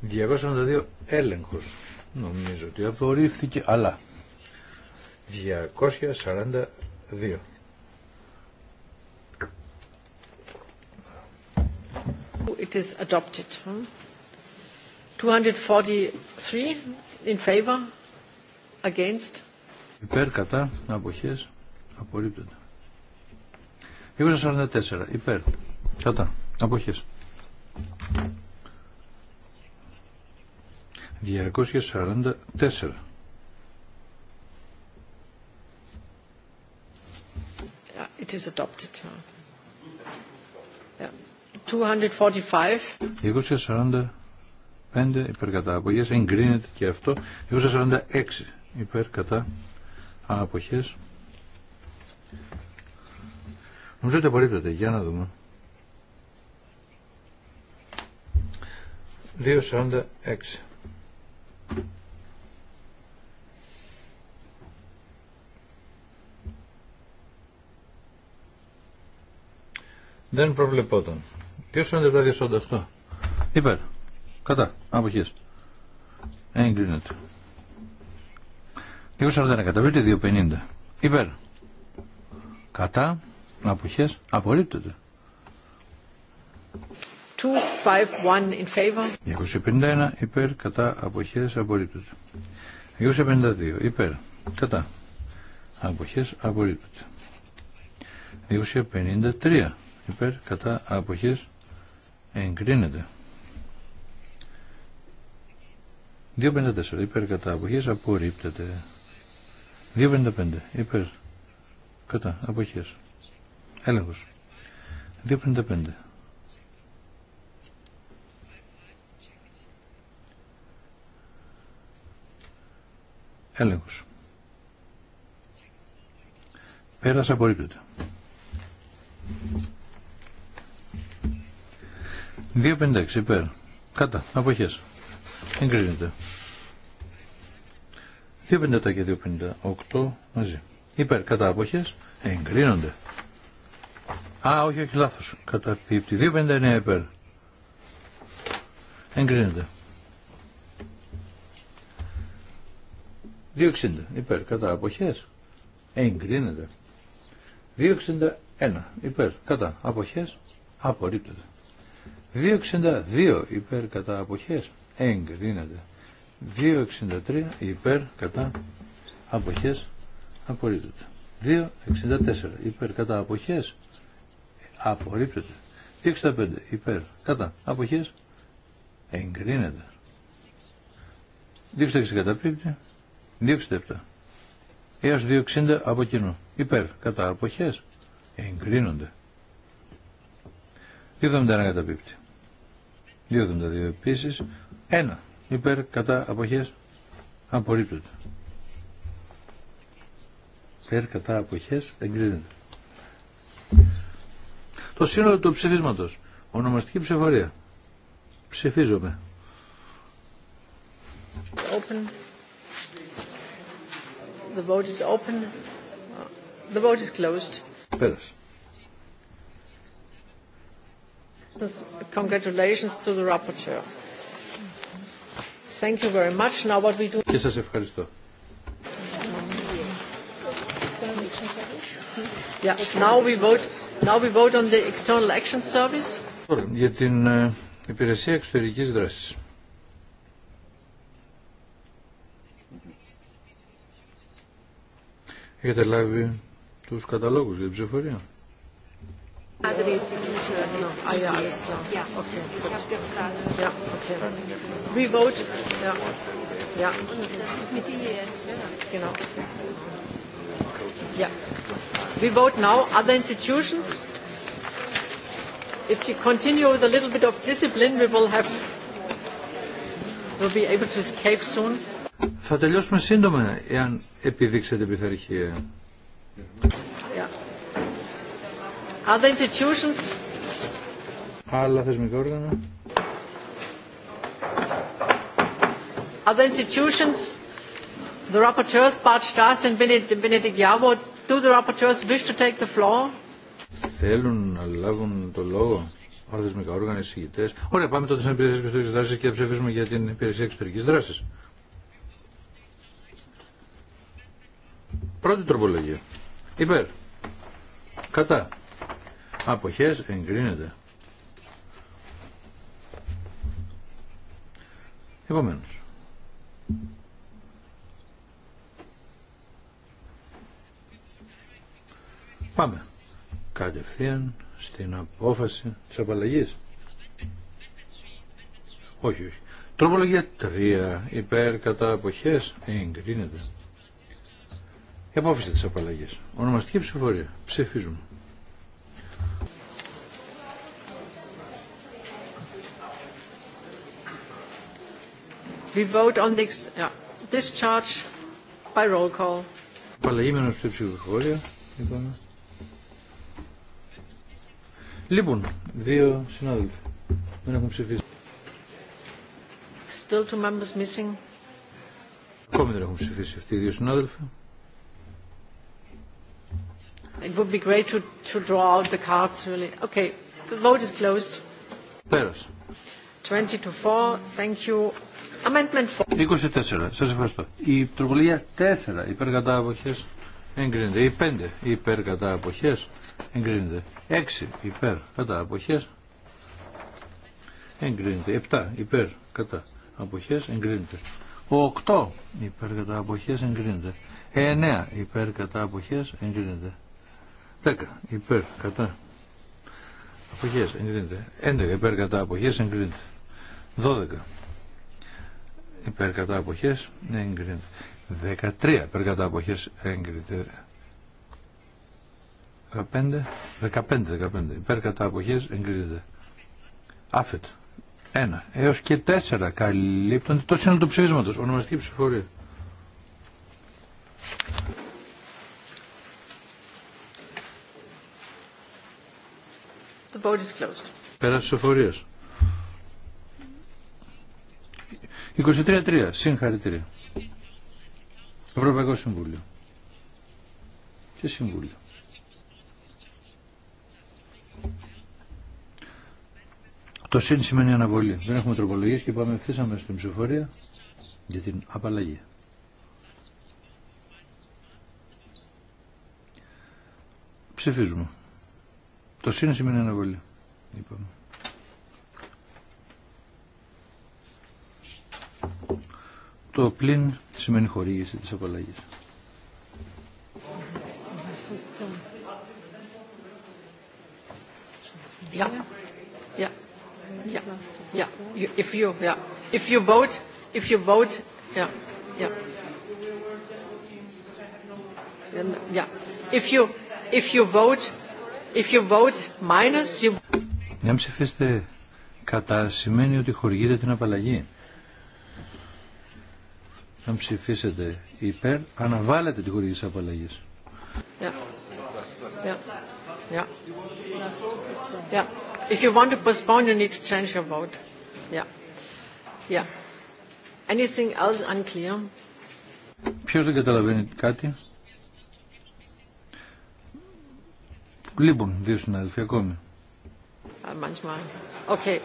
242 έλεγχος. Νομίζω ότι απορρίφθηκε, αλλά 242. It is adopted. 243 in favor, against. Υπέρ, κατά, αποχές, απορρίπτεται. 244, υπέρ, κατά, αποχές. 244. It is adopted. 245 υπέρ κατά αποχές εγκρίνεται και αυτό 246 υπέρ κατά αποχές νομίζω ότι απορρίπτεται για να δούμε 246 δεν προβλεπόταν. Ποιος είναι τα αυτό; Υπέρ. Κατά. Αποχές. Εγκρίνεται. 241 καταβλήτη, 250. Υπέρ. Κατά. Αποχές. Απορρίπτεται. 251 in favor. 251 υπέρ. Κατά. Αποχές. Απορρίπτεται. 252 υπέρ. Κατά. αποχέ, Απορρίπτεται. 253 υπέρ κατά αποχές εγκρίνεται 2.54 υπέρ κατά αποχές απορρίπτεται 2.55 υπέρ κατά αποχές έλεγχος 2.55 έλεγχος Πέρασε απορρίπτεται 2.56 υπέρ. Κατά. Αποχές. Εγκρίνεται. 2.57 και 2.58 μαζί. Υπέρ. Κατά. Αποχές. Εγκρίνονται. Α, όχι, όχι, λάθος. Κατά πίπτη. 2.59 υπέρ. Εγκρίνεται. 2.60 υπέρ. Κατά. Αποχές. Εγκρίνεται. 2.61 υπέρ. Κατά. Αποχές. Απορρίπτεται. 2,62 υπέρ κατά αποχές εγκρίνεται. 2,63 υπέρ κατά αποχές απορρίπτεται. 2,64 υπέρ κατά αποχές απορρίπτεται. 2,65 υπέρ κατά αποχές εγκρίνεται. 2,66 καταπίπτει. 2,67 έως 2,60 από κοινού. Υπέρ κατά αποχές εγκρίνονται. 2,71 καταπίπτει. 2,72 επίση. 1 υπέρ κατά απόχέ απορρίπτεται. Υπέρ κατά αποχές εγκρίνεται. Το σύνολο του ψηφίσματο. Ονομαστική ψηφορία. Ψηφίζομαι. Open. The vote is open. The vote is closed. Πέρασε. Congratulations to the rapporteur. Thank you very much. Now what we do... Και σας ευχαριστώ. Yeah, now we vote, now we vote on the external action service. Για την υπηρεσία εξωτερικής δράσης. Έχετε λάβει τους καταλόγους για την ψηφορία. Other institutions. Ah ja, alles klar. Ja, okay. Ich habe gefragt. Ja, okay. We vote. Ja. Ja. Das ist mit Ihnen Genau. Ja. We vote now other institutions. If you continue with a little bit of discipline, we will have, we'll be able to escape soon. Θα τελειώσουμε σύντομα, εάν επιδείξετε επιθαρχία. Other institutions. Άλλα θεσμικά όργανα. Other institutions. The rapporteurs Bart Stas and Benedict Yavo. Do the rapporteurs wish to take the floor? Θέλουν να λάβουν το λόγο. Άλλα θεσμικά όργανα, εισηγητέ. Ωραία, πάμε τότε στην υπηρεσία εξωτερική δράση και ψηφίσουμε για την υπηρεσία εξωτερική δράση. Πρώτη τροπολογία. Υπέρ. Κατά. Αποχές εγκρίνεται. Επομένως. Πάμε κατευθείαν στην απόφαση της απαλλαγής. Όχι, όχι. Τροπολογία 3. Υπέρ κατά αποχές εγκρίνεται. Η απόφαση της απαλλαγής. Ονομαστική ψηφορία. Ψηφίζουμε. We vote on this, yeah, discharge by roll call. Παλαίμενο στην ψηφοφορία. Λοιπόν. λοιπόν, δύο συνάδελφοι δεν έχουν ψηφίσει. Still two members missing. Ακόμη δεν έχουν ψηφίσει αυτοί οι δύο συνάδελφοι. It would be great to, to draw out the cards really. Okay, the vote is closed. Πέρασε. 20 to 4, thank you. 24. Σας ευχαριστώ. Η τροπολογία 4 υπέρ κατά αποχές εγκρίνεται. Η 5 υπέρ κατά αποχές εγκρίνεται. 6 υπέρ κατά αποχές εγκρίνεται. 7 υπέρ κατά αποχές εγκρίνεται. 8 υπέρ κατά αποχές εγκρίνεται. 9 υπέρ κατά αποχές εγκρίνεται. 10 υπέρ κατά αποχές εγκρίνεται. 11 υπέρ κατά αποχές εγκρίνεται. 12 υπέρ κατά αποχές εγκρίνεται 13 υπέρ κατά αποχές εγκρίνεται 15 15 15 υπέρ κατά αποχές εγκρίνεται άφετ 1 έως και 4 καλύπτονται το σύνολο του ψηφίσματος ονομαστική ψηφορία The vote is 233 3 Συγχαρητήρια. Ευρωπαϊκό Συμβούλιο. Και Συμβούλιο. Το συν σημαίνει αναβολή. Δεν έχουμε τροπολογίες και πάμε ευθύς στην ψηφορία για την απαλλαγή. Ψηφίζουμε. Το συν σημαίνει αναβολή. Είπαμε. Το πλήν σημαίνει χορήγηση της απαλλαγής. Yeah. Yeah. Yeah. Yeah. If you, yeah. If you vote, if you vote, yeah. Yeah. Yeah. If you, if you vote, if you vote minus, you... Να ψηφίσετε κατά σημαίνει ότι χορηγείτε την απαλλαγή αν ψηφίσετε υπέρ, αναβάλλετε τη χορηγή τη απαλλαγή. Yeah. Yeah. Yeah. Yeah. If you want to postpone, you need to change your vote. Yeah. Yeah. Anything else unclear? Ποιος δεν καταλαβαίνει κάτι. Λείπουν δύο συνάδελφοι ακόμη. Uh, manchmal. Okay.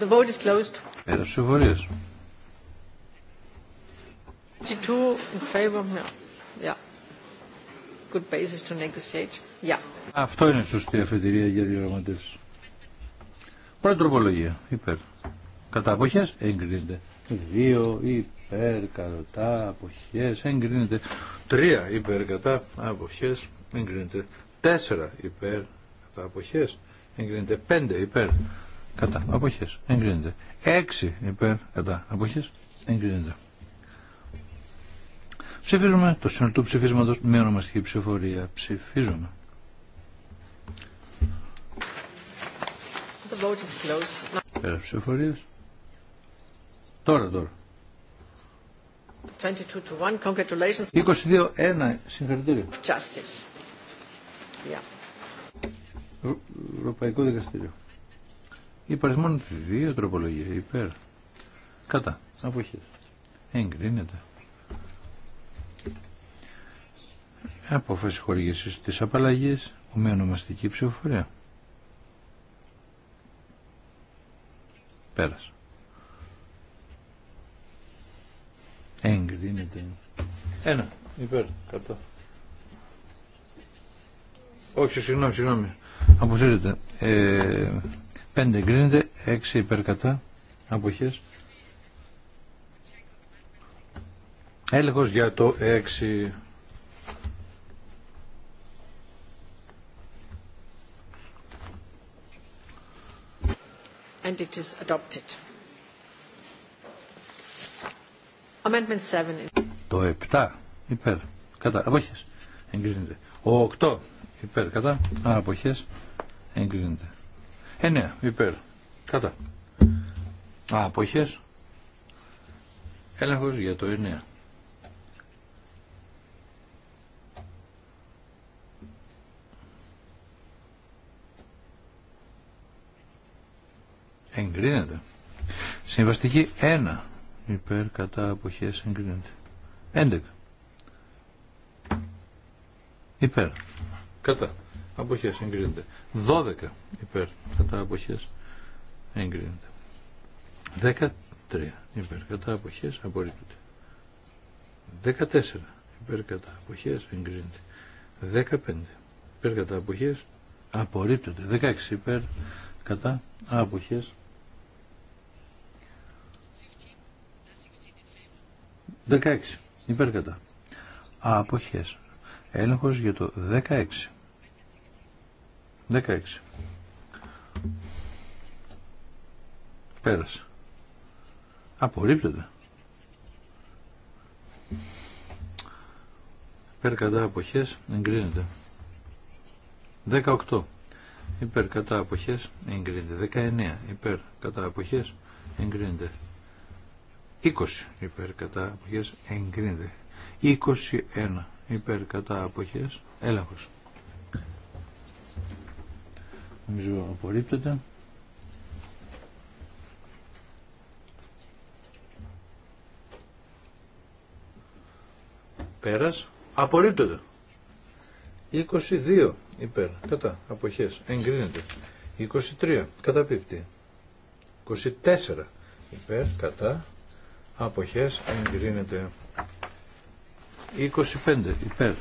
The vote is closed. Πέρα ψηφορίες. Αυτό είναι σωστή αφετηρία για διαπραγματεύσει. Πρώτη τροπολογία. Υπέρ. Κατά αποχές εγκρίνεται. Δύο υπέρ κατά αποχές εγκρίνεται. Τρία υπέρ κατά αποχές εγκρίνεται. Τέσσερα υπέρ κατά αποχές εγκρίνεται. Πέντε υπέρ κατά αποχές εγκρίνεται. Έξι υπέρ κατά αποχές εγκρίνεται. Ψηφίζουμε το σύνολο του ψηφίσματος με ονομαστική ψηφοφορια Ψηφίζουμε. The vote περα ψηφοφορία. ψηφορίες. Τώρα, τώρα. 22-1. Συγχαρητήρια. Justice. Yeah. Ευρωπαϊκό Δικαστήριο. μόνο δύο τροπολογία. Υπέρ. Κατά. αποχή. Εγκρίνεται. Απόφαση χορήγησης της απαλλαγής, ομοιονομαστική ψηφοφορία. Πέρασε. Εγκρίνεται. Ένα, υπέρ, κατά. Όχι, συγγνώμη, συγγνώμη. Αποσύρεται. Ε, πέντε εγκρίνεται, έξι υπέρ κατά. Αποχές Έλεγχος για το 6. And it is adopted. Amendment 7. Το 7 υπέρ. Κατά. Αποχές. Εγκρίνεται. Ο 8 υπέρ. Κατά. Αποχές. Εγκρίνεται. 9 υπέρ. Κατά. Αποχές. Έλεγχος για το 9. εγκρίνεται. Συμβαστική 1 υπέρ κατά αποχές εγκρίνεται. 11 υπέρ κατά αποχές εγκρίνεται. 12 υπέρ κατά αποχές εγκρίνεται. 13 υπέρ κατά αποχές απορρίπτεται. 14 υπέρ κατά αποχές εγκρίνεται. 15 υπέρ κατά αποχές απορρίπτεται. 16 υπέρ κατά αποχές 16. Υπέρ κατά. Αποχές. Έλεγχος για το 16. 16. Πέρασε. Απορρίπτεται. Υπέρ κατά αποχές εγκρίνεται. 18. Υπέρ κατά αποχές εγκρίνεται. 19. Υπέρ κατά αποχές εγκρίνεται. 20 υπέρ κατά αποχές εγκρίνεται. 21 υπέρ κατά αποχές έλεγχος. Νομίζω απορρίπτεται. Πέρας. Απορρίπτεται. 22 υπέρ κατά αποχές εγκρίνεται. 23 καταπίπτει. 24 υπέρ κατά αποχές εγκρίνεται 25 υπέρ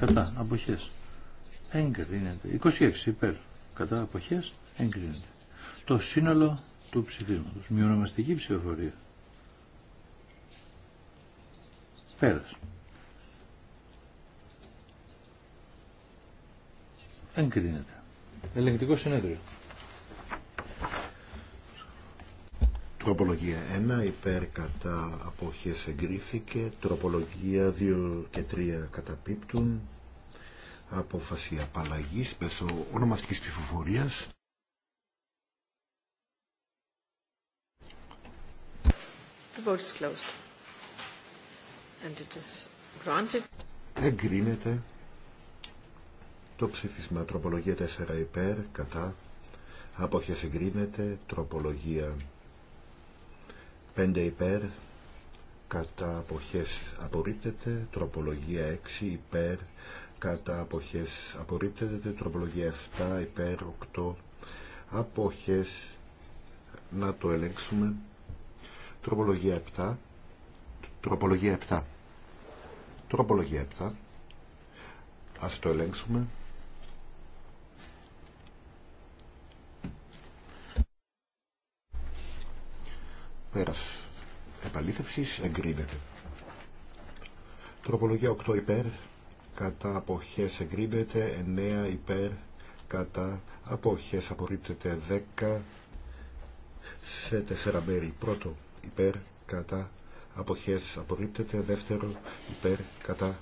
κατά αποχές εγκρίνεται 26 υπέρ κατά αποχές εγκρίνεται το σύνολο του ψηφίσματος μειονομαστική ψηφοφορία πέρας εγκρίνεται ελεγκτικό συνέδριο Τροπολογία 1 υπέρ κατά αποχές εγκρίθηκε. Τροπολογία 2 και 3 καταπίπτουν. Απόφαση απαλλαγής μέσω ονομαστικής ψηφοφορίας. The vote is closed. And it is granted. Εγκρίνεται το ψήφισμα τροπολογία 4 υπέρ κατά αποχές εγκρίνεται τροπολογία 5 υπέρ κατά αποχές απορρίπτεται τροπολογία 6 υπέρ κατά αποχές απορρίπτεται τροπολογία 7 υπέρ 8 αποχές να το ελέγξουμε τροπολογία 7 τροπολογία 7 τροπολογία 7 ας το ελέγξουμε Πέρας επαλήθευσης εγκρίνεται. Τροπολογία 8 υπέρ, κατά αποχές εγκρίνεται, 9 υπέρ, κατά αποχές απορρίπτεται, 10 σε 4 μέρη. Πρώτο υπέρ, κατά αποχές απορρίπτεται, δεύτερο υπέρ, κατά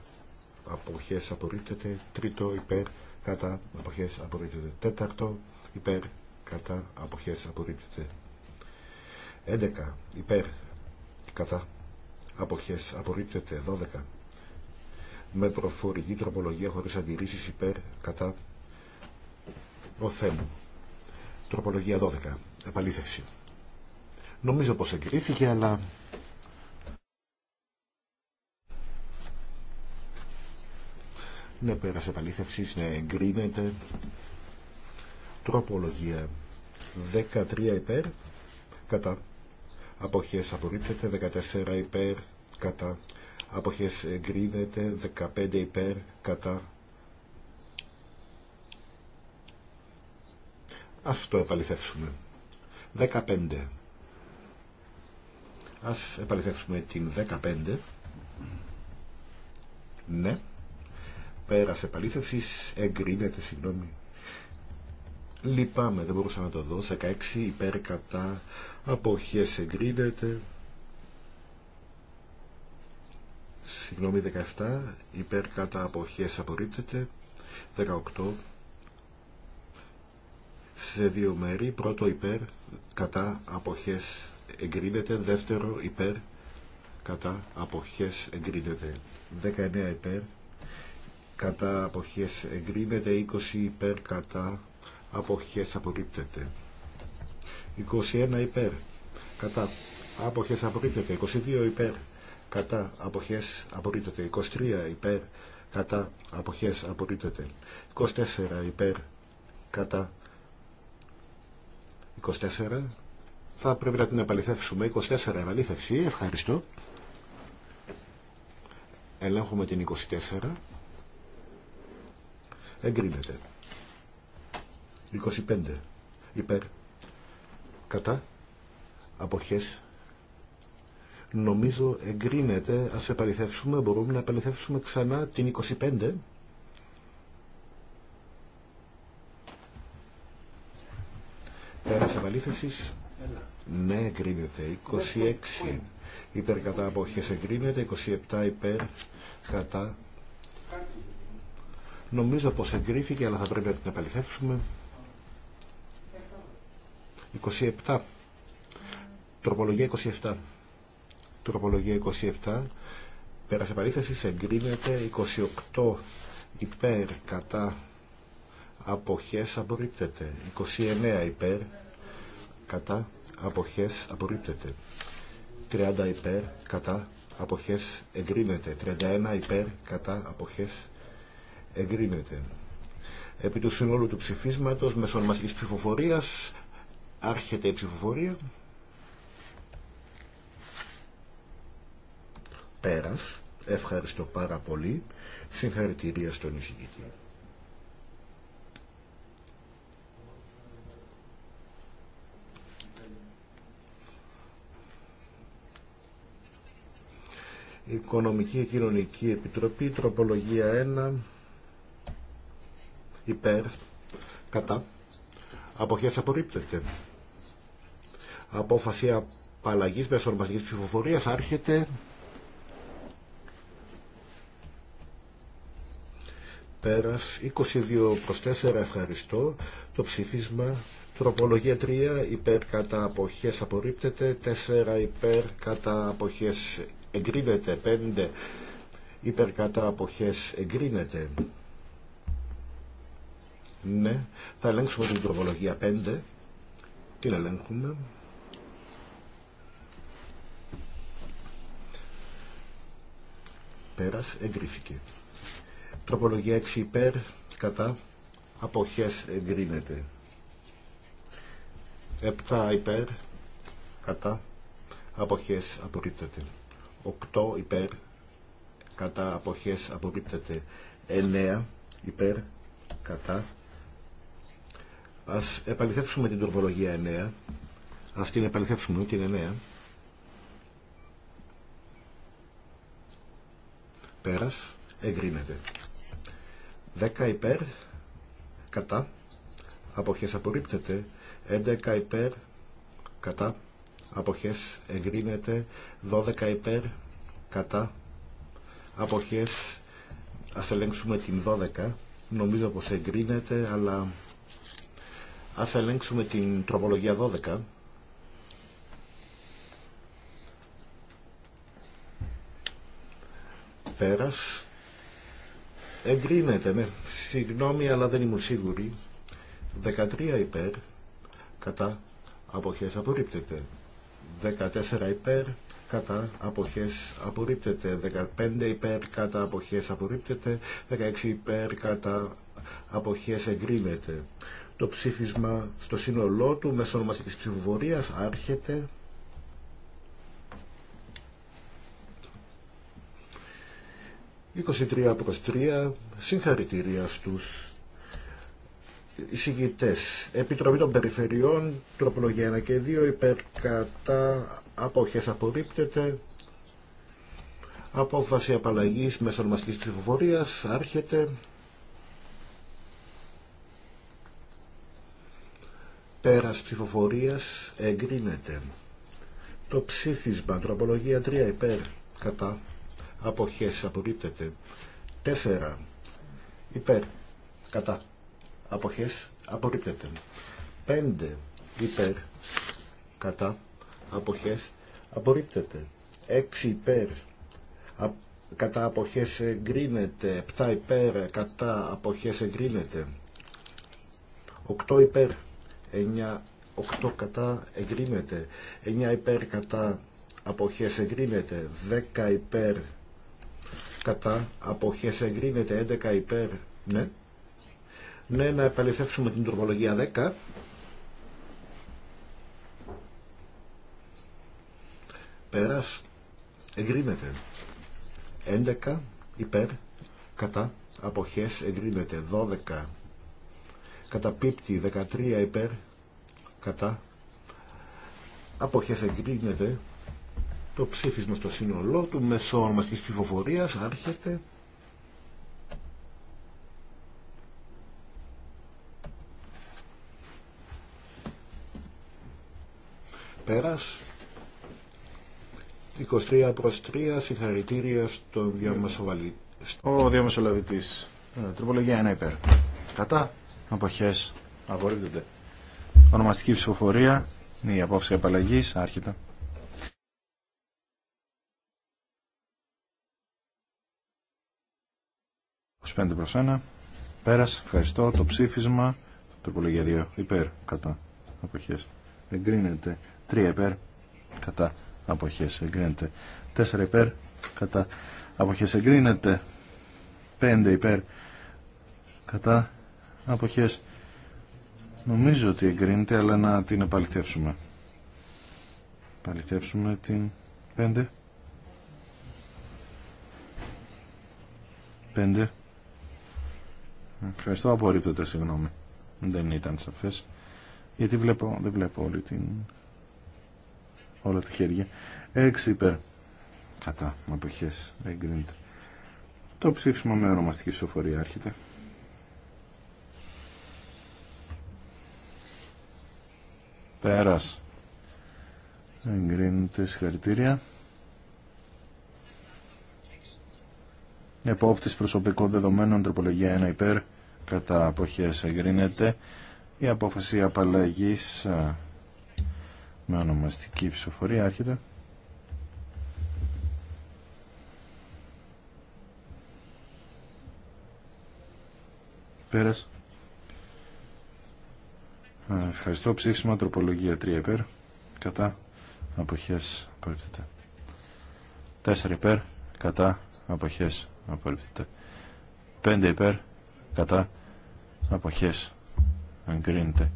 αποχές απορρίπτεται, τρίτο υπέρ, κατά αποχές απορρίπτεται, τέταρτο υπέρ, κατά αποχές απορρίπτεται. 11 υπέρ κατά αποχές απορρίπτεται 12 με προφορική τροπολογία χωρίς αντιρρήσεις υπέρ κατά ο τροπολογία 12 επαλήθευση νομίζω πως εγκρίθηκε αλλά ναι πέρασε επαλήθευση, ναι εγκρίνεται τροπολογία 13 υπέρ κατά αποχές απορρίπτεται 14 υπέρ κατά αποχές εγκρίνεται 15 υπέρ κατά Ας το επαληθεύσουμε. 15. Ας επαληθεύσουμε την 15. Ναι. Πέρας επαλήθευσης εγκρίνεται, συγγνώμη. Λυπάμαι, δεν μπορούσα να το δω. 16 υπέρ κατά αποχές εγκρίνεται. Συγγνώμη, 17 υπέρ κατά αποχές απορρίπτεται. 18 σε δύο μέρη. Πρώτο υπέρ κατά αποχές εγκρίνεται. Δεύτερο υπέρ κατά αποχές εγκρίνεται. 19 υπέρ κατά αποχές εγκρίνεται. 20 υπέρ κατά αποχές απορρίπτεται 21 υπέρ κατά αποχές απορρίπτεται 22 υπέρ κατά αποχές απορρίπτεται 23 υπέρ κατά αποχές απορρίπτεται 24 υπέρ κατά 24 θα πρέπει να την επαληθεύσουμε 24 επαληθεύση ευχαριστώ ελέγχουμε την 24 εγκρίνεται 25 υπέρ κατά αποχές νομίζω εγκρίνεται ας επαληθεύσουμε μπορούμε να επαληθεύσουμε ξανά την 25 πέρας επαλήθευσης ναι εγκρίνεται 26 υπέρ κατά αποχές εγκρίνεται 27 υπέρ κατά νομίζω πως εγκρίθηκε αλλά θα πρέπει να την επαληθεύσουμε 27. Τροπολογία 27. Τροπολογία 27. Πέρασε παρήθεση, εγκρίνεται 28 υπέρ κατά αποχές απορρίπτεται. 29 υπέρ κατά αποχές απορρίπτεται. 30 υπέρ κατά αποχές εγκρίνεται. 31 υπέρ κατά αποχές εγκρίνεται. Επί του συνόλου του ψηφίσματος μεσονομαστικής ψηφοφορίας Άρχεται η ψηφοφορία. Πέρας. Ευχαριστώ πάρα πολύ. Συγχαρητήρια στον εισηγητή. Οικονομική και Κοινωνική Επιτροπή, τροπολογία 1, υπέρ, κατά, αποχές απορρίπτεται απόφαση απαλλαγη με ψηφοφορία άρχεται πέρας 22 προς 4 ευχαριστώ το ψήφισμα τροπολογία 3 υπέρ κατά αποχές απορρίπτεται 4 υπέρ κατά αποχές εγκρίνεται 5 υπέρ κατά αποχές εγκρίνεται ναι, θα ελέγξουμε την τροπολογία 5. Την ελέγχουμε. πέρας εγκρίθηκε. Τροπολογία 6 υπέρ κατά αποχές εγκρίνεται. 7 υπέρ κατά αποχές απορρίπτεται. 8 υπέρ κατά αποχές απορρίπτεται. 9 υπέρ κατά Ας επαληθεύσουμε την τροπολογία 9. Ας την επαληθεύσουμε την 9. Πέρας. Εγκρίνεται. 10 υπέρ. Κατά. Αποχές απορρίπτεται. 11 υπέρ. Κατά. Αποχές εγκρίνεται. 12 υπέρ. Κατά. Αποχές. Ας ελέγξουμε την 12. Νομίζω πως εγκρίνεται, αλλά ας ελέγξουμε την τροπολογία 12. πατέρας Εγκρίνεται, με ναι. Συγγνώμη, αλλά δεν ήμουν σίγουρη. 13 υπέρ, κατά αποχές απορρίπτεται. 14 υπέρ, κατά αποχές απορρίπτεται. 15 υπέρ, κατά αποχές απορρίπτεται. 16 υπέρ, κατά αποχές εγκρίνεται. Το ψήφισμα στο σύνολό του μέσω ονομαστικής ψηφοφορίας άρχεται. 23 από 3, συγχαρητήρια στους εισηγητές. Επιτροπή των Περιφερειών, τροπολογία 1 και 2, υπερκατά κατά αποχές απορρίπτεται. Απόφαση απαλλαγής μεσονομαστικής ψηφοφορίας άρχεται. Πέρας ψηφοφορίας εγκρίνεται. Το ψήφισμα, τροπολογία 3 υπέρ κατά αποχές απορρίπτεται 4 υπέρ κατά αποχές απορρίπτεται 5 υπέρ κατά αποχές απορρίπτεται 6 υπέρ κατά αποχές εγκρίνεται 7 υπέρ κατά αποχές εγκρίνεται 8 υπέρ 9 8 κατά εγκρίνεται 9 υπέρ κατά αποχές εγκρίνεται 10 υπέρ κατά αποχές εγκρίνεται 11 υπέρ ναι ναι να επαληθεύσουμε την τροπολογία 10 πέρας εγκρίνεται 11 υπέρ κατά αποχές εγκρίνεται 12 κατά πίπτη 13 υπέρ κατά αποχές εγκρίνεται το ψήφισμα στο σύνολό του μέσω ονομαστικής ψηφοφορίας άρχεται πέρας 23 προς 3 συγχαρητήρια στον διαμεσοβαλή ο διαμεσολαβητής ε, τροπολογία 1 υπέρ κατά αποχές απορρίπτονται ονομαστική ψηφοφορία η απόψη επαλλαγής άρχεται 25 προς 1. Πέρασε. Ευχαριστώ. Το ψήφισμα. υπολογία 2. Υπέρ. Κατά. Αποχές. Εγκρίνεται. 3 υπέρ. Κατά. Αποχές. Εγκρίνεται. 4 υπέρ. Κατά. Αποχές. Εγκρίνεται. 5 υπέρ. Κατά. Αποχές. Νομίζω ότι εγκρίνεται, αλλά να την επαληθεύσουμε. Επαληθεύσουμε την 5. 5. Ευχαριστώ, απορρίπτεται, συγγνώμη. Δεν ήταν σαφές. Γιατί δεν βλέπω όλη την... όλα τα χέρια. Έξι υπέρ. Κατά, αποχέ. εγκρίνεται. Το ψήφισμα με ονομαστική σοφορία. άρχεται. Πέρας. Εγκρίνεται συγχαρητήρια. Επόπτης προσωπικών δεδομένων τροπολογία 1 υπέρ κατά αποχές εγκρίνεται η απόφαση απαλλαγής με ονομαστική ψηφοφορία άρχεται πέρας ευχαριστώ ψήφισμα τροπολογία 3 υπέρ κατά αποχές απορρίπτεται 4 υπέρ κατά αποχές απορρίπτεται 5 υπέρ κατά αποχές εγκρίνεται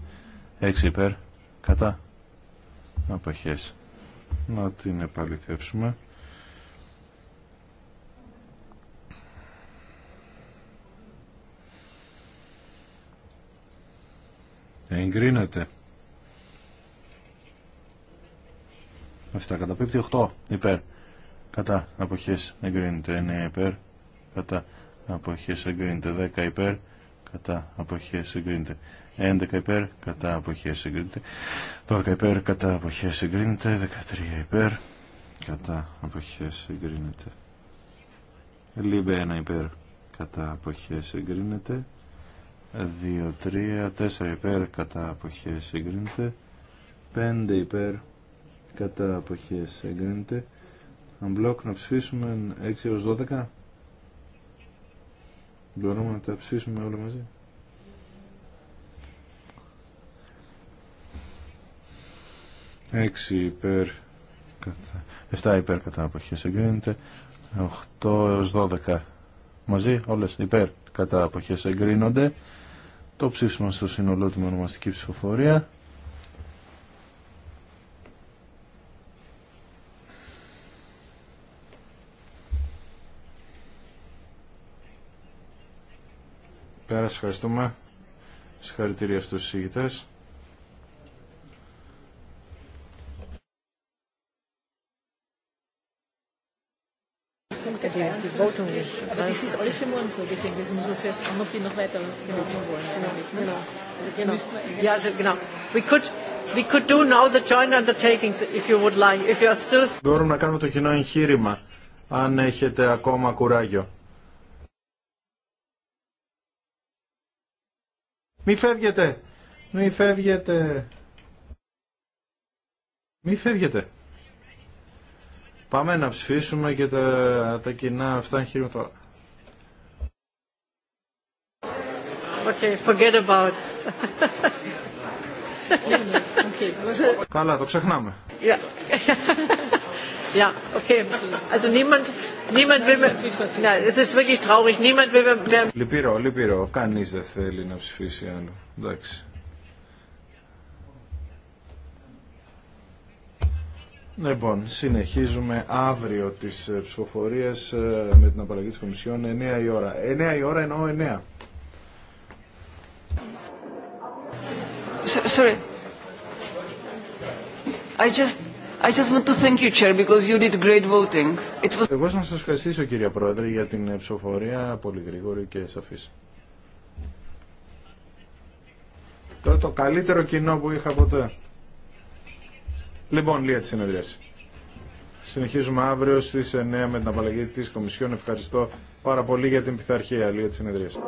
6 υπέρ κατά αποχές να την επαληθεύσουμε εγκρίνεται 7 κατά 8 υπέρ κατά αποχές εγκρίνεται 9 υπέρ κατά αποχές εγκρίνεται 10 υπέρ κατά αποχές εγκρίνεται 11 υπέρ κατά αποχές εγκρίνεται 12 υπέρ κατά αποχές εγκρίνεται 13 υπέρ κατά αποχές εγκρίνεται λίμπε 1 υπέρ κατά αποχές εγκρίνεται 2, 3, 4 υπέρ κατά αποχές εγκρίνεται 5 υπέρ κατά αποχές εγκρίνεται αν μπλοκ να ψηφίσουμε 6 έως 12 Μπορούμε να τα ψήσουμε όλα μαζί. Έξι υπέρ κατά... Εφτά υπέρ κατά αποχές εγκρίνεται. 8 έως 12 μαζί, όλες υπέρ κατά αποχές εγκρίνονται. Το ψήφισμα στο σύνολό του με ονομαστική ψηφοφορία. Καλησπέρα, ευχαριστούμε. Συγχαρητήρια στους συζητητές. Μπορούμε να κάνουμε το κοινό εγχείρημα, αν έχετε ακόμα κουράγιο. Μη φεύγετε. Μη φεύγετε. Μη φεύγετε. Πάμε να ψηφίσουμε και τα, τα κοινά αυτά εγχειρήματα. Okay, forget about. okay. Καλά, το ξεχνάμε. Yeah. Ja, okay. Also niemand, niemand will mehr, na, es ist wirklich traurig, niemand will mehr... Λυπηρό, λυπηρό. Κανείς δεν θέλει να ψηφίσει άλλο. Εντάξει. Λοιπόν, συνεχίζουμε αύριο τι ε, ψηφοφορίε ε, με την απαλλαγή τη Κομισιόν 9 η ώρα. 9 η ώρα εννοώ 9. Sorry. I just εγώ να σας ευχαριστήσω κύριε Πρόεδρε για την ψηφοφορία πολύ γρήγορη και σαφής. Το, το καλύτερο κοινό που είχα ποτέ. Λοιπόν, λία τη συνέδρια. Συνεχίζουμε αύριο στις 9 με την απαλλαγή της Κομισιόν. Ευχαριστώ πάρα πολύ για την πειθαρχία. Λία τη συνεδρίαση.